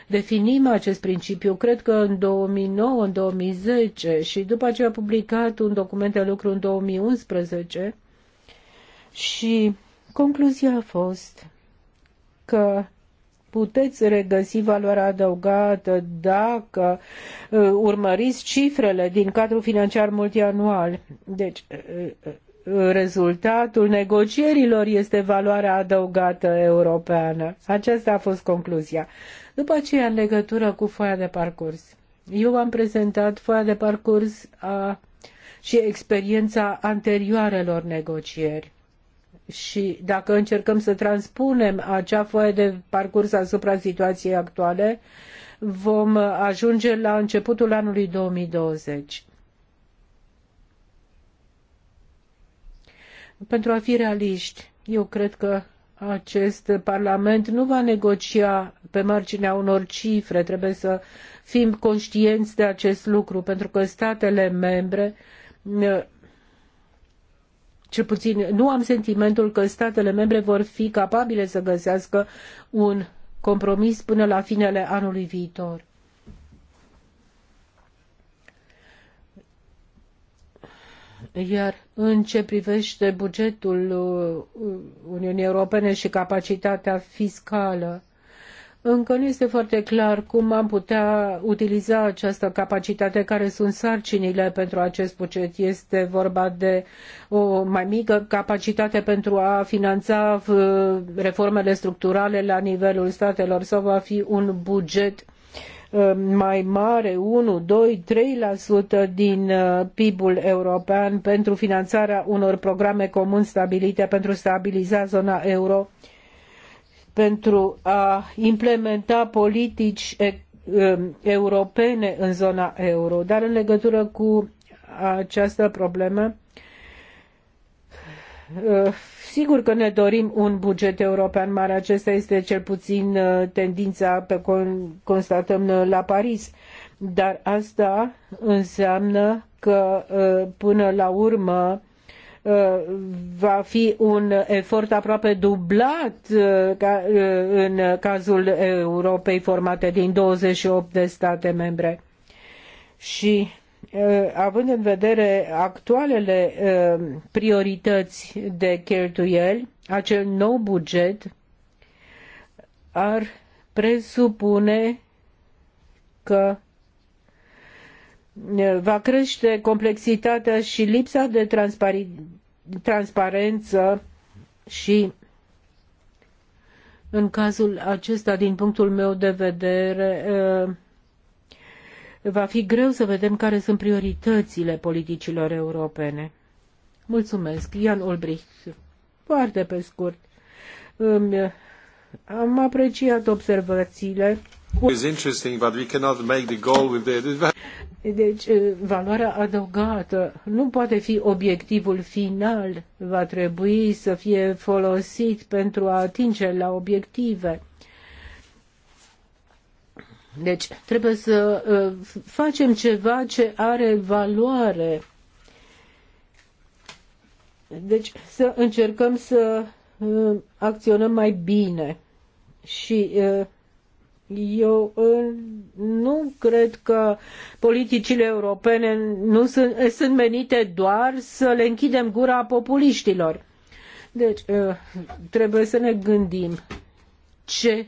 definim acest principiu, cred că în 2009, în 2010 și după aceea a publicat un document de lucru în 2011 și concluzia a fost că puteți regăsi valoarea adăugată dacă uh, urmăriți cifrele din cadrul financiar multianual. Deci, uh, uh, rezultatul negocierilor este valoarea adăugată europeană. Aceasta a fost concluzia. După aceea, în legătură cu foaia de parcurs, eu am prezentat foaia de parcurs a, și experiența anterioarelor negocieri și dacă încercăm să transpunem acea foaie de parcurs asupra situației actuale, vom ajunge la începutul anului 2020. Pentru a fi realiști, eu cred că acest Parlament nu va negocia pe marginea unor cifre. Trebuie să fim conștienți de acest lucru, pentru că statele membre cel puțin nu am sentimentul că statele membre vor fi capabile să găsească un compromis până la finele anului viitor. Iar în ce privește bugetul uh, Uniunii Europene și capacitatea fiscală, încă nu este foarte clar cum am putea utiliza această capacitate, care sunt sarcinile pentru acest buget. Este vorba de o mai mică capacitate pentru a finanța uh, reformele structurale la nivelul statelor sau va fi un buget uh, mai mare, 1, 2, 3% din uh, PIB-ul european pentru finanțarea unor programe comun stabilite pentru stabiliza zona euro pentru a implementa politici eh, eh, europene în zona euro, dar în legătură cu această problemă, eh, sigur că ne dorim un buget european mare, acesta este cel puțin tendința pe care constatăm la Paris, dar asta înseamnă că până la urmă Uh, va fi un efort aproape dublat uh, uh, în cazul Europei formate din 28 de state membre. Și având în vedere actualele priorități de cheltuieli, acel nou buget ar presupune că va crește complexitatea și lipsa de transparen transparență și în cazul acesta, din punctul meu de vedere, eh, va fi greu să vedem care sunt prioritățile politicilor europene. Mulțumesc, Ian Ulbricht. Foarte pe scurt. Am apreciat observațiile deci, eh, valoarea adăugată nu poate fi obiectivul final, va trebui să fie folosit pentru a atinge la obiective. Deci, trebuie să eh, facem ceva ce are valoare. Deci, să încercăm să eh, acționăm mai bine și uh, eu nu cred că politicile europene nu sunt, sunt menite doar să le închidem gura populiștilor. Deci, ă, trebuie să ne gândim ce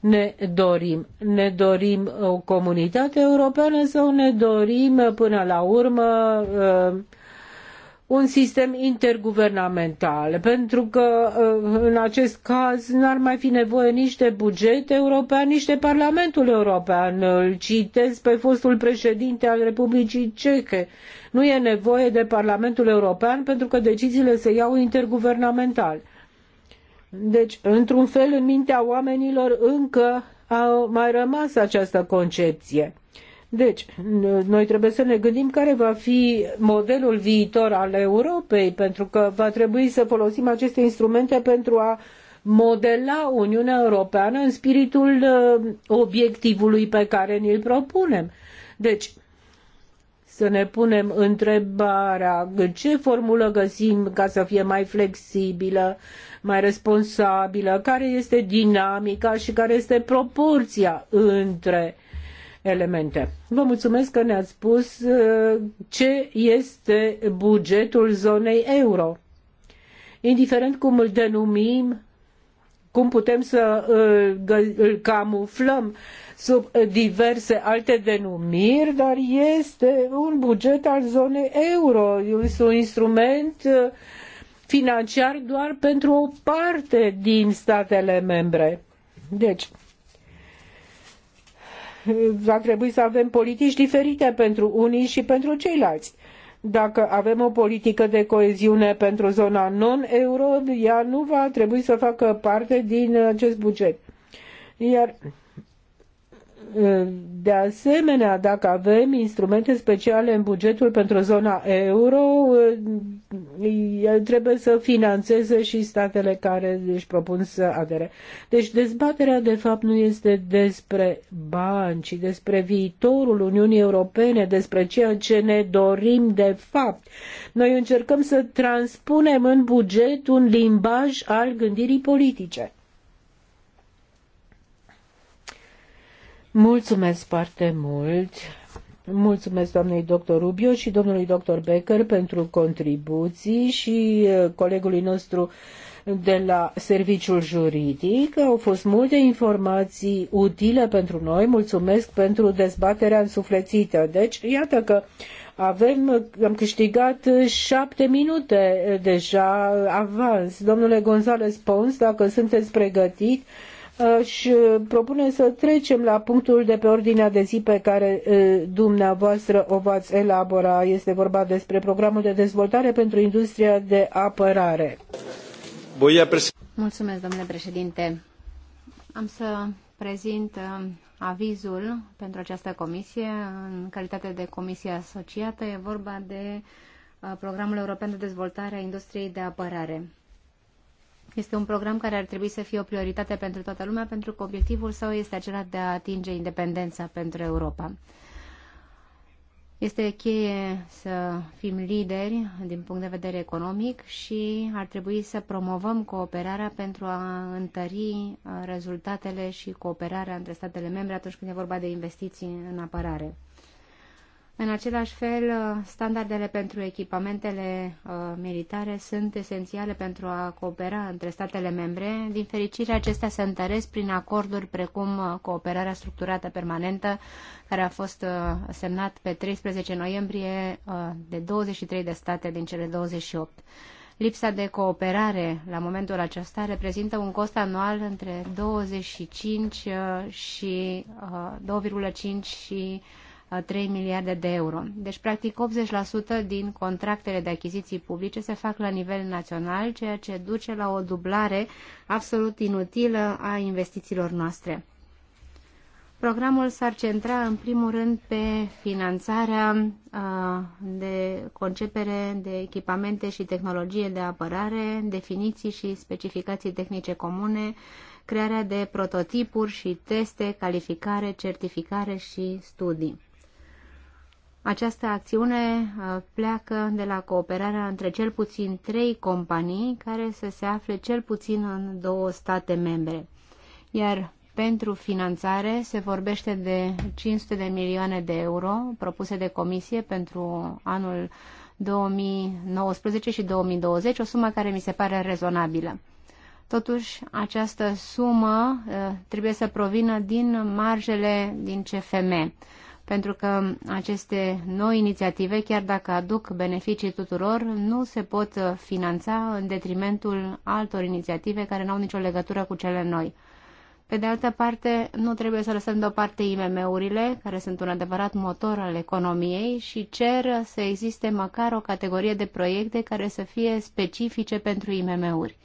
ne dorim. Ne dorim o comunitate europeană sau ne dorim până la urmă ă, un sistem interguvernamental, pentru că uh, în acest caz n-ar mai fi nevoie nici de buget european, nici de Parlamentul European. Îl citez pe fostul președinte al Republicii Cehe. Nu e nevoie de Parlamentul European pentru că deciziile se iau interguvernamental. Deci, într-un fel, în mintea oamenilor încă a mai rămas această concepție. Deci, noi trebuie să ne gândim care va fi modelul viitor al Europei, pentru că va trebui să folosim aceste instrumente pentru a modela Uniunea Europeană în spiritul uh, obiectivului pe care ni-l propunem. Deci, să ne punem întrebarea ce formulă găsim ca să fie mai flexibilă, mai responsabilă, care este dinamica și care este proporția între elemente. Vă mulțumesc că ne-ați spus uh, ce este bugetul zonei euro. Indiferent cum îl denumim, cum putem să uh, îl camuflăm sub diverse alte denumiri, dar este un buget al zonei euro, este un instrument uh, financiar doar pentru o parte din statele membre. Deci, va trebui să avem politici diferite pentru unii și pentru ceilalți. Dacă avem o politică de coeziune pentru zona non-euro, ea nu va trebui să facă parte din acest buget. Iar de asemenea, dacă avem instrumente speciale în bugetul pentru zona euro, el trebuie să financeze și statele care își propun să adere. Deci dezbaterea de fapt nu este despre bani, ci despre viitorul Uniunii Europene, despre ceea ce ne dorim de fapt. Noi încercăm să transpunem în buget un limbaj al gândirii politice. Mulțumesc foarte mult! Mulțumesc doamnei doctor Rubio și domnului doctor Becker pentru contribuții și uh, colegului nostru de la serviciul juridic. Au fost multe informații utile pentru noi. Mulțumesc pentru dezbaterea însuflețită. Deci, iată că avem, am câștigat șapte minute deja avans. Domnule González Pons, dacă sunteți pregătit, Aș propune să trecem la punctul de pe ordinea de zi pe care dumneavoastră o v-ați elabora. Este vorba despre programul de dezvoltare pentru industria de apărare. Mulțumesc, domnule președinte. Am să prezint avizul pentru această comisie în calitate de comisie asociată. E vorba de programul european de dezvoltare a industriei de apărare. Este un program care ar trebui să fie o prioritate pentru toată lumea, pentru că obiectivul său este acela de a atinge independența pentru Europa. Este cheie să fim lideri din punct de vedere economic și ar trebui să promovăm cooperarea pentru a întări uh, rezultatele și cooperarea între statele membre atunci când e vorba de investiții în apărare. În același fel, uh, standardele pentru echipamentele uh, militare sunt esențiale pentru a coopera între statele membre. Din fericire, acestea se întăresc prin acorduri precum uh, cooperarea structurată permanentă, care a fost uh, semnat pe 13 noiembrie uh, de 23 de state din cele 28. Lipsa de cooperare la momentul acesta reprezintă un cost anual între 25 și 2,5 uh, și 3 miliarde de euro. Deci, practic, 80% din contractele de achiziții publice se fac la nivel național, ceea ce duce la o dublare absolut inutilă a investițiilor noastre. Programul s-ar centra în primul rând pe finanțarea de concepere de echipamente și tehnologie de apărare, definiții și specificații tehnice comune, crearea de prototipuri și teste, calificare, certificare și studii. Această acțiune uh, pleacă de la cooperarea între cel puțin trei companii care să se afle cel puțin în două state membre. Iar pentru finanțare se vorbește de 500 de milioane de euro propuse de comisie pentru anul 2019 și 2020, o sumă care mi se pare rezonabilă. Totuși, această sumă uh, trebuie să provină din marjele din CFM pentru că aceste noi inițiative, chiar dacă aduc beneficii tuturor, nu se pot finanța în detrimentul altor inițiative care nu au nicio legătură cu cele noi. Pe de altă parte, nu trebuie să lăsăm deoparte IMM-urile, care sunt un adevărat motor al economiei și cer să existe măcar o categorie de proiecte care să fie specifice pentru IMM-uri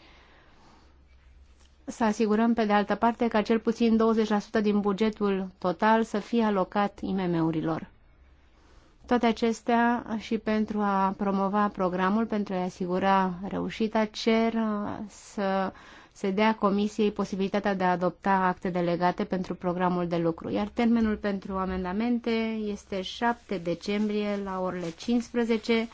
să asigurăm, pe de altă parte, ca cel puțin 20% din bugetul total să fie alocat IMM-urilor. Toate acestea și pentru a promova programul, pentru a asigura reușita, cer uh, să se dea Comisiei posibilitatea de a adopta acte delegate pentru programul de lucru. Iar termenul pentru amendamente este 7 decembrie la orele 15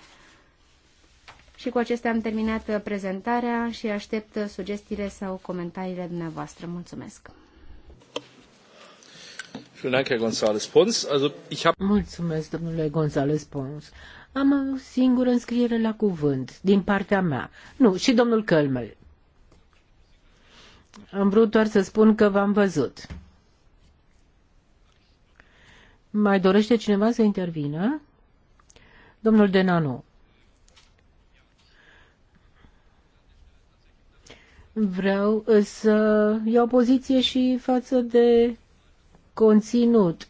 și cu acestea am terminat uh, prezentarea și aștept uh, sugestiile sau comentariile dumneavoastră. Mulțumesc! Mulțumesc, domnule González Pons. Am o singură înscriere la cuvânt, din partea mea. Nu, și domnul Călmel. Am vrut doar să spun că v-am văzut. Mai dorește cineva să intervină? Domnul Denanu. vreau uh, să iau poziție și față de conținut.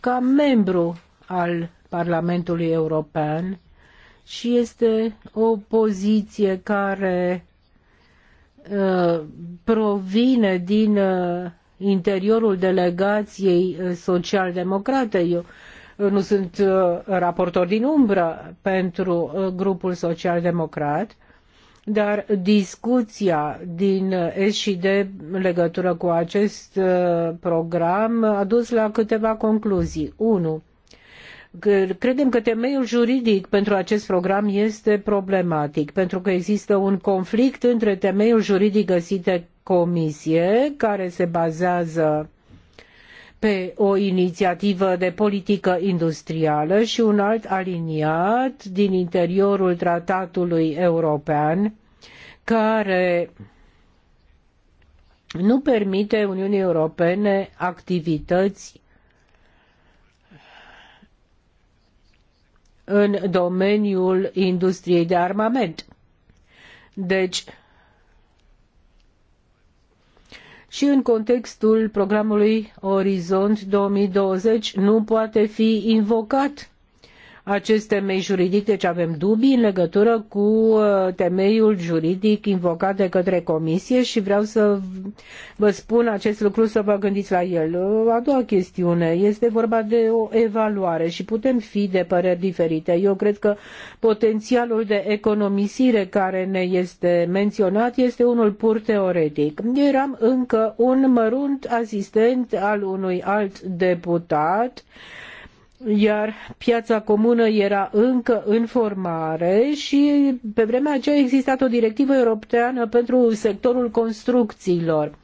Ca membru al Parlamentului European și este o poziție care uh, provine din uh, interiorul delegației social-democrate. Eu nu sunt raportor din umbră pentru grupul social-democrat, dar discuția din S și D în legătură cu acest uh, program a dus la câteva concluzii. 1. Credem că temeiul juridic pentru acest program este problematic, pentru că există un conflict între temeiul juridic găsit de comisie, care se bazează pe o inițiativă de politică industrială și un alt aliniat din interiorul tratatului european care nu permite Uniunii Europene activități în domeniul industriei de armament. Deci, și în contextul programului Orizont 2020 nu poate fi invocat acest temei juridic, deci avem dubii în legătură cu uh, temeiul juridic invocat de către comisie și vreau să vă spun acest lucru să vă gândiți la el. Uh, a doua chestiune este vorba de o evaluare și putem fi de păreri diferite. Eu cred că potențialul de economisire care ne este menționat este unul pur teoretic. Eram încă un mărunt asistent al unui alt deputat iar piața comună era încă în formare și pe vremea aceea a existat o directivă europeană pentru sectorul construcțiilor.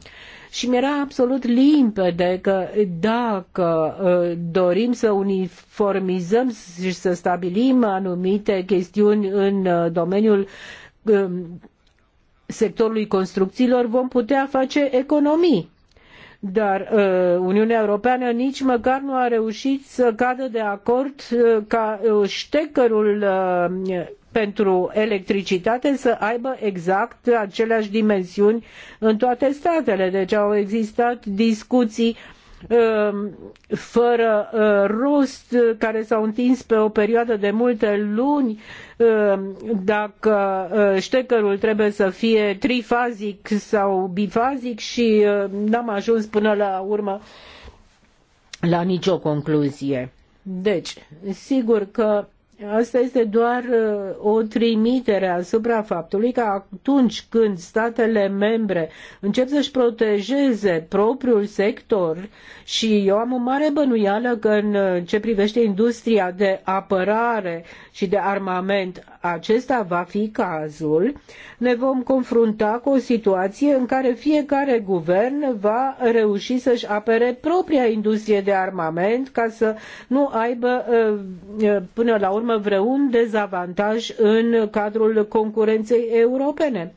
Și mi-era absolut limpede că dacă ă, dorim să uniformizăm și să stabilim anumite chestiuni în ă, domeniul ă, sectorului construcțiilor, vom putea face economii dar uh, Uniunea Europeană nici măcar nu a reușit să cadă de acord uh, ca uh, ștecărul pentru electricitate să aibă exact aceleași dimensiuni în toate statele. Deci au existat discuții uh, Um, fără uh, rost, care s-au întins pe o perioadă de multe luni, um, dacă uh, ștecărul trebuie să fie trifazic sau bifazic și uh, n-am ajuns până la urmă la nicio concluzie. Deci, sigur că Asta este doar uh, o trimitere asupra faptului că atunci când statele membre încep să-și protejeze propriul sector și eu am o mare bănuială că uh, în ce privește industria de apărare și de armament, acesta va fi cazul, ne vom confrunta cu o situație în care fiecare guvern va reuși să-și apere propria industrie de armament ca să nu aibă uh, până la urmă urmă vreun dezavantaj în cadrul concurenței europene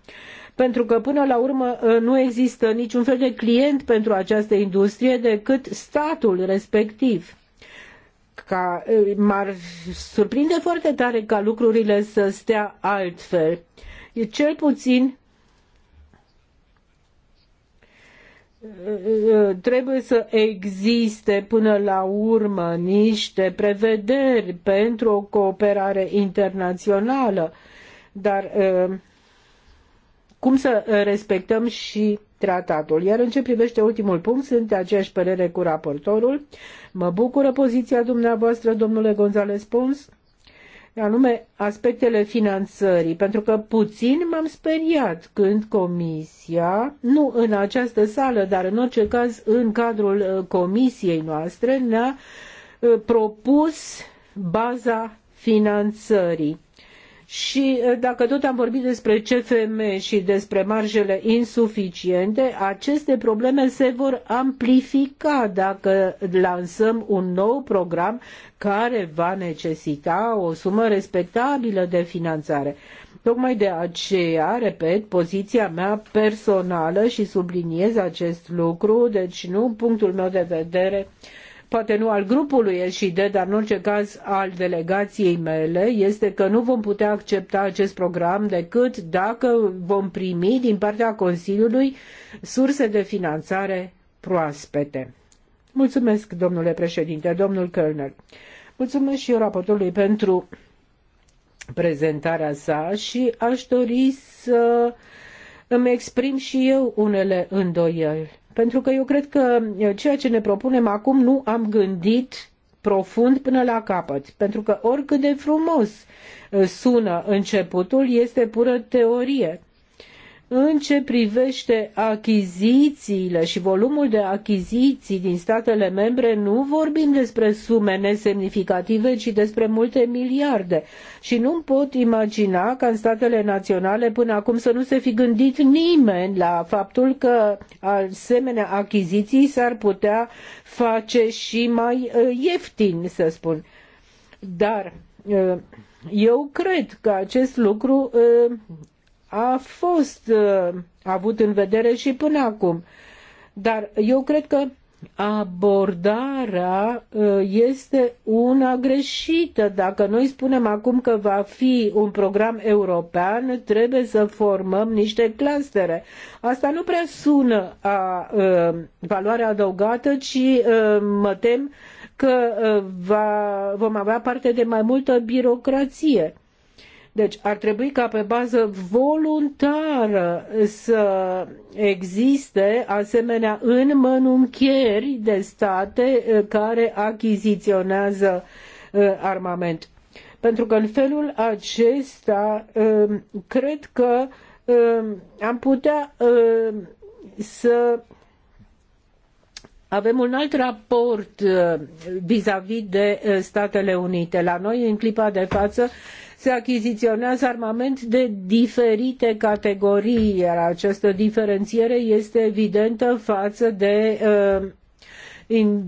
pentru că până la urmă nu există niciun fel de client pentru această industrie decât statul respectiv. Ca, m-ar surprinde foarte tare ca lucrurile să stea altfel. Cel puțin trebuie să existe până la urmă niște prevederi pentru o cooperare internațională, dar cum să respectăm și tratatul. Iar în ce privește ultimul punct, sunt de aceeași părere cu raportorul. Mă bucură poziția dumneavoastră, domnule González Pons anume aspectele finanțării, pentru că puțin m-am speriat când comisia, nu în această sală, dar în orice caz în cadrul uh, comisiei noastre, ne-a uh, propus baza finanțării. Și eh, dacă tot am vorbit despre CFM și despre marjele insuficiente, aceste probleme se vor amplifica dacă lansăm un nou program care va necesita o sumă respectabilă de finanțare. Tocmai de aceea, repet, poziția mea personală și subliniez acest lucru, deci nu punctul meu de vedere uh, poate nu al grupului LSD, dar în orice caz al delegației mele, este că nu vom putea accepta acest program decât dacă vom primi din partea Consiliului surse de finanțare proaspete. Mulțumesc, domnule președinte, domnul Kölner. Mulțumesc și eu raportorului pentru prezentarea sa și aș dori să îmi exprim și eu unele îndoieli. Pentru că eu cred că uh, ceea ce ne propunem acum nu am gândit profund până la capăt. Pentru că oricât de frumos uh, sună începutul, este pură teorie. În ce privește achizițiile și volumul de achiziții din statele membre, nu vorbim despre sume nesemnificative, ci despre multe miliarde. Și nu pot imagina ca în statele naționale până acum să nu se fi gândit nimeni la faptul că asemenea achiziții s-ar putea face și mai ieftin, să spun. Dar eu cred că acest lucru a fost uh, avut în vedere și până acum. Dar eu cred că abordarea uh, este una greșită. Dacă noi spunem acum că va fi un program european, trebuie să formăm niște clastere. Asta nu prea sună a, uh, valoare adăugată, ci uh, mă tem că uh, va, vom avea parte de mai multă birocrație. Deci ar trebui ca pe bază voluntară să existe asemenea înmănunchieri de state eh, care achiziționează eh, armament. Pentru că în felul acesta eh, cred că am putea să avem un alt raport vis-a-vis -vis de Statele Unite. La noi, în clipa de față, se achiziționează armament de diferite categorii, iar această diferențiere este evidentă față de uh, in,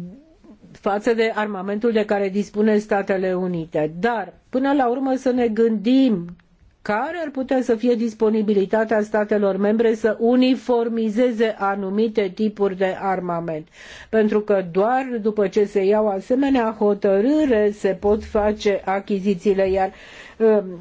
față de armamentul de care dispune Statele Unite. Dar, până la urmă, să ne gândim care ar putea să fie disponibilitatea statelor membre să uniformizeze anumite tipuri de armament. Pentru că doar după ce se iau asemenea hotărâre se pot face achizițiile, iar Ehm,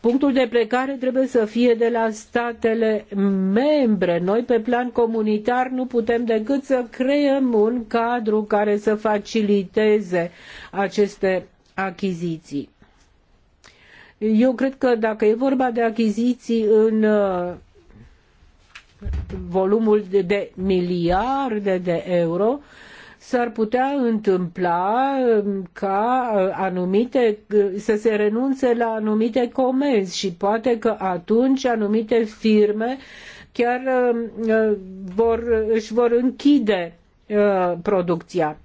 punctul de plecare trebuie să fie de la statele membre. Noi, pe plan comunitar, nu putem decât să creăm un cadru care să faciliteze aceste achiziții. Eu cred că dacă e vorba de achiziții în uh, volumul de miliarde de euro, s-ar putea întâmpla um, ca uh, anumite, uh, să se renunțe la anumite comenzi și poate că atunci anumite firme chiar um, uh, vor, își vor închide producția.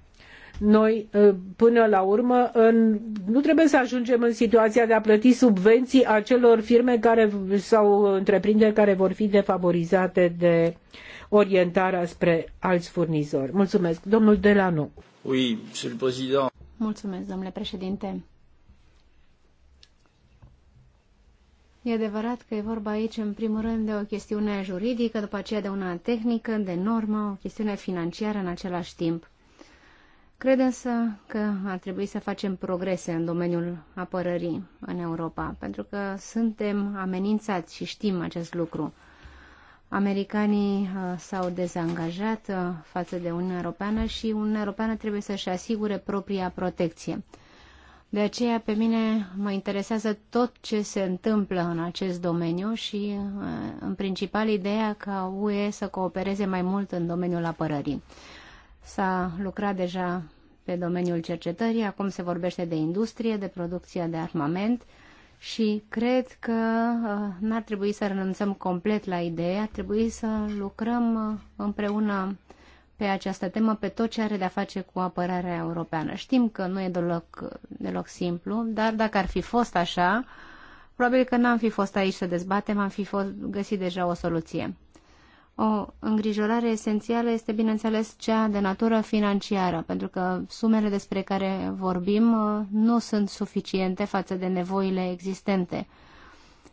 Noi, ă, până la urmă, nu trebuie să ajungem în situația de a plăti subvenții acelor firme care, sau întreprinderi care vor fi defavorizate de orientarea spre alți furnizori. Mulțumesc. Domnul Delanu. Oui, monsieur le président. Mulțumesc, domnule președinte. E adevărat că e vorba aici, în primul rând, de o chestiune juridică, după aceea de una tehnică, de normă, o chestiune financiară în același timp. Cred însă că ar trebui să facem progrese în domeniul apărării în Europa, pentru că suntem amenințați și știm acest lucru. Americanii uh, s-au dezangajat uh, față de Uniunea Europeană și Uniunea Europeană trebuie să-și asigure propria protecție. De aceea pe mine mă interesează tot ce se întâmplă în acest domeniu și uh, în principal ideea ca UE să coopereze mai mult în domeniul apărării. S-a lucrat deja pe domeniul cercetării, acum se vorbește de industrie, de producția de armament și cred că uh, n-ar trebui să renunțăm complet la idee, ar trebui să lucrăm uh, împreună pe această temă, pe tot ce are de-a face cu apărarea europeană. Știm că nu e deloc, deloc simplu, dar dacă ar fi fost așa, probabil că n-am fi fost aici să dezbatem, am fi fost, găsit deja o soluție. O îngrijorare esențială este, bineînțeles, cea de natură financiară, pentru că sumele despre care vorbim uh, nu sunt suficiente față de nevoile existente.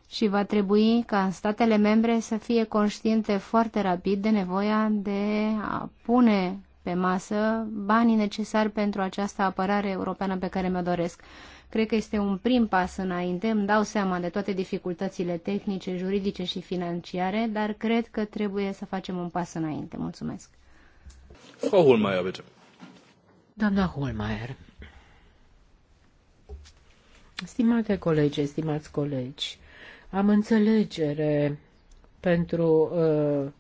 Și va trebui ca statele membre să fie conștiente foarte rapid de nevoia de a pune pe masă banii necesari pentru această apărare europeană pe care mi-o doresc. Cred că este un prim pas înainte, îmi dau seama de toate dificultățile tehnice, juridice și financiare, dar cred că trebuie să facem un pas înainte. Mulțumesc. Frau Holmeier, bitte. Doamna Holmeier. Stimate colegi, stimați colegi, am înțelegere pentru uh,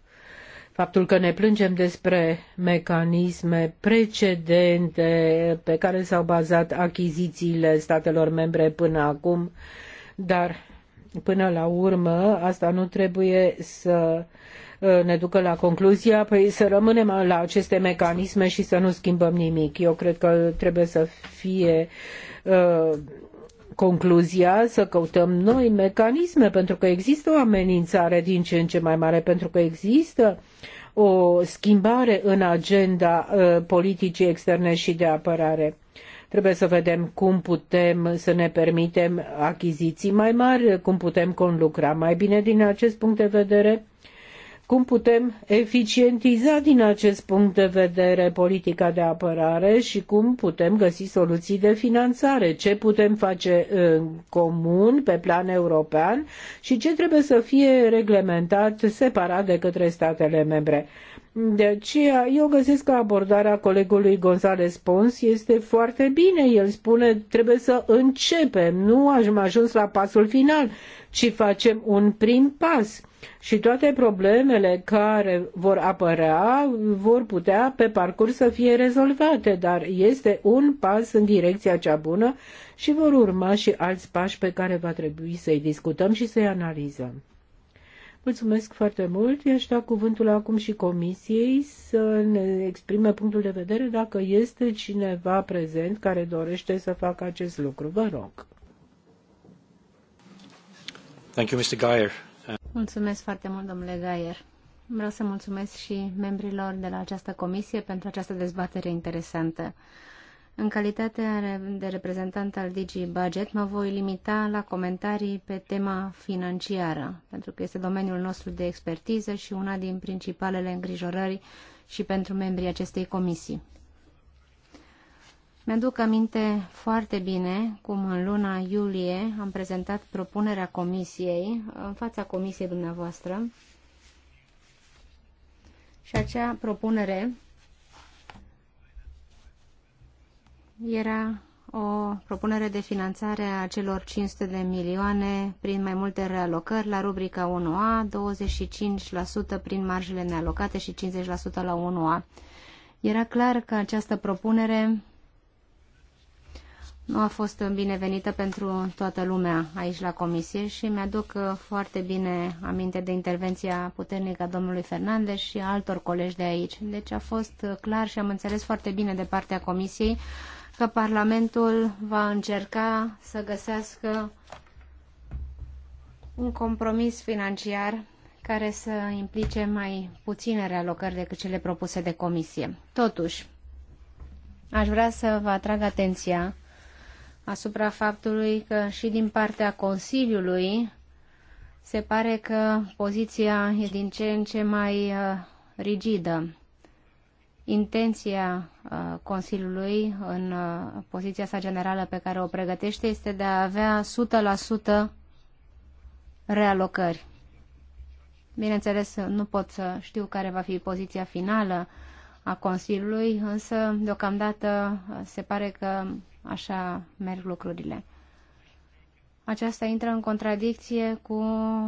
faptul că ne plângem despre mecanisme precedente pe care s-au bazat achizițiile statelor membre până acum, dar până la urmă asta nu trebuie să uh, ne ducă la concluzia păi să rămânem la aceste mecanisme și să nu schimbăm nimic. Eu cred că trebuie să fie uh, concluzia să căutăm noi mecanisme, pentru că există o amenințare din ce în ce mai mare, pentru că există o schimbare în agenda uh, politicii externe și de apărare. Trebuie să vedem cum putem să ne permitem achiziții mai mari, cum putem conlucra mai bine din acest punct de vedere cum putem eficientiza din acest punct de vedere politica de apărare și cum putem găsi soluții de finanțare, ce putem face în comun pe plan european și ce trebuie să fie reglementat separat de către statele membre. De aceea, eu găsesc că abordarea colegului González Pons este foarte bine. El spune, trebuie să începem, nu am ajuns la pasul final, ci facem un prim pas. Și toate problemele care vor apărea vor putea pe parcurs să fie rezolvate, dar este un pas în direcția cea bună și vor urma și alți pași pe care va trebui să-i discutăm și să-i analizăm. Mulțumesc foarte mult. Aș da cuvântul acum și comisiei să ne exprime punctul de vedere dacă este cineva prezent care dorește să facă acest lucru. Vă rog. Thank you, Mr. Geyer. Mulțumesc foarte mult, domnule Gaier. Vreau să mulțumesc și membrilor de la această comisie pentru această dezbatere interesantă. În calitate de reprezentant al DG Budget, mă voi limita la comentarii pe tema financiară, pentru că este domeniul nostru de expertiză și una din principalele îngrijorări și pentru membrii acestei comisii. Mi-aduc aminte foarte bine cum în luna iulie am prezentat propunerea comisiei în fața comisiei dumneavoastră și acea propunere era o propunere de finanțare a celor 500 de milioane prin mai multe realocări la rubrica 1A, 25% prin marjele nealocate și 50% la 1A. Era clar că această propunere nu a fost binevenită pentru toată lumea aici la comisie și mi-aduc foarte bine aminte de intervenția puternică a domnului Fernandez și a altor colegi de aici. Deci a fost clar și am înțeles foarte bine de partea comisiei că Parlamentul va încerca să găsească un compromis financiar care să implice mai puține realocări decât cele propuse de comisie. Totuși, aș vrea să vă atrag atenția asupra faptului că și din partea Consiliului se pare că poziția e din ce în ce mai uh, rigidă intenția uh, Consiliului în uh, poziția sa generală pe care o pregătește este de a avea 100% realocări. Bineînțeles, nu pot să știu care va fi poziția finală a Consiliului, însă deocamdată uh, se pare că așa merg lucrurile. Aceasta intră în contradicție cu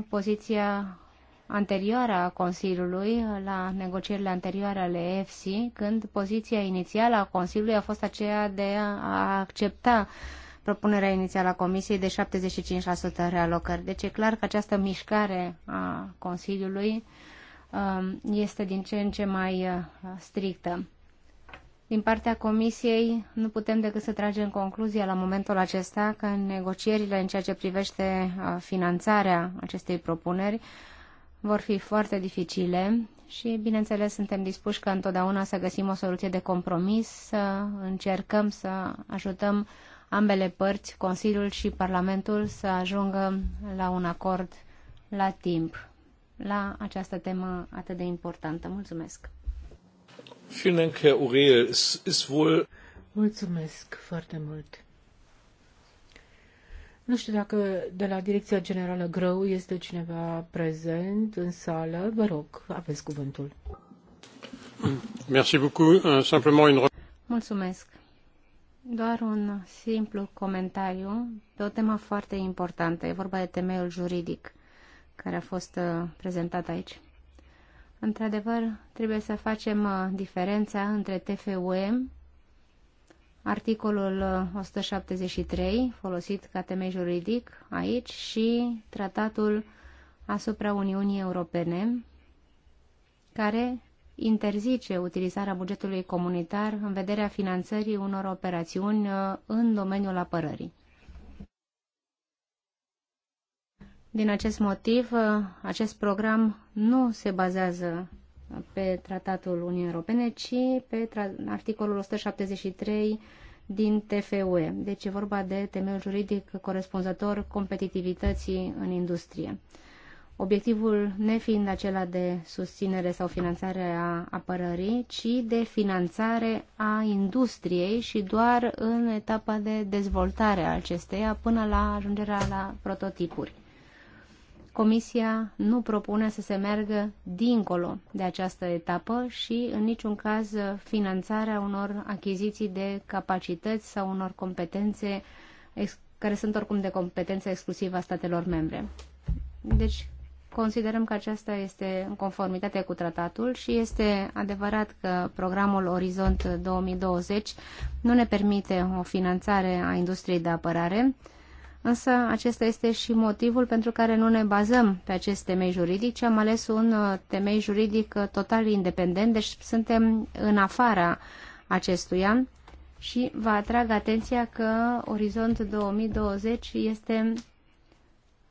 poziția anterioară a Consiliului, la negocierile anterioare ale EFSI, când poziția inițială a Consiliului a fost aceea de a accepta propunerea inițială a Comisiei de 75% realocări. Deci e clar că această mișcare a Consiliului um, este din ce în ce mai uh, strictă. Din partea Comisiei, nu putem decât să tragem concluzia la momentul acesta că negocierile în ceea ce privește uh, finanțarea acestei propuneri vor fi foarte dificile și, bineînțeles, suntem dispuși ca întotdeauna să găsim o soluție de compromis, să încercăm să ajutăm ambele părți, Consiliul și Parlamentul, să ajungă la un acord la timp la această temă atât de importantă. Mulțumesc! Mulțumesc foarte mult! Nu știu dacă de la Direcția Generală Grău este cineva prezent în sală. Vă rog, aveți cuvântul. Merci beaucoup. Euh, simplement une... Mulțumesc. Doar un simplu comentariu pe o temă foarte importantă. E vorba de temeiul juridic care a fost uh, prezentat aici. Într-adevăr, trebuie să facem uh, diferența între TFUM articolul 173 uh, folosit ca temei juridic aici și tratatul asupra Uniunii Europene care interzice utilizarea bugetului comunitar în vederea finanțării unor operațiuni uh, în domeniul apărării. Din acest motiv, uh, acest program nu se bazează pe Tratatul Uniunii Europene, ci pe articolul 173 din TFUE. Deci e vorba de temeiul juridic corespunzător competitivității în industrie. Obiectivul nefiind acela de susținere sau finanțare a apărării, ci de finanțare a industriei și doar în etapa de dezvoltare a acesteia până la ajungerea la prototipuri. Comisia nu propune să se meargă dincolo de această etapă și în niciun caz finanțarea unor achiziții de capacități sau unor competențe care sunt oricum de competență exclusivă a statelor membre. Deci considerăm că aceasta este în conformitate cu tratatul și este adevărat că programul Orizont 2020 nu ne permite o finanțare a industriei de apărare, Însă acesta este și motivul pentru care nu ne bazăm pe acest temei juridic, ci am ales un uh, temei juridic uh, total independent, deci suntem în afara acestuia și vă atrag atenția că Orizont 2020 este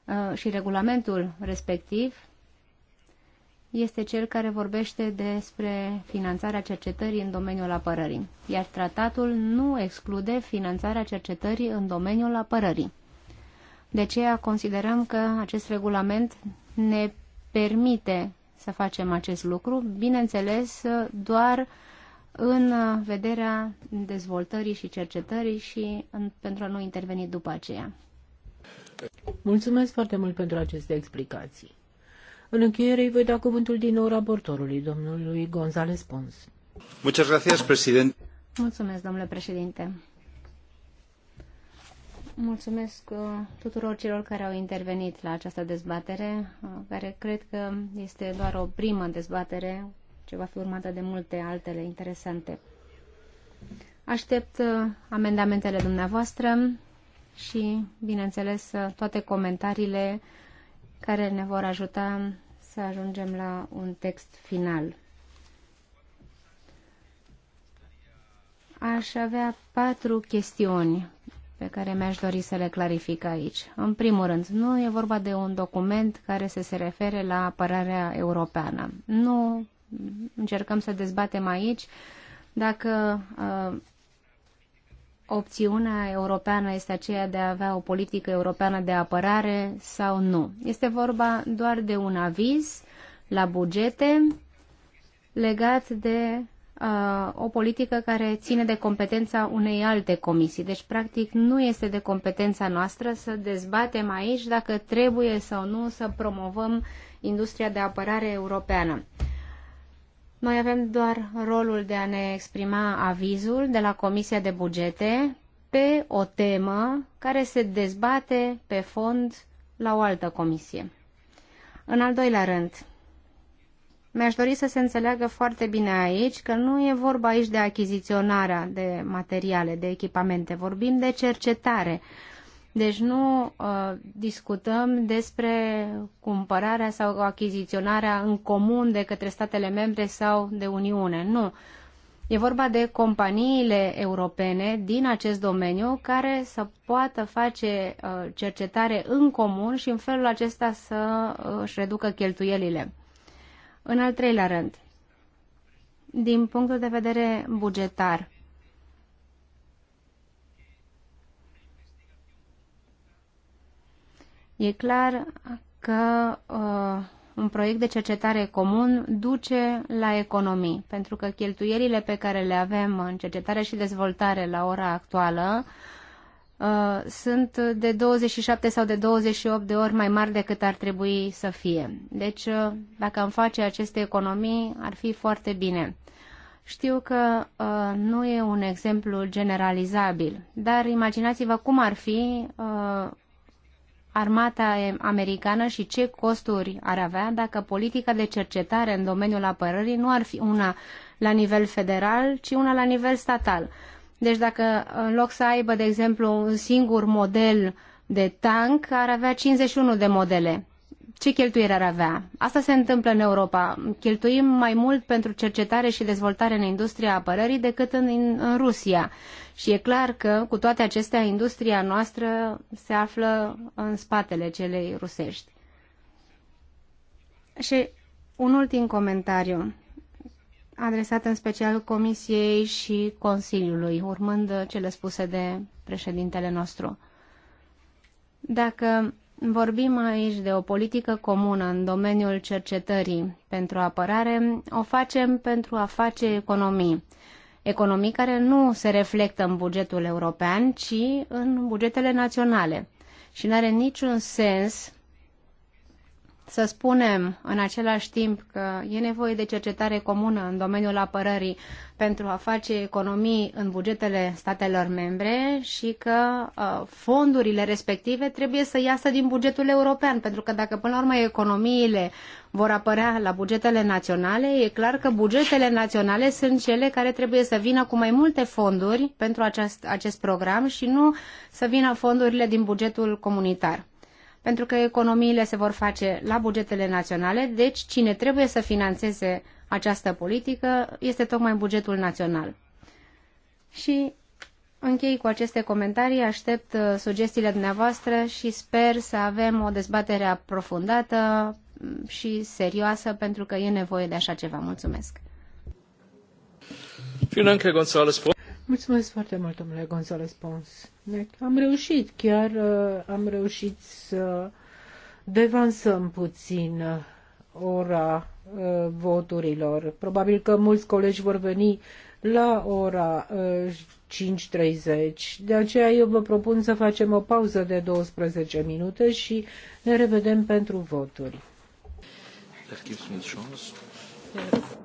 uh, și regulamentul respectiv este cel care vorbește despre finanțarea cercetării în domeniul apărării, iar tratatul nu exclude finanțarea cercetării în domeniul apărării. De aceea considerăm că acest regulament ne permite să facem acest lucru, bineînțeles doar în vederea dezvoltării și cercetării și în, pentru a nu interveni după aceea. Mulțumesc foarte mult pentru aceste explicații. În încheiere îi voi da cuvântul din nou raportorului, domnului González Pons. Muchas gracias, Mulțumesc, domnule președinte. Mulțumesc uh, tuturor celor care au intervenit la această dezbatere, uh, care cred că este doar o primă dezbatere, ce va fi urmată de multe altele interesante. Aștept uh, amendamentele dumneavoastră și, bineînțeles, toate comentariile care ne vor ajuta să ajungem la un text final. Aș avea patru chestiuni pe care mi-aș dori să le clarific aici. În primul rând, nu e vorba de un document care să se refere la apărarea europeană. Nu încercăm să dezbatem aici dacă uh, opțiunea europeană este aceea de a avea o politică europeană de apărare sau nu. Este vorba doar de un aviz la bugete legat de Uh, o politică care ține de competența unei alte comisii. Deci, practic, nu este de competența noastră să dezbatem aici dacă trebuie sau nu să promovăm industria de apărare europeană. Noi avem doar rolul de a ne exprima avizul de la Comisia de Bugete pe o temă care se dezbate pe fond la o altă comisie. În al doilea rând, mi-aș dori să se înțeleagă foarte bine aici că nu e vorba aici de achiziționarea de materiale, de echipamente, vorbim de cercetare. Deci nu uh, discutăm despre cumpărarea sau achiziționarea în comun de către statele membre sau de Uniune. Nu. E vorba de companiile europene din acest domeniu care să poată face uh, cercetare în comun și în felul acesta să uh, își reducă cheltuielile. În al treilea rând, din punctul de vedere bugetar, e clar că uh, un proiect de cercetare comun duce la economii, pentru că cheltuierile pe care le avem în cercetare și dezvoltare la ora actuală uh, Uh, sunt de 27 sau de 28 de ori mai mari decât ar trebui să fie. Deci, uh, dacă am face aceste economii, ar fi foarte bine. Știu că uh, nu e un exemplu generalizabil, dar imaginați-vă cum ar fi uh, armata americană și ce costuri ar avea dacă politica de cercetare în domeniul apărării nu ar fi una la nivel federal, ci una la nivel statal. Deci dacă în loc să aibă, de exemplu, un singur model de tank, ar avea 51 de modele. Ce cheltuieri ar avea? Asta se întâmplă în Europa. Cheltuim mai mult pentru cercetare și dezvoltare în industria apărării decât în, în Rusia. Și e clar că, cu toate acestea, industria noastră se află în spatele celei rusești. Și un ultim comentariu adresată în special Comisiei și Consiliului, urmând cele spuse de președintele nostru. Dacă vorbim aici de o politică comună în domeniul cercetării pentru apărare, o facem pentru a face economii. Economii care nu se reflectă în bugetul european, ci în bugetele naționale. Și nu are niciun sens să spunem în același timp că e nevoie de cercetare comună în domeniul apărării pentru a face economii în bugetele statelor membre și că uh, fondurile respective trebuie să iasă din bugetul european, pentru că dacă până la urmă economiile vor apărea la bugetele naționale, e clar că bugetele naționale sunt cele care trebuie să vină cu mai multe fonduri pentru acest, acest program și nu să vină fondurile din bugetul comunitar pentru că economiile se vor face la bugetele naționale, deci cine trebuie să financeze această politică este tocmai bugetul național. Și închei cu aceste comentarii, aștept uh, sugestiile dumneavoastră și sper să avem o dezbatere aprofundată mm, și serioasă, pentru că e nevoie de așa ceva. Mulțumesc! Vielen Dank, Herr González. Mulțumesc foarte mult, domnule Gonzalez Pons. Deci, am reușit, chiar uh, am reușit să devansăm puțin uh, ora uh, voturilor. Probabil că mulți colegi vor veni la ora 5.30. De aceea eu vă propun să facem o pauză de 12 minute și ne revedem pentru voturi. That gives me chance. Yeah.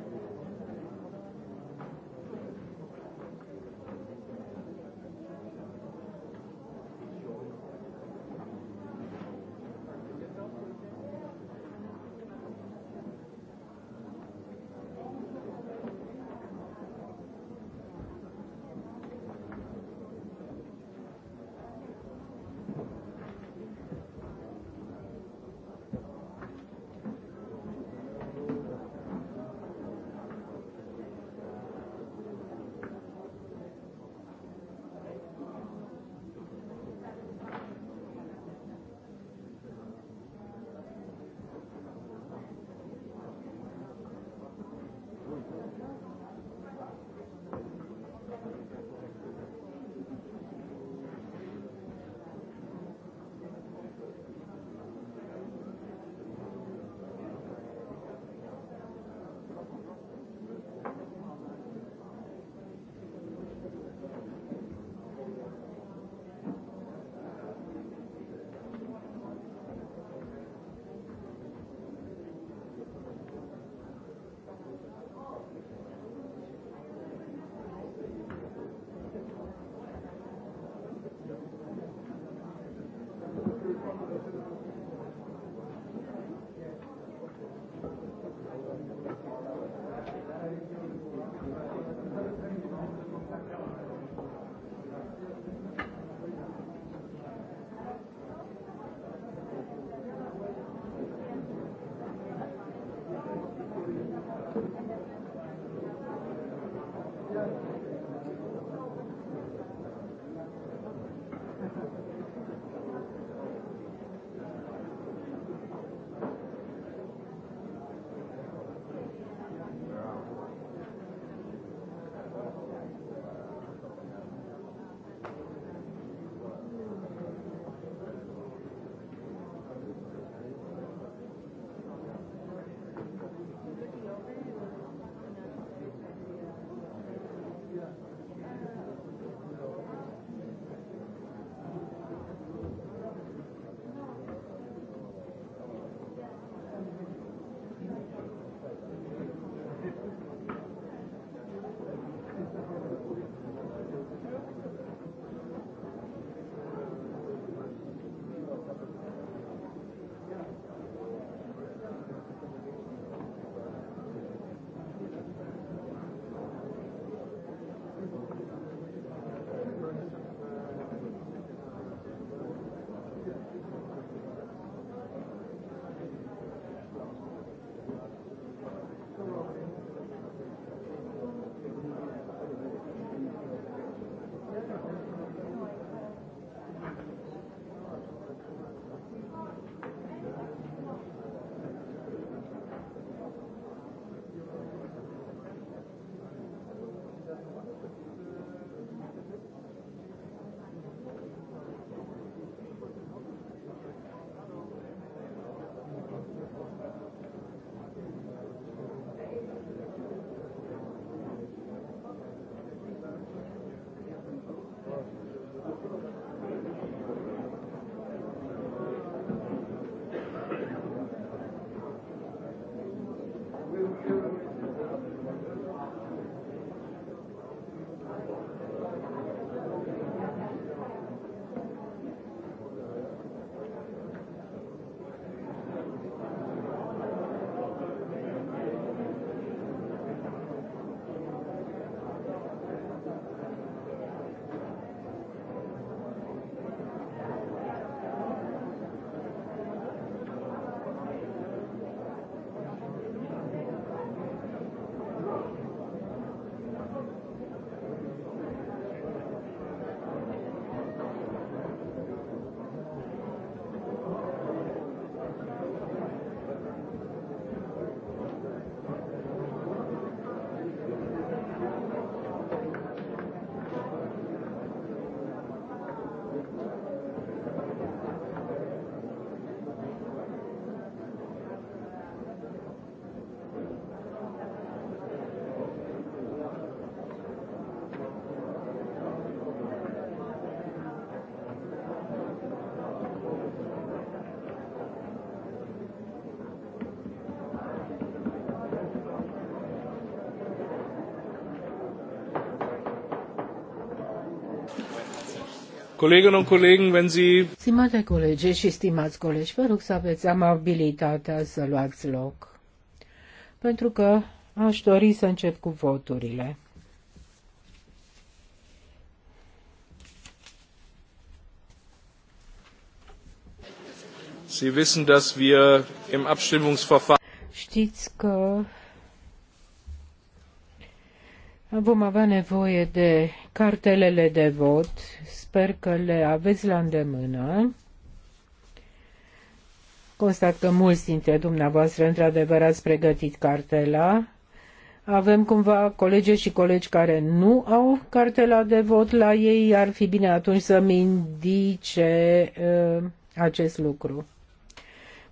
Kolleginnen und Kollegen, wenn Sie... Stimate colegi și stimați colegi, vă rog să aveți amabilitatea să luați loc, pentru că aș dori să încep cu voturile. Sie wissen, dass wir im Abstimmungsverfahren... Știți că vom avea nevoie de cartelele de vot Sper că le aveți la îndemână. Constat că mulți dintre dumneavoastră într-adevăr ați pregătit cartela. Avem cumva colege și colegi care nu au cartela de vot la ei, ar fi bine atunci să-mi indice uh, acest lucru.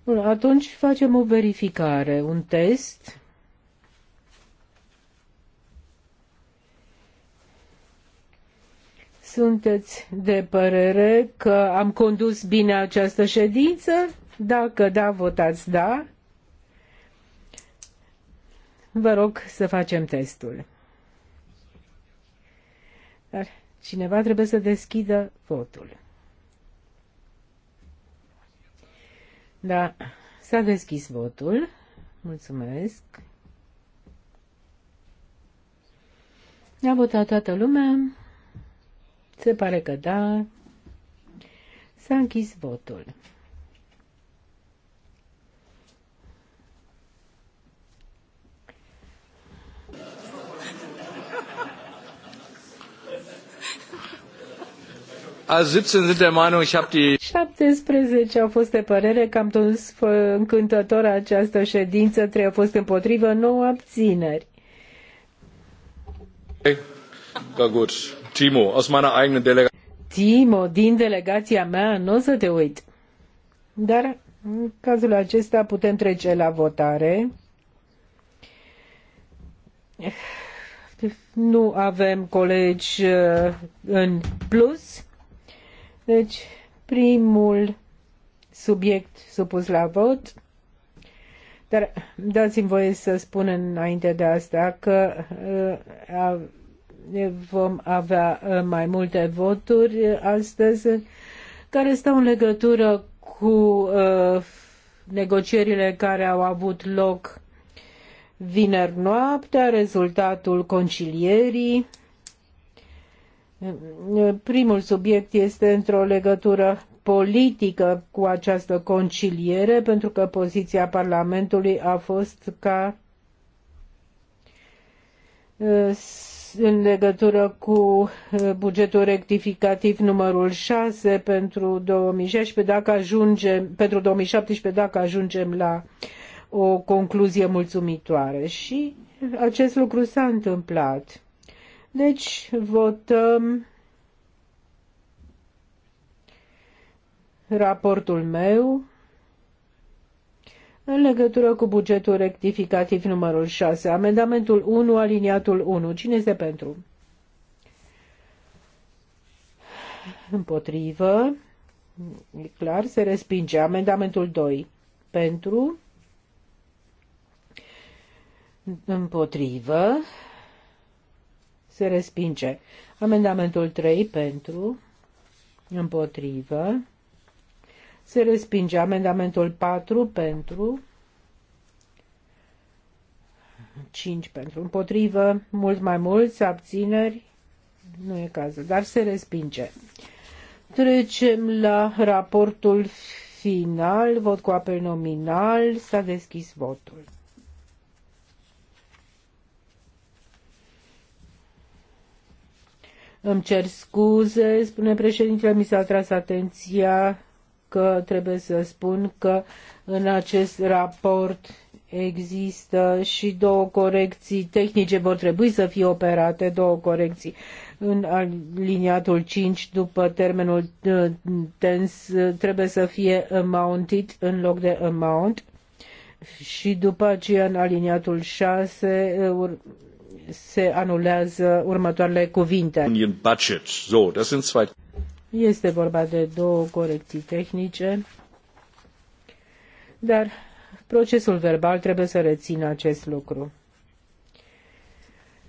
Bun, atunci facem o verificare, un test. Sunteți de părere că am condus bine această ședință? Dacă da, votați da. Vă rog să facem testul. Dar cineva trebuie să deschidă votul. Da, s-a deschis votul. Mulțumesc. Ne-a votat toată lumea. Se pare că da. S-a închis votul. A 17 sind der 17 au fost de părere că tot încântător această ședință, trei au fost împotrivă, 9 abțineri. Da, Timo, aus meiner eigenen Delegation. Timo, din delegația mea, nu o să te uit. Dar în cazul acesta putem trece la votare. Nu avem colegi uh, în plus. Deci, primul subiect supus la vot. Dar dați-mi voie să spun înainte de asta că uh, vom avea uh, mai multe voturi astăzi care stau în legătură cu uh, negocierile care au avut loc vineri noaptea, rezultatul concilierii. Primul subiect este într-o legătură politică cu această conciliere, pentru că poziția Parlamentului a fost ca uh, în legătură cu uh, bugetul rectificativ numărul 6 pentru 2016, dacă ajungem, pentru 2017, dacă ajungem la o concluzie mulțumitoare. Și acest lucru s-a întâmplat. Deci votăm raportul meu în legătură cu bugetul rectificativ numărul 6, amendamentul 1, aliniatul 1, cine este pentru? Împotrivă. E clar, se respinge. Amendamentul 2. Pentru. Împotrivă. Se respinge. Amendamentul 3 pentru. Împotrivă. Se respinge amendamentul 4 pentru 5 pentru împotrivă, mult mai mulți abțineri, nu e cazul, dar se respinge. Trecem la raportul final, vot cu apel nominal, s-a deschis votul. Îmi cer scuze, spune președintele, mi s-a tras atenția că trebuie să spun că în acest raport există și două corecții tehnice, vor trebui să fie operate două corecții în aliniatul 5 după termenul uh, tens trebuie să fie amounted în loc de amount și după aceea în aliniatul 6 uh, se anulează următoarele cuvinte. budget. So, das sind zwei este vorba de două corecții tehnice, dar procesul verbal trebuie să rețină acest lucru.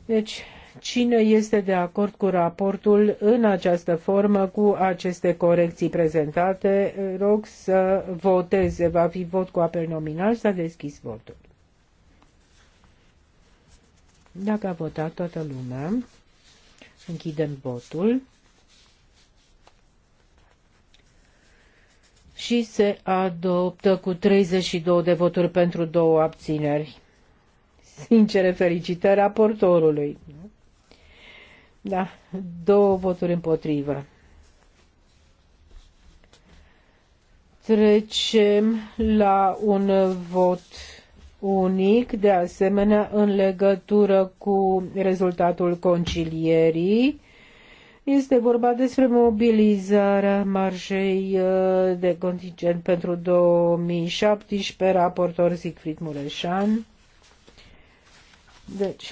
Deci, cine este de acord cu raportul în această formă, cu aceste corecții prezentate, rog să voteze. Va fi vot cu apel nominal, s-a deschis votul. Dacă a votat toată lumea, închidem votul. și se adoptă cu 32 de voturi pentru două abțineri. Sincere felicitări raportorului. Da, două voturi împotrivă. Trecem la un vot unic, de asemenea, în legătură cu rezultatul concilierii este vorba despre mobilizarea marjei uh, de contingent pentru 2017, raportor Siegfried Mureșan. Deci,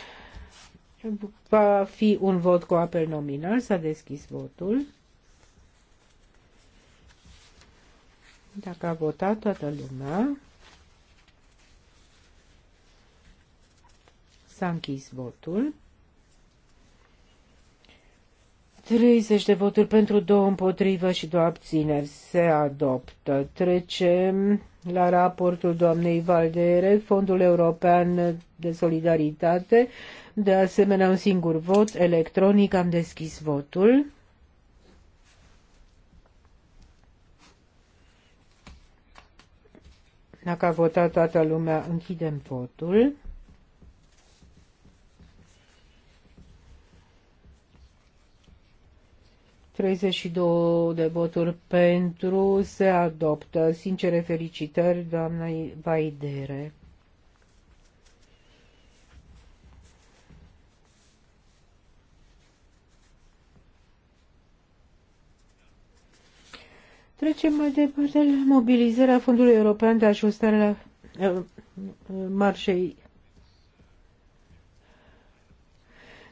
va fi un vot cu apel nominal, s-a deschis votul. Dacă a votat toată lumea, s-a închis votul. 30 de voturi pentru, 2 împotrivă și 2 abțineri. Se adoptă. Trecem la raportul doamnei Valdere, Fondul European de Solidaritate. De asemenea, un singur vot electronic. Am deschis votul. Dacă a votat toată lumea, închidem votul. 32 de voturi pentru, se adoptă. Sincere felicitări, doamnei Vaidere. Trecem mai departe la mobilizarea Fondului European de Ajustare la uh, uh marșei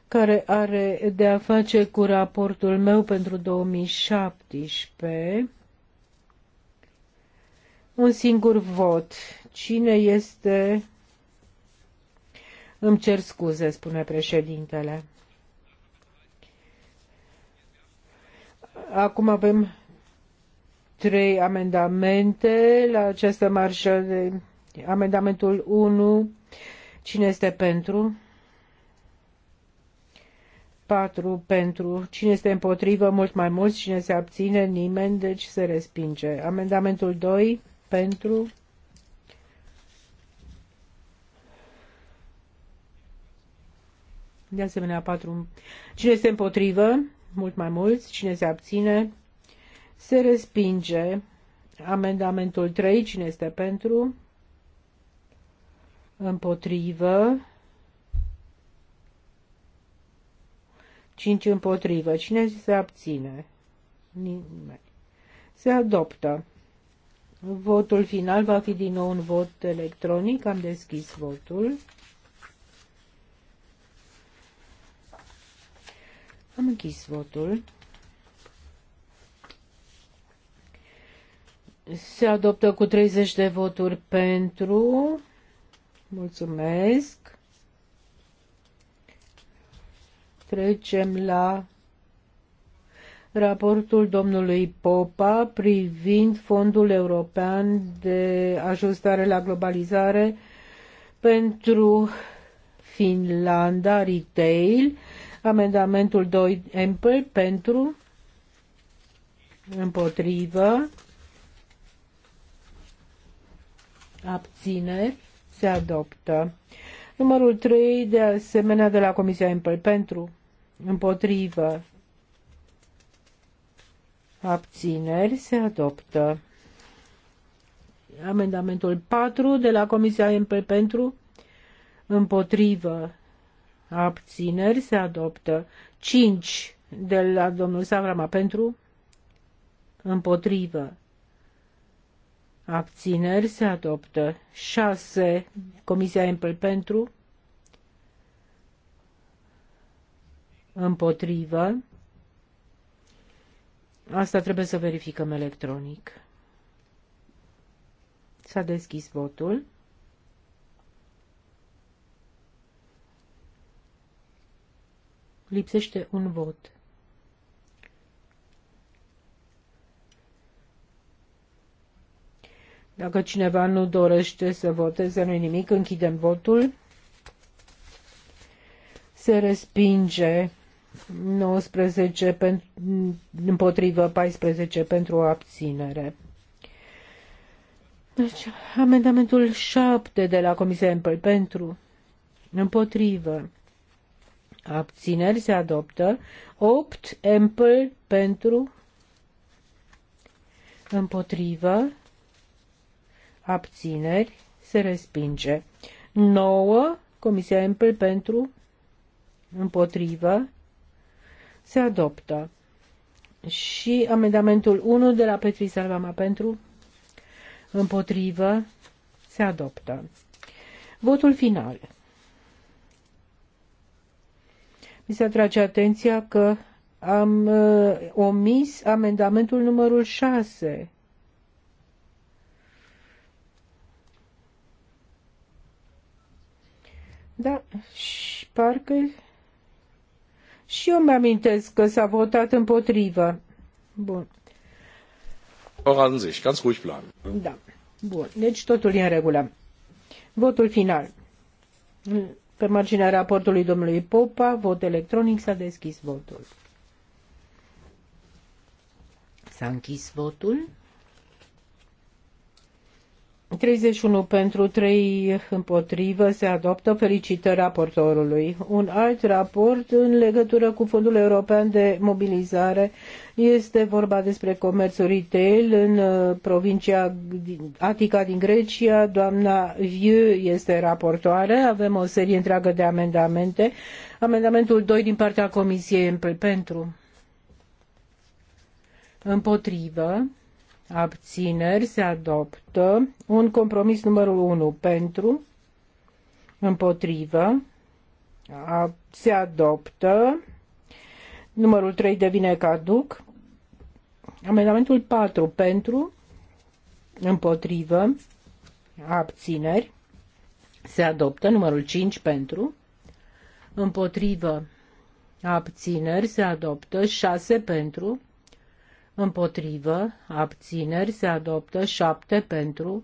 care are de a face cu raportul meu pentru 2017. Un singur vot. Cine este... Îmi cer scuze, spune președintele. Acum avem trei amendamente la această marșă de amendamentul 1. Cine este pentru? 4 pentru, cine este împotrivă, mult mai mult cine se abține, nimeni, deci se respinge. Amendamentul 2 pentru, de asemenea 4, cine este împotrivă, mult mai mulți, cine se abține, se respinge. Amendamentul 3, cine este pentru, împotrivă, 5 împotrivă. Cine se abține? Nimeni. Se adoptă. Votul final va fi din nou un vot electronic. Am deschis votul. Am închis votul. Se adoptă cu 30 de voturi pentru. Mulțumesc. trecem la raportul domnului Popa privind Fondul European de Ajustare la Globalizare pentru Finlanda Retail, amendamentul 2 Empel pentru împotrivă abțineri se adoptă. Numărul 3 de asemenea de la Comisia Empel pentru împotrivă, abțineri, se adoptă. Amendamentul 4 de la Comisia MP pentru, împotrivă, abțineri, se adoptă. 5 de la domnul Savrama pentru, împotrivă, Abțineri se adoptă. 6. Comisia MP pentru. împotrivă. Asta trebuie să verificăm electronic. S-a deschis votul. Lipsește un vot. Dacă cineva nu dorește să voteze, nu nimic, închidem votul. Se respinge 19 pentru, împotrivă 14 pentru abținere. Deci, amendamentul 7 de la Comisia Empel pentru împotrivă abțineri se adoptă 8 Empel pentru împotrivă abțineri se respinge 9 Comisia Empel pentru împotrivă se adoptă. Și amendamentul 1 de la Petri Salvama pentru, împotrivă, se adoptă. Votul final. Mi se atrage atenția că am uh, omis amendamentul numărul 6. Da, și parcă și eu mi-amintesc că s-a votat împotrivă. Bun. Oran ganz ruhig bleiben. Da. Bun. Deci totul e în regulă. Votul final. Pe marginea raportului domnului Popa, vot electronic, s-a deschis votul. S-a închis votul. 31 pentru 3 împotrivă se adoptă. Felicitări raportorului. Un alt raport în legătură cu Fondul European de Mobilizare este vorba despre comerțul retail în uh, provincia Atica din Grecia. Doamna Viu este raportoare. Avem o serie întreagă de amendamente. Amendamentul 2 din partea Comisiei pentru. Împotrivă abțineri se adoptă un compromis numărul 1 pentru, împotrivă, a, se adoptă, numărul 3 devine caduc, amendamentul 4 pentru, împotrivă, abțineri, se adoptă, numărul 5 pentru, împotrivă, abțineri, se adoptă, 6 pentru, împotrivă, abțineri se adoptă 7 pentru,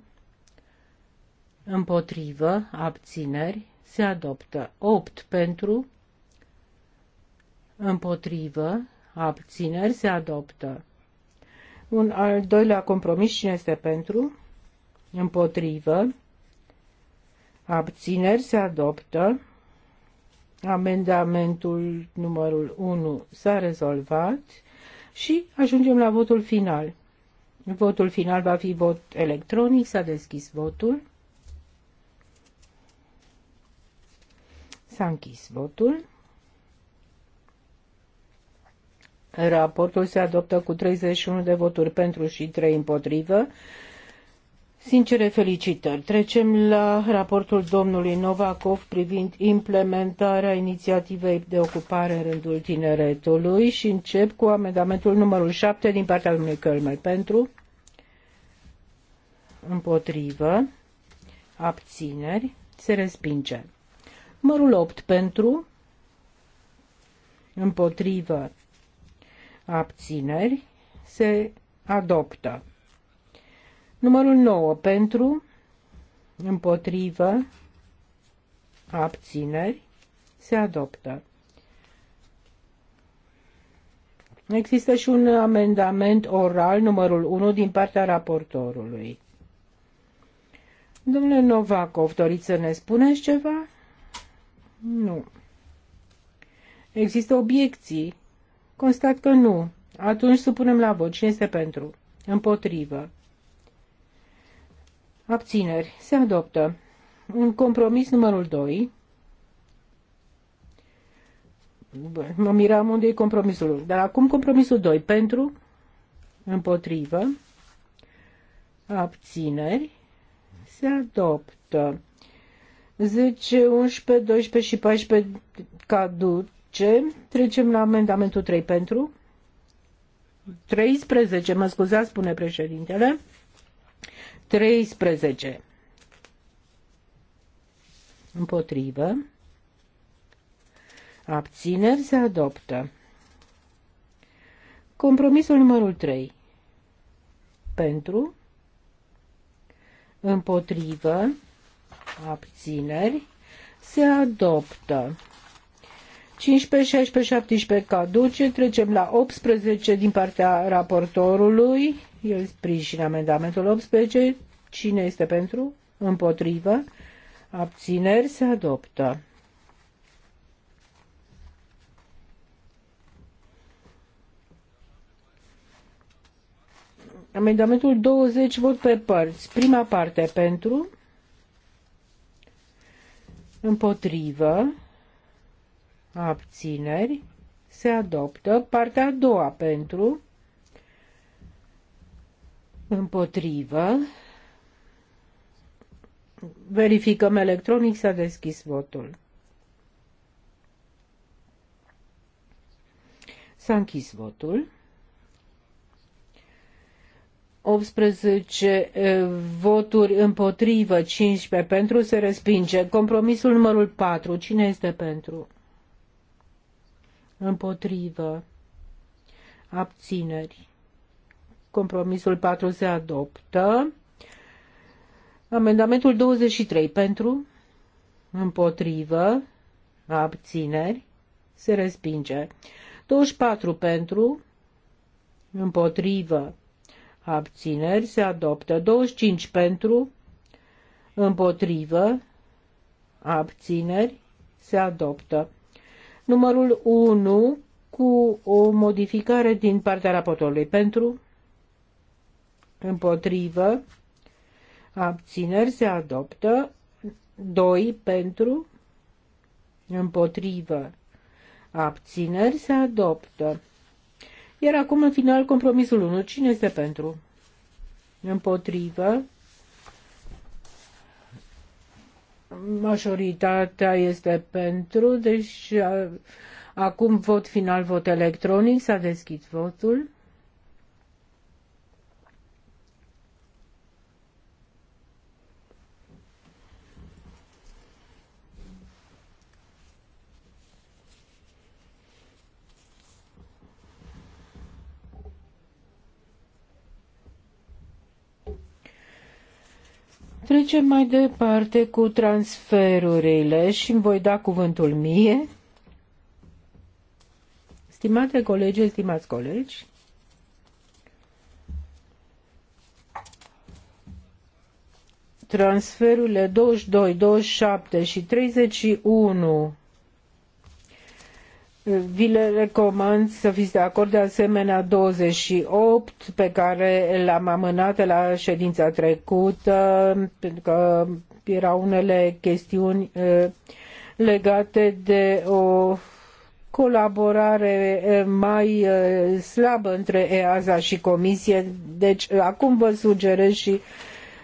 împotrivă, abțineri se adoptă 8 pentru, împotrivă, abțineri se adoptă. Un al doilea compromis cine este pentru? Împotrivă, abțineri se adoptă. Amendamentul numărul 1 s-a rezolvat și ajungem la votul final. Votul final va fi vot electronic, s-a deschis votul. S-a închis votul. Raportul se adoptă cu 31 de voturi pentru și 3 împotrivă. Sincere felicitări. Trecem la raportul domnului Novakov privind implementarea inițiativei de ocupare în rândul tineretului și încep cu amendamentul numărul 7 din partea domnului Kölmel. Pentru, împotrivă, abțineri, se respinge. Numărul 8 pentru, împotrivă, abțineri, se adoptă. Numărul 9 pentru, împotrivă, abțineri, se adoptă. Există și un amendament oral, numărul 1, din partea raportorului. Domnule Novakov, doriți să ne spuneți ceva? Nu. Există obiecții? Constat că nu. Atunci supunem la vot. Cine este pentru? Împotrivă. Abțineri. Se adoptă. În compromis numărul 2. Bă, mă miram unde e compromisul. Dar acum compromisul 2. Pentru, împotrivă, abțineri, se adoptă. 10, 11, 12 și 14 caduce. Trecem la amendamentul 3 pentru. 13, mă scuzați, spune președintele. 13. Împotrivă. Abțineri se adoptă. Compromisul numărul 3. Pentru. Împotrivă. Abțineri se adoptă. 15, 16, 17 caduce. Trecem la 18 din partea raportorului. El sprijină amendamentul 18. Cine este pentru? Împotrivă. Abțineri se adoptă. Amendamentul 20, vot pe părți. Prima parte pentru, împotrivă, abțineri, se adoptă. Partea a doua pentru, Împotrivă. Verificăm electronic, s-a deschis votul. S-a închis votul. 18 voturi împotrivă, 15 pentru, se respinge. Compromisul numărul 4. Cine este pentru? Împotrivă. Abțineri. Compromisul 4 se adoptă. Amendamentul 23 pentru, împotrivă, abțineri, se respinge. 24 pentru, împotrivă, abțineri, se adoptă. 25 pentru, împotrivă, abțineri, se adoptă. Numărul 1 cu o modificare din partea raportorului pentru, împotrivă, abțineri se adoptă, 2 pentru, împotrivă, abțineri se adoptă. Iar acum, în final, compromisul 1. Cine este pentru? Împotrivă. Majoritatea este pentru, deci acum vot final, vot electronic, s-a deschis votul. Trecem mai departe cu transferurile și îmi voi da cuvântul mie. Stimate colegi, stimați colegi, transferurile 22, 27 și 31 vi le recomand să fiți de acord de asemenea 28 pe care l-am amânat la ședința trecută pentru că erau unele chestiuni legate de o colaborare mai slabă între EASA și Comisie. Deci acum vă sugerez și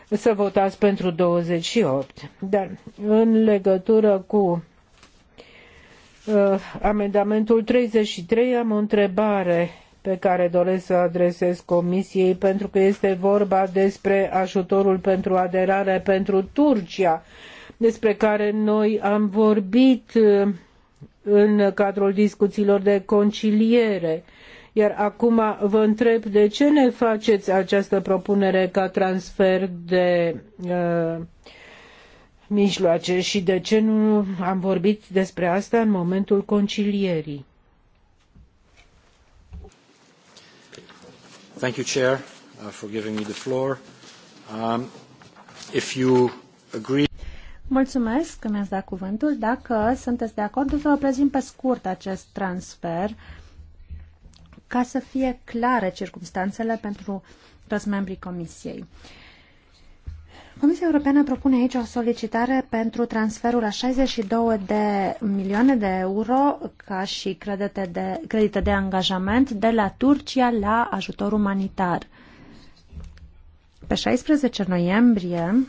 să votați pentru 28. Dar în legătură cu Uh, amendamentul 33 am o întrebare pe care doresc să o adresez Comisiei pentru că este vorba despre ajutorul pentru aderare pentru Turcia, despre care noi am vorbit uh, în cadrul discuțiilor de conciliere. Iar acum vă întreb de ce ne faceți această propunere ca transfer de uh, mijloace și de ce nu am vorbit despre asta în momentul concilierii. Thank you, Chair, uh, for giving me the floor. Um, if you agree... Mulțumesc că mi-ați dat cuvântul. Dacă sunteți de acord, o să vă prezint pe scurt acest transfer ca să fie clare circunstanțele pentru toți membrii Comisiei. Uh, Comisia Europeană propune aici o solicitare pentru transferul a 62 de milioane de euro ca și credite de, credite de angajament de la Turcia la ajutor umanitar. Pe 16 noiembrie,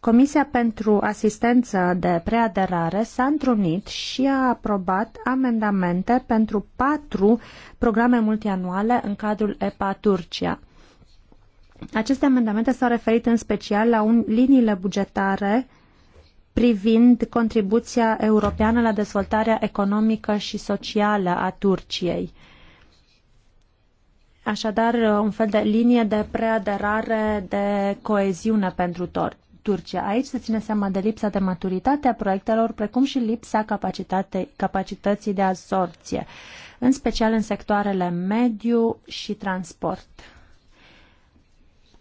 Comisia pentru Asistență de Preaderare s-a întrunit și a aprobat amendamente pentru patru programe multianuale în cadrul EPA Turcia. Aceste amendamente s-au referit în special la un, liniile bugetare privind contribuția europeană la dezvoltarea economică și socială a Turciei. Așadar, un fel de linie de preaderare de coeziune pentru tor. Turcia. Aici se ține seama de lipsa de maturitate a proiectelor, precum și lipsa capacității de absorție, în special în sectoarele mediu și transport.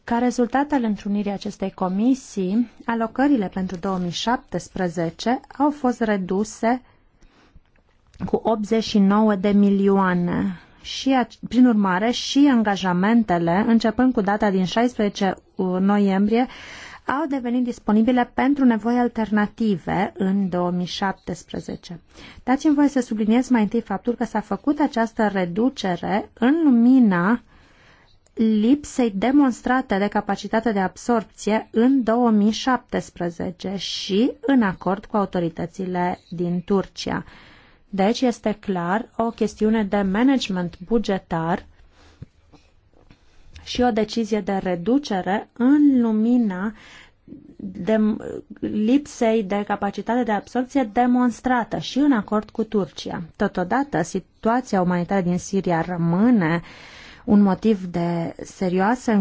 Ca rezultat al întrunirii acestei comisii, alocările pentru 2017 au fost reduse cu 89 de milioane și, prin urmare, și angajamentele, începând cu data din 16 noiembrie, au devenit disponibile pentru nevoi alternative în 2017. Dați-mi voie să subliniez mai întâi faptul că s-a făcut această reducere în lumina uh, lipsei demonstrate de capacitate de absorpție în 2017 și în acord cu autoritățile din Turcia. Deci este clar o chestiune de management bugetar și o decizie de reducere în lumina de lipsei de capacitate de absorpție demonstrată și în acord cu Turcia. Totodată, situația umanitară din Siria rămâne uh, un motiv de serioasă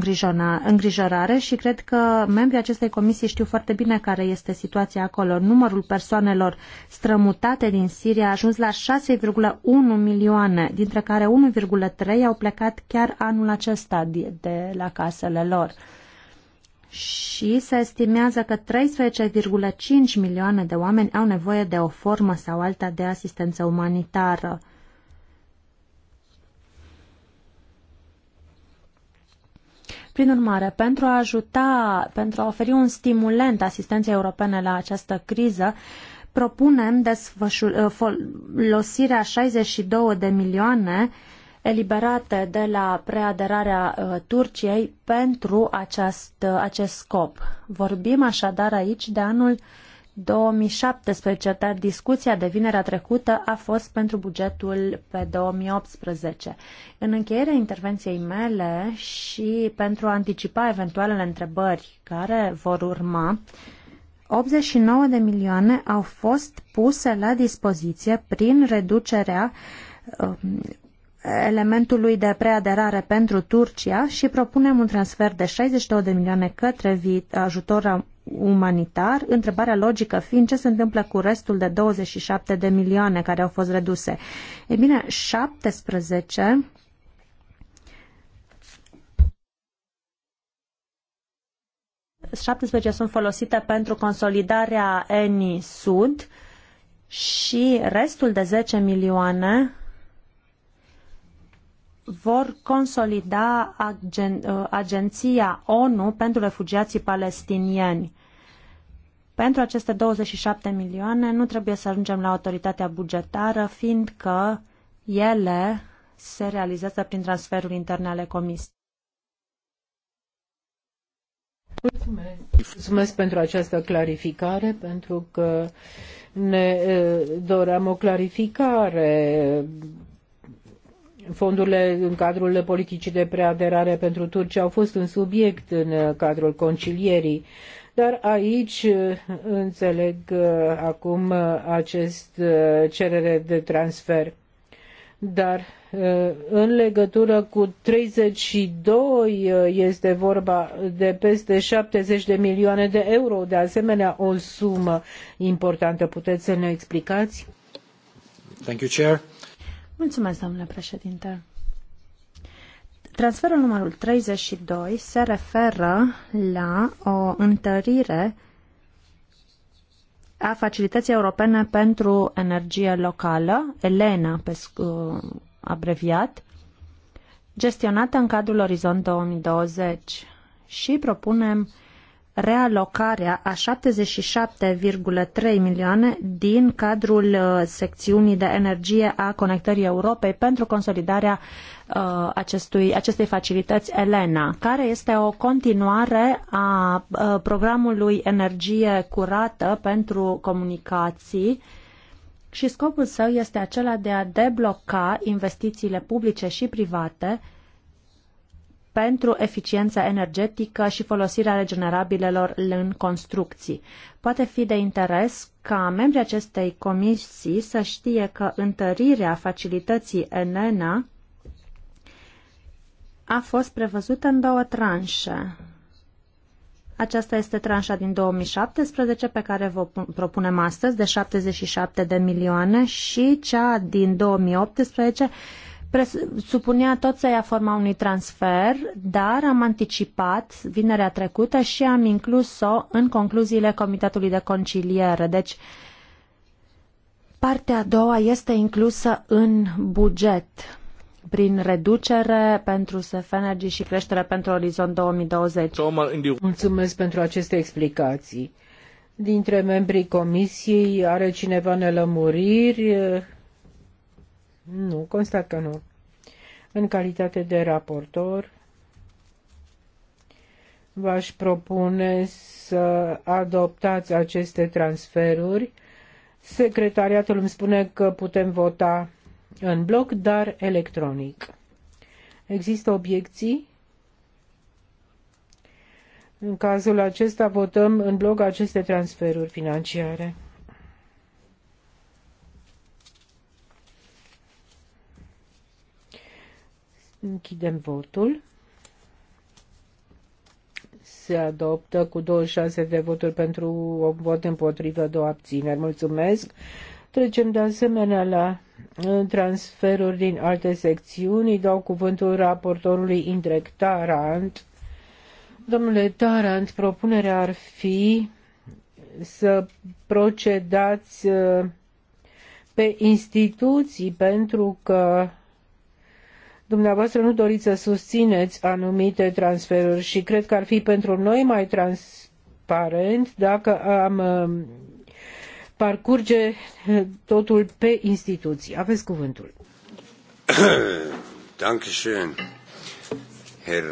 îngrijorare și cred că membrii acestei comisii știu foarte bine care este situația acolo. Numărul persoanelor strămutate din Siria a ajuns la 6,1 milioane, dintre care 1,3 au plecat chiar anul acesta de la casele lor și se estimează că 13,5 milioane de oameni au nevoie de o formă sau alta de asistență umanitară. Prin urmare, pentru a ajuta, pentru a oferi un stimulent asistenței europene la această criză, propunem uh, folosirea 62 de milioane eliberate de la preaderarea uh, Turciei pentru acest, uh, acest scop. Vorbim așadar aici de anul 2017, dar discuția de vinerea trecută a fost pentru bugetul pe 2018. În încheierea intervenției mele și pentru a anticipa eventualele întrebări care vor urma, 89 de milioane au fost puse la dispoziție prin reducerea um, elementului de preaderare pentru Turcia și propunem un transfer de 62 de milioane către ajutor umanitar, întrebarea logică fiind ce se întâmplă cu restul de 27 de milioane care au fost reduse. E bine, 17 17 sunt folosite pentru consolidarea ENI Sud și restul de 10 milioane vor consolida agen, uh, agenția ONU pentru refugiații palestinieni. Pentru aceste 27 milioane nu trebuie să ajungem la autoritatea bugetară, fiindcă ele se realizează prin transferuri interne ale comisiei. Mulțumesc. Mulțumesc pentru această clarificare, pentru că ne uh, doream o clarificare fondurile în cadrul politicii de preaderare pentru Turcia au fost un subiect în cadrul concilierii. Dar aici uh, înțeleg uh, acum uh, acest cerere de transfer. Dar în legătură cu 32 este vorba de peste 70 de milioane de euro, de asemenea o sumă importantă. Puteți să ne explicați? Thank you, Chair. Mulțumesc, domnule președinte. Transferul numărul 32 se referă la o întărire a Facilității Europene pentru Energie Locală, ELENA, pe, uh, abreviat, gestionată în cadrul Orizont 2020 și propunem realocarea a 77,3 milioane din cadrul uh, secțiunii de energie a Conectării Europei pentru consolidarea uh, acestui, acestei facilități Elena, care este o continuare a uh, programului Energie Curată pentru Comunicații și scopul său este acela de a debloca investițiile publice și private pentru eficiența energetică și folosirea regenerabilelor în construcții. Poate fi de interes ca membrii acestei comisii să știe că întărirea facilității ENENA a fost prevăzută în două tranșe. Aceasta este tranșa din 2017 pe care vă propunem astăzi de 77 de milioane și cea din 2018 presupunea tot să ia forma unui transfer, dar am anticipat vinerea trecută și am inclus-o în concluziile Comitetului de Conciliere. Deci, partea a doua este inclusă în buget prin reducere pentru SF Energy și creștere pentru Orizont 2020. Mulțumesc pentru aceste explicații. Dintre membrii comisiei are cineva nelămuriri? Nu, constat că nu. În calitate de raportor, v-aș propune să adoptați aceste transferuri. Secretariatul îmi spune că putem vota în bloc, dar electronic. Există obiecții? În cazul acesta votăm în bloc aceste transferuri financiare. Închidem votul. Se adoptă cu 26 de voturi pentru un vot împotrivă, două abțineri. Mulțumesc. Trecem de asemenea la uh, transferuri din alte secțiuni. Îi dau cuvântul raportorului Indrek Tarant. Domnule Tarant, propunerea ar fi să procedați uh, pe instituții pentru că dumneavoastră nu doriți să susțineți anumite transferuri și cred că ar fi pentru noi mai transparent dacă am um, parcurge uh, totul pe instituții. Aveți cuvântul. [coughs] Dankeschön, Herr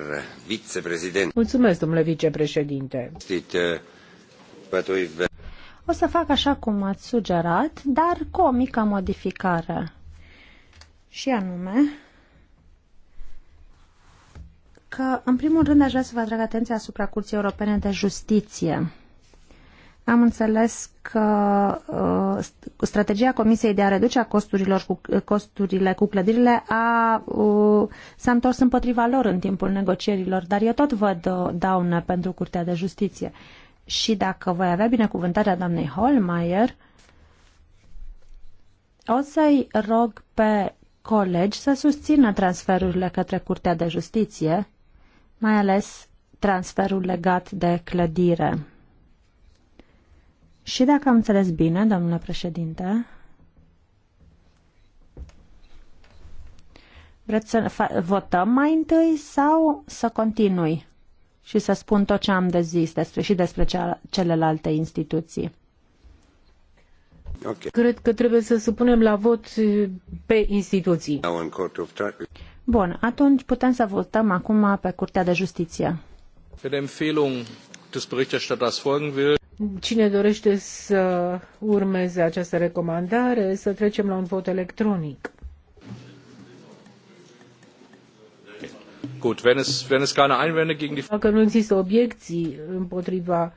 Vizepresident. Mulțumesc, domnule vicepreședinte. Uh, o să fac așa cum ați sugerat, dar cu o mică modificare. Și anume, că, în primul rând, aș vrea să vă atrag atenția asupra Curții Europene de Justiție. Am înțeles că uh, strategia Comisiei de a reduce costurilor cu, costurile cu clădirile a, uh, s-a întors împotriva lor în timpul negocierilor, dar eu tot văd uh, daune pentru Curtea de Justiție. Și dacă voi avea binecuvântarea doamnei Holmeier, o să-i rog pe colegi să susțină transferurile către Curtea de Justiție mai ales transferul legat de clădire. Și dacă am înțeles bine, domnule președinte, vreți să votăm mai întâi sau să continui și să spun tot ce am de zis despre, și despre celelalte instituții? Okay. Cred că trebuie să supunem la vot pe instituții. Bun, atunci putem să votăm acum pe Curtea de Justiție. Cine dorește să urmeze această recomandare, să trecem la un vot electronic. Dacă nu există obiecții împotriva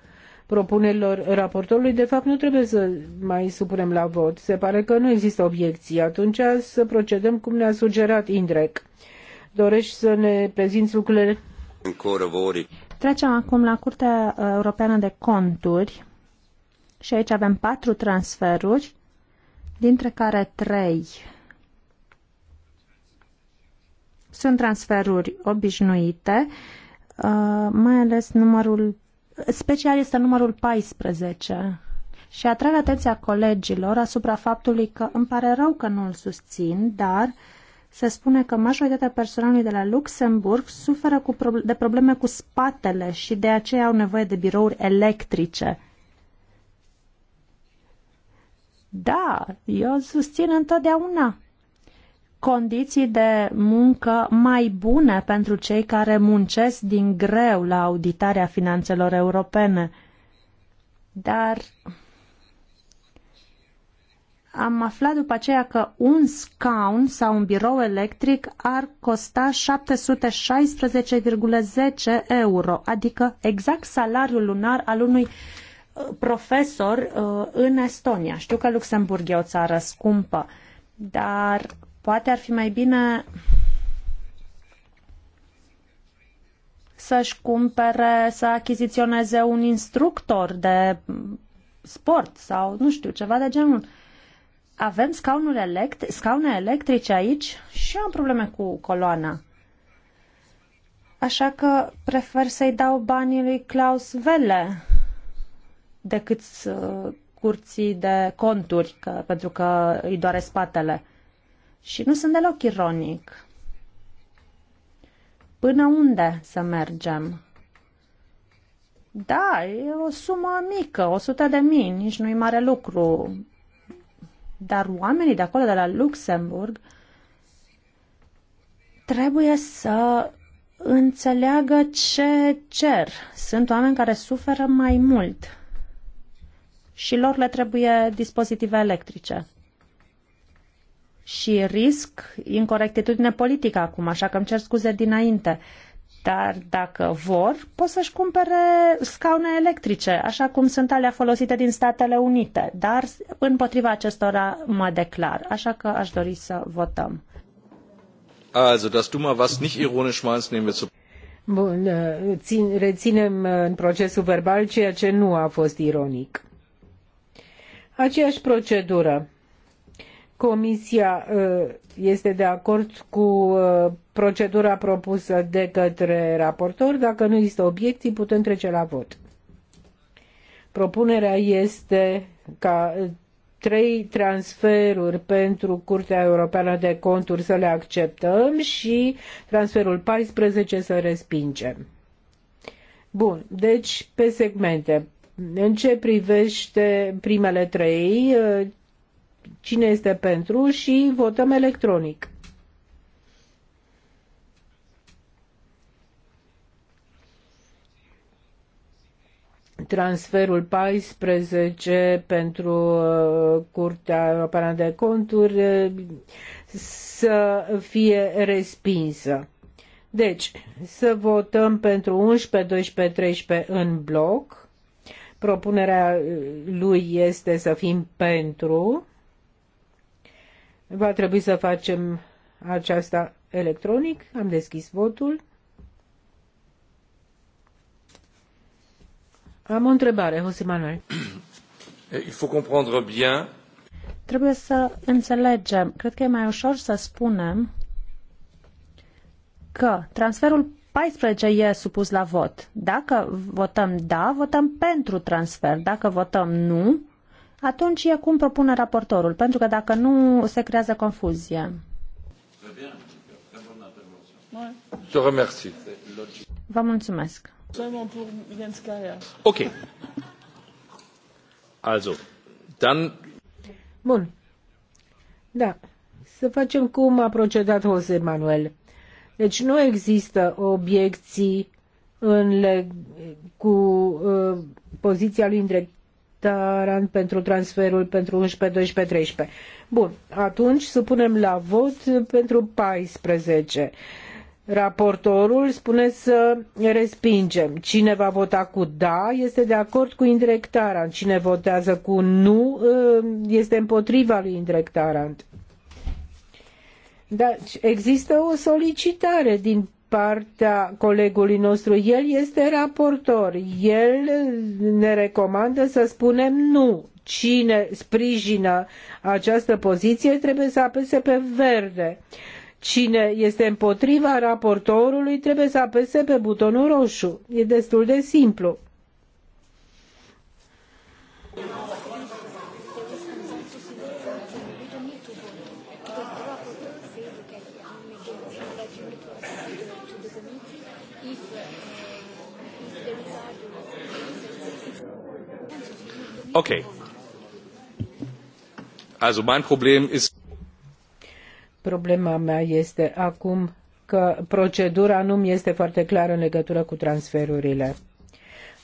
propunerilor raportorului, de fapt nu trebuie să mai supunem la vot. Se pare că nu există obiecții. Atunci să procedăm cum ne-a sugerat Indrek. Dorești să ne prezinți lucrurile? Încă Trecem acum la Curtea Europeană de Conturi și aici avem patru transferuri, dintre care trei sunt transferuri obișnuite, uh, mai ales numărul special este numărul 14. Și atrag atenția colegilor asupra faptului că îmi pare rău că nu îl susțin, dar se spune că majoritatea personalului de la Luxemburg suferă cu pro- de probleme cu spatele și de aceea au nevoie de birouri electrice. Da, eu susțin întotdeauna condiții de muncă mai bune pentru cei care muncesc din greu la auditarea finanțelor europene. Dar am aflat după aceea că un scaun sau un birou electric ar costa 716,10 euro, adică exact salariul lunar al unui uh, profesor uh, în Estonia. Știu că Luxemburg e o țară scumpă, dar Poate ar fi mai bine să-și cumpere, să achiziționeze un instructor de sport sau nu știu, ceva de genul. Avem scaunul elect- scaune electrice aici și am probleme cu coloana. Așa că prefer să-i dau banii lui Klaus Vele decât uh, curții de conturi, că, pentru că îi doare spatele. Și nu sunt deloc ironic. Până unde să mergem? Da, e o sumă mică, 100 de mii, nici nu-i mare lucru. Dar oamenii de acolo, de la Luxemburg, trebuie să înțeleagă ce cer. Sunt oameni care suferă mai mult și lor le trebuie dispozitive electrice și risc incorectitudine politică acum, așa că îmi cer scuze dinainte. Dar dacă vor, pot să-și cumpere scaune electrice, așa cum sunt alea folosite din Statele Unite. Dar împotriva acestora mă declar, așa că aș dori să votăm. Also, dass du mal was nicht ironisch meinst, nehmen wir zu. Bun, uh, țin, reținem uh, în procesul verbal ceea ce nu a fost ironic. Aceeași procedură. Comisia uh, este de acord cu uh, procedura propusă de către raportor. Dacă nu există obiecții, putem trece la vot. Propunerea este ca uh, trei transferuri pentru Curtea Europeană de Conturi să le acceptăm și transferul 14 să respingem. Bun, deci pe segmente. În ce privește primele trei, cine este pentru și votăm electronic. transferul 14 pentru uh, Curtea Europeană de Conturi uh, să fie respinsă. Deci, să votăm pentru 11, 12, 13 în bloc. Propunerea lui este să fim pentru. Va trebui să facem aceasta electronic. Am deschis votul. Am o întrebare, José Manuel. Eh, il faut comprendre bien. Trebuie să înțelegem. Cred că e mai ușor să spunem că transferul 14 e supus la vot. Dacă votăm da, votăm pentru transfer. Dacă votăm nu, atunci e cum propune raportorul, pentru că dacă nu se creează confuzie. Vă mulțumesc. Ok. Also, dann... Bun. Da. Să facem cum a procedat Jose Manuel. Deci nu există obiecții în leg- cu uh, poziția lui Indrek Taran pentru transferul pentru 11, 12, 13. Bun, atunci supunem la vot pentru 14. Raportorul spune să respingem. Cine va vota cu da este de acord cu Indrek Tarant. Cine votează cu nu ă, este împotriva lui Indrek Tarant. Dar există o solicitare din partea colegului nostru. El este raportor. El ne recomandă să spunem nu. Cine sprijină această poziție trebuie să apese pe verde. Cine este împotriva raportorului trebuie să apese pe butonul roșu. E destul de simplu. Problema mea este acum că procedura nu mi este foarte clară în legătură cu transferurile.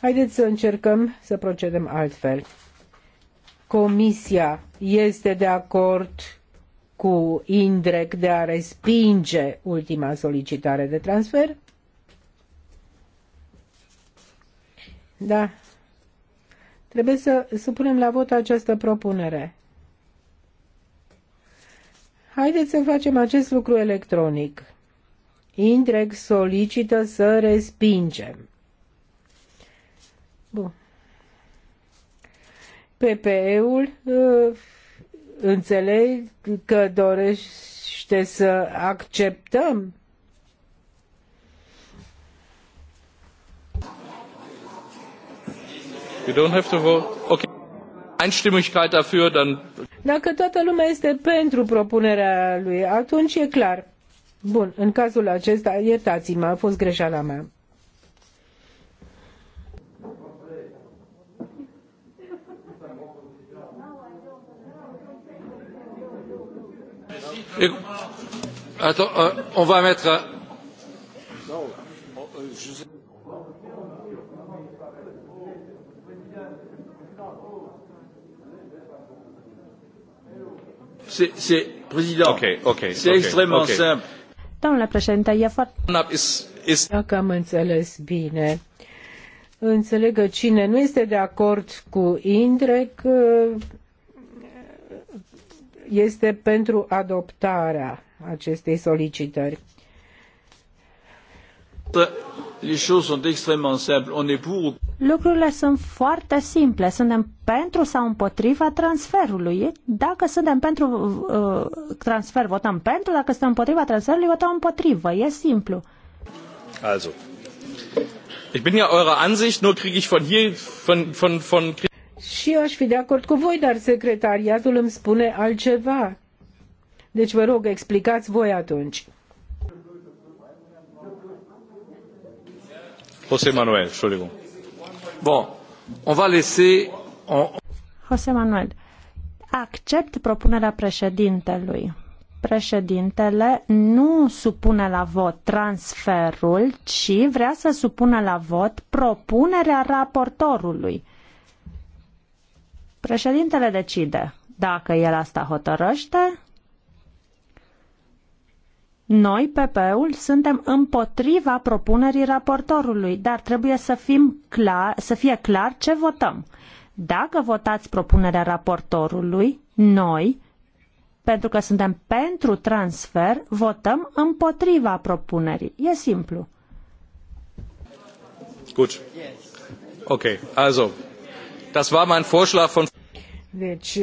Haideți să încercăm să procedăm altfel. Comisia este de acord cu Indrec de a respinge ultima solicitare de transfer? Da, Trebuie să supunem la vot această propunere. Haideți să facem acest lucru electronic. Indreg solicită să respingem. Bun. PPE-ul uh, înțeleg că dorește să acceptăm You don't have to vote. Okay. Einstimmigkeit dafür, dann... Dacă toată lumea este pentru propunerea lui, atunci e clar. Bun, în cazul acesta, iertați-mă, a fost greșeala mea. Attends, euh, on va mettre... Euh, c'est, président, okay, okay, c'est okay, extrêmement okay. simple. Domnule președinte, e foarte... Dacă am înțeles bine, înțeleg că cine nu este de acord cu Indrec este pentru adoptarea acestei solicitări. Lucrurile sunt foarte simple. Suntem pentru sau împotriva transferului. Dacă suntem pentru uh, transfer, votăm pentru. Dacă suntem împotriva transferului, votăm împotrivă. E simplu. Also. Ich bin ja eurer Ansicht, nur kriege ich von hier, von, von, von... Și eu aș fi de acord cu voi, dar secretariatul îmi spune altceva. Deci vă rog, explicați voi atunci. José Manuel, Entschuldigung. Bon, on va laisser... On... José Manuel, accept propunerea președintelui. Președintele nu supune la vot transferul, ci vrea să supună la vot propunerea raportorului. Președintele decide. Dacă el asta hotărăște, noi, PP-ul, suntem împotriva propunerii raportorului, dar trebuie să, fim clar, să fie clar ce votăm. Dacă votați propunerea raportorului, noi, pentru că suntem pentru transfer, votăm împotriva propunerii. E simplu. Gut. Ok, also, das war mein Vorschlag von... Deci, [laughs]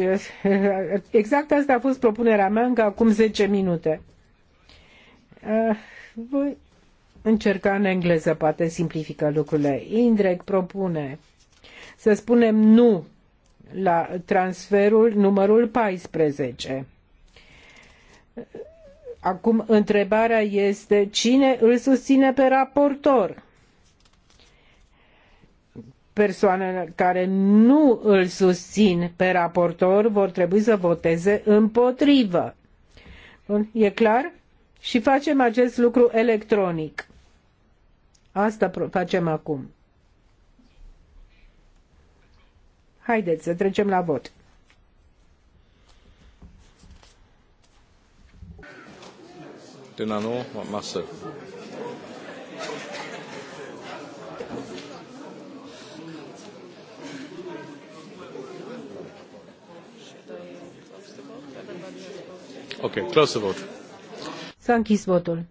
exact asta a fost propunerea mea încă acum 10 minute. Eh, voi încerca în engleză, poate simplifică lucrurile. Indrec propune să spunem nu la transferul numărul 14. Acum întrebarea este cine îl susține pe raportor? Persoanele care nu îl susțin pe raportor vor trebui să voteze împotrivă. Bun, e clar? și facem acest lucru electronic. Asta facem acum. Haideți să trecem la vot. Denano, masă. Okay, close the vote. S-a închis votul.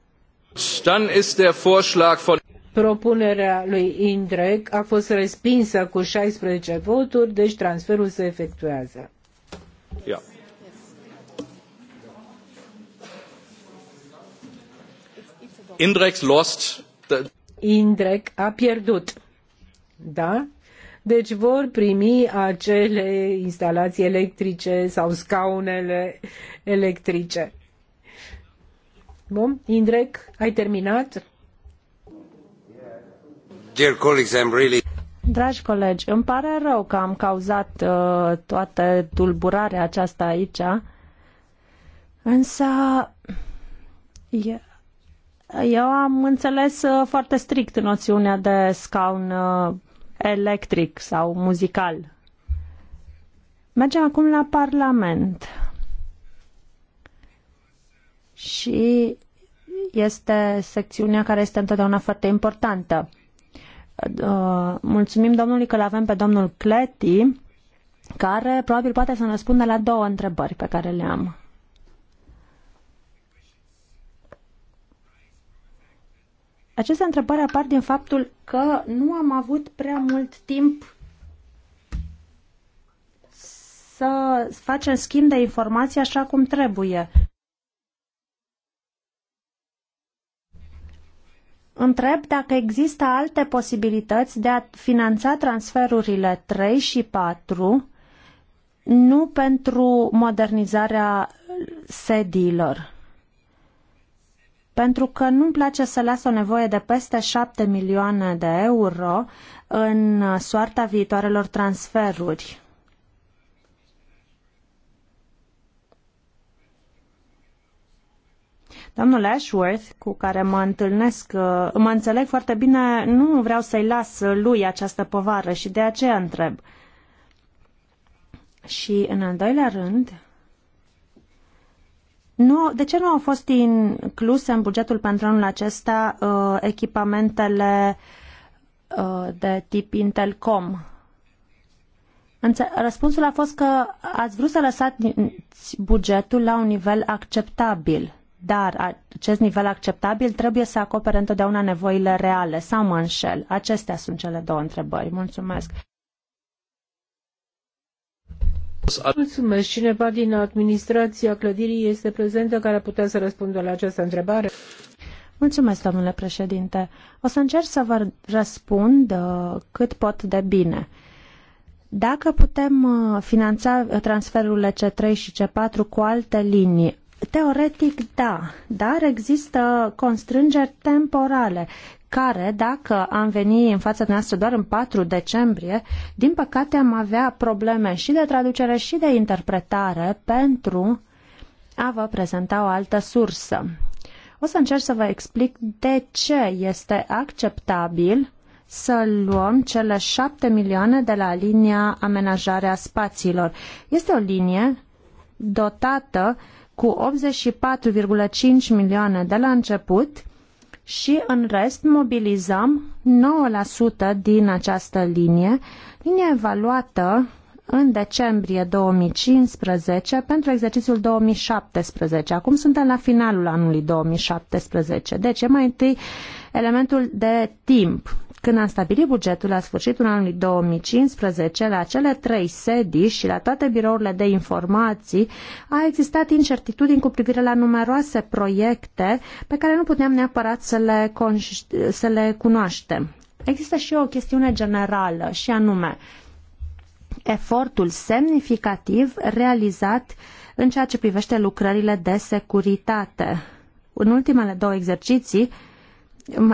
Dann ist der Vorschlag von Propunerea lui Indrek a fost respinsă cu 16 voturi, deci transferul se efectuează. Ja. Indrek lost. The... Indrek a pierdut. Da? Deci vor primi acele instalații electrice sau scaunele electrice. Bun, Indrek, ai terminat? Dear colleagues, I'm really... Dragi colegi, îmi pare rău că am cauzat uh, toată tulburarea aceasta aici, însă eu am înțeles uh, foarte strict noțiunea de scaun uh, electric sau muzical. Mergem acum la Parlament și este secțiunea care este întotdeauna foarte importantă. Uh, mulțumim domnului că l-avem pe domnul Cleti, care probabil poate să ne răspundă la două întrebări pe care le am. Aceste întrebări apar din faptul că nu am avut prea mult timp să facem schimb de informații așa cum trebuie. Întreb dacă există alte posibilități de a finanța transferurile 3 și 4, nu pentru modernizarea sediilor. Pentru că nu-mi place să las o nevoie de peste 7 milioane de euro în soarta viitoarelor transferuri. Domnul Ashworth, cu care mă întâlnesc, uh, mă înțeleg foarte bine, nu vreau să-i las lui această povară și de aceea întreb. Și în al doilea rând, nu, de ce nu au fost incluse în bugetul pentru anul acesta uh, echipamentele uh, de tip Intelcom? Înțe- Răspunsul a fost că ați vrut să lăsați bugetul la un nivel acceptabil dar acest nivel acceptabil trebuie să acopere întotdeauna nevoile reale sau mă înșel? Acestea sunt cele două întrebări. Mulțumesc. Mulțumesc. Cineva din administrația clădirii este prezentă care putea să răspundă la această întrebare? Mulțumesc, domnule președinte. O să încerc să vă răspund uh, cât pot de bine. Dacă putem uh, finanța transferurile C3 și C4 cu alte linii, Teoretic, da, dar există constrângeri temporale care, dacă am veni în fața noastră doar în 4 decembrie, din păcate am avea probleme și de traducere și de interpretare pentru a vă prezenta o altă sursă. O să încerc să vă explic de ce este acceptabil să luăm cele 7 milioane de la linia amenajarea spațiilor. Este o linie dotată uh, cu 84,5 milioane de la început și în rest mobilizăm 9% din această linie, linie evaluată în decembrie 2015 pentru exercițiul 2017. Acum suntem la finalul anului 2017, deci e mai întâi elementul de timp când am stabilit bugetul la sfârșitul anului 2015 la cele trei sedii și la toate birourile de informații, a existat incertitudini cu privire la numeroase proiecte pe care nu puteam neapărat să le, să le cunoaștem. Există și o chestiune generală și anume efortul semnificativ realizat în ceea ce privește lucrările de securitate. În ultimele două exerciții,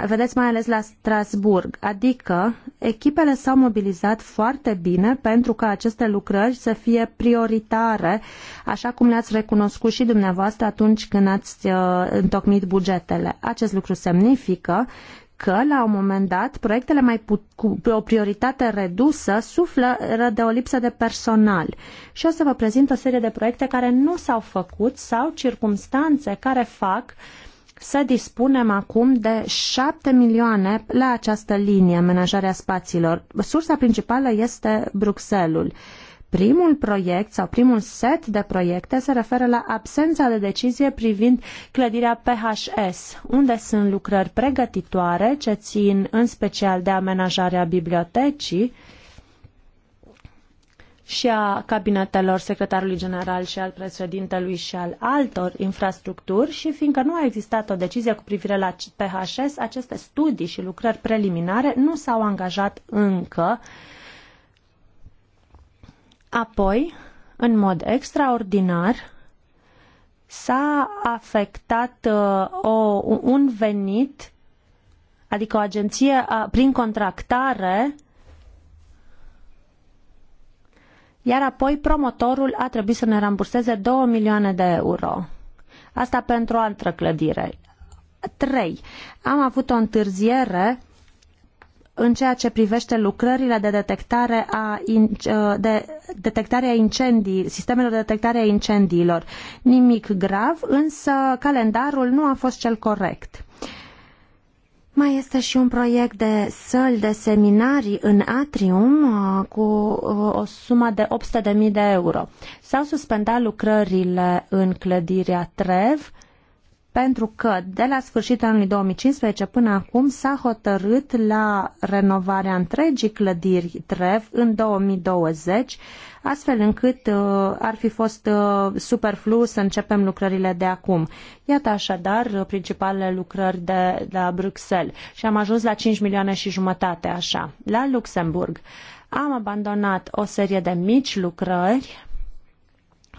vedeți mai ales la Strasburg, adică echipele s-au mobilizat foarte bine pentru ca aceste lucrări să fie prioritare, așa cum le-ați recunoscut și dumneavoastră atunci când ați uh, întocmit bugetele. Acest lucru semnifică că, la un moment dat, proiectele mai cu o prioritate redusă suflă de o lipsă de personal. Și o să vă prezint o serie de proiecte care nu s-au făcut sau circumstanțe care fac uh, să dispunem acum de 7 milioane la această linie, menajarea spațiilor. Sursa principală este Bruxelles. Primul proiect sau primul set de proiecte se referă la absența de decizie privind clădirea PHS, unde sunt lucrări pregătitoare ce țin în special de amenajarea bibliotecii, și a cabinetelor secretarului general și al președintelui și al altor infrastructuri și fiindcă nu a existat o decizie cu privire la PHS, aceste studii și lucrări preliminare nu s-au angajat încă. Apoi, în mod extraordinar, s-a afectat uh, o, un venit, adică o agenție uh, prin contractare iar apoi promotorul a trebuit să ne ramburseze 2 milioane de euro. Asta pentru o altă clădire. 3. Am avut o întârziere în ceea ce privește lucrările de detectare a, uh, de detectare a incendii, sistemelor de detectare a incendiilor. Nimic grav, însă calendarul nu a fost cel corect. Uh, mai este și un proiect de săli de seminarii în Atrium uh, cu uh, o sumă de 800.000 de euro. S-au suspendat lucrările în clădirea Trev pentru că de la sfârșitul anului 2015 până acum s-a hotărât la renovarea întregii clădiri TREV în 2020, astfel încât uh, ar fi fost uh, superflu să începem lucrările de acum. Iată așadar principalele lucrări de, de la Bruxelles și am ajuns la 5 milioane și jumătate așa, la Luxemburg. Am abandonat o serie de mici lucrări,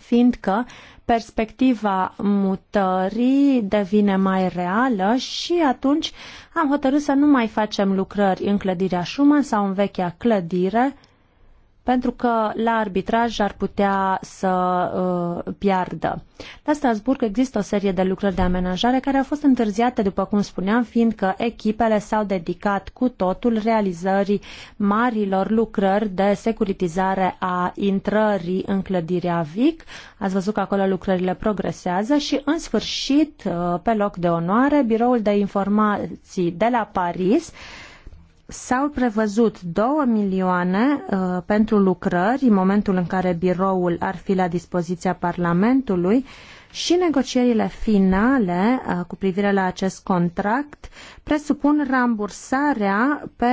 fiindcă uh, perspectiva mutării devine mai reală și atunci am hotărât să nu mai facem lucrări în clădirea Schumann sau în vechea clădire, pentru că la arbitraj ar putea să uh, piardă. La Strasburg există o serie de lucrări de amenajare care au fost întârziate, după cum spuneam, fiindcă echipele s-au dedicat cu totul realizării marilor lucrări de securitizare a intrării în clădirea VIC. Ați văzut că acolo lucrările progresează și, în sfârșit, uh, pe loc de onoare, biroul de informații de la Paris, uh, s-au prevăzut 2 milioane uh, pentru lucrări în momentul în care biroul ar fi la dispoziția Parlamentului și negocierile finale uh, cu privire la acest contract presupun rambursarea pe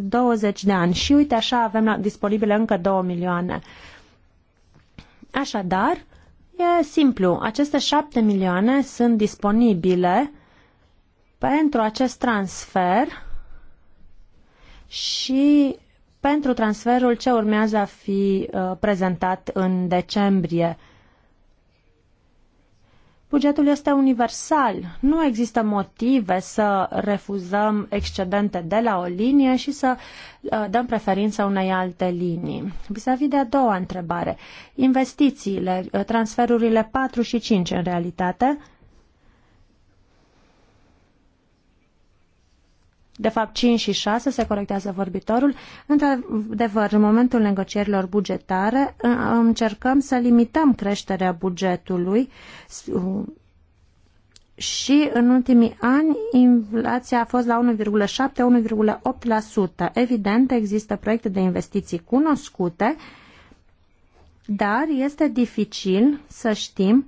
20 de ani și uite așa avem disponibile încă 2 milioane. Așadar, e simplu, aceste 7 milioane sunt disponibile pentru acest transfer și pentru transferul ce urmează a fi uh, prezentat în decembrie. Bugetul este universal. Nu există motive să refuzăm excedente de la o linie și să uh, dăm preferință unei alte linii. Vis-a-vis de a doua întrebare, investițiile, uh, transferurile 4 și 5 în realitate, de fapt 5 și 6, se corectează vorbitorul. Într-adevăr, în momentul negocierilor bugetare încercăm să limităm creșterea bugetului și în ultimii ani inflația a fost la 1,7-1,8%. Evident, există proiecte de investiții cunoscute, dar este dificil să știm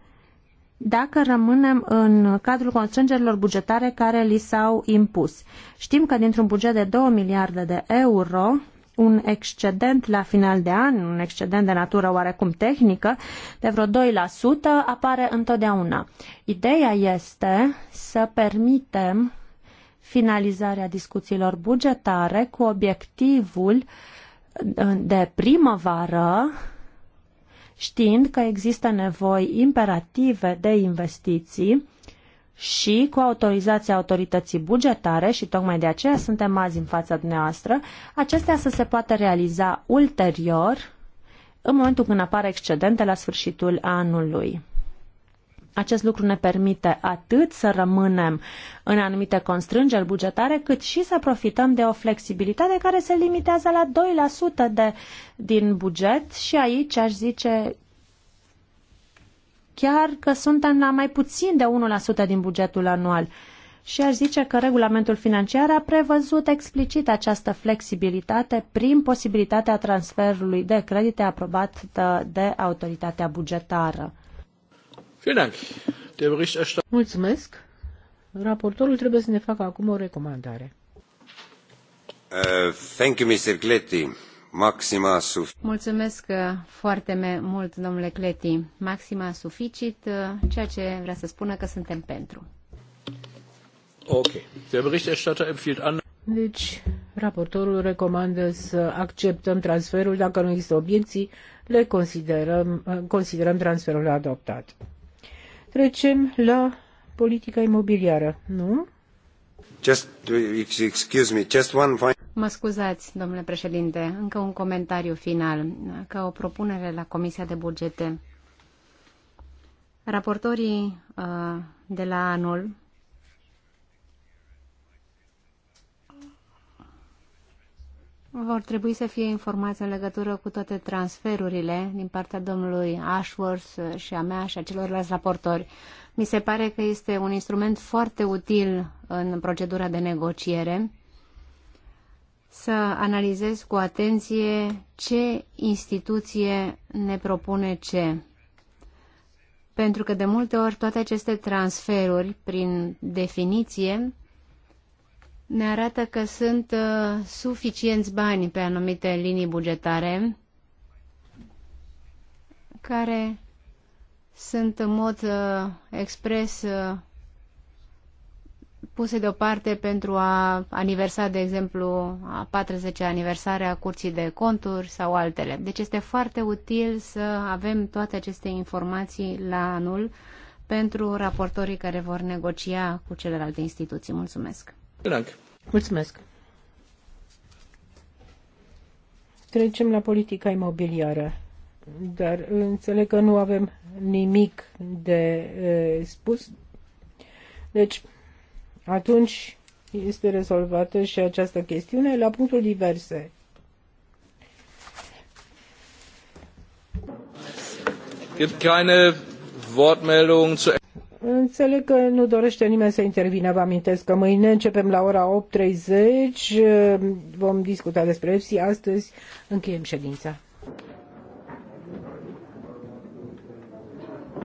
dacă rămânem în cadrul constrângerilor bugetare care li s-au impus. Știm că dintr-un buget de 2 miliarde de euro, un excedent la final de an, un excedent de natură oarecum tehnică, de vreo 2% apare întotdeauna. Ideea este să permitem finalizarea discuțiilor bugetare cu obiectivul de primăvară știind că există nevoi imperative de investiții și cu autorizația autorității bugetare, și tocmai de aceea suntem azi în fața dumneavoastră, acestea să se poată realiza ulterior în momentul când apare excedente la sfârșitul anului. Acest lucru ne permite atât să rămânem în anumite constrângeri bugetare, cât și să profităm de o flexibilitate care se limitează la 2% de, din buget și aici aș zice chiar că suntem la mai puțin de 1% din bugetul anual. Și aș zice că regulamentul financiar a prevăzut explicit această flexibilitate prin posibilitatea transferului de credite aprobat de, de autoritatea bugetară. Mulțumesc. Raportorul trebuie să ne facă acum o recomandare. Uh, thank you, Mr. Cleti. Maxima suficit. Mulțumesc uh, foarte mult, domnule Cleti. Maxima suficit, uh, ceea ce vrea să spună că suntem pentru. Ok. Der Berichterstatter empfiehlt an. Deci, raportorul recomandă să acceptăm transferul. Dacă nu există obiecții, le considerăm, considerăm transferul adoptat. Trecem la politica imobiliară, nu? Just, excuse me, just one point. Mă scuzați, domnule președinte, încă un comentariu final, ca o propunere la Comisia de Bugete. Raportorii uh, de la anul vor trebui să fie informați în legătură cu toate transferurile din partea domnului Ashworth și a mea și a celorlalți raportori. Mi se pare că este un instrument foarte util în procedura de negociere să analizez cu atenție ce instituție ne propune ce. Pentru că de multe ori toate aceste transferuri, prin definiție, ne arată că sunt uh, suficienți bani pe anumite linii bugetare care sunt în mod uh, expres uh, puse deoparte pentru a aniversa, de exemplu, a 40 -a aniversare a Curții de Conturi sau altele. Deci este foarte util să avem toate aceste informații la anul pentru raportorii care vor negocia cu celelalte instituții. Mulțumesc! Mulțumesc. Trecem la politica imobiliară. Dar înțeleg că nu avem nimic de e, spus. Deci, atunci este rezolvată și această chestiune la punctul diverse. Gibt keine Wortmeldungen zu Înțeleg că nu dorește nimeni să intervină. Vă amintesc că mâine începem la ora 8.30. Uh, vom discuta despre EFSI. Astăzi încheiem ședința.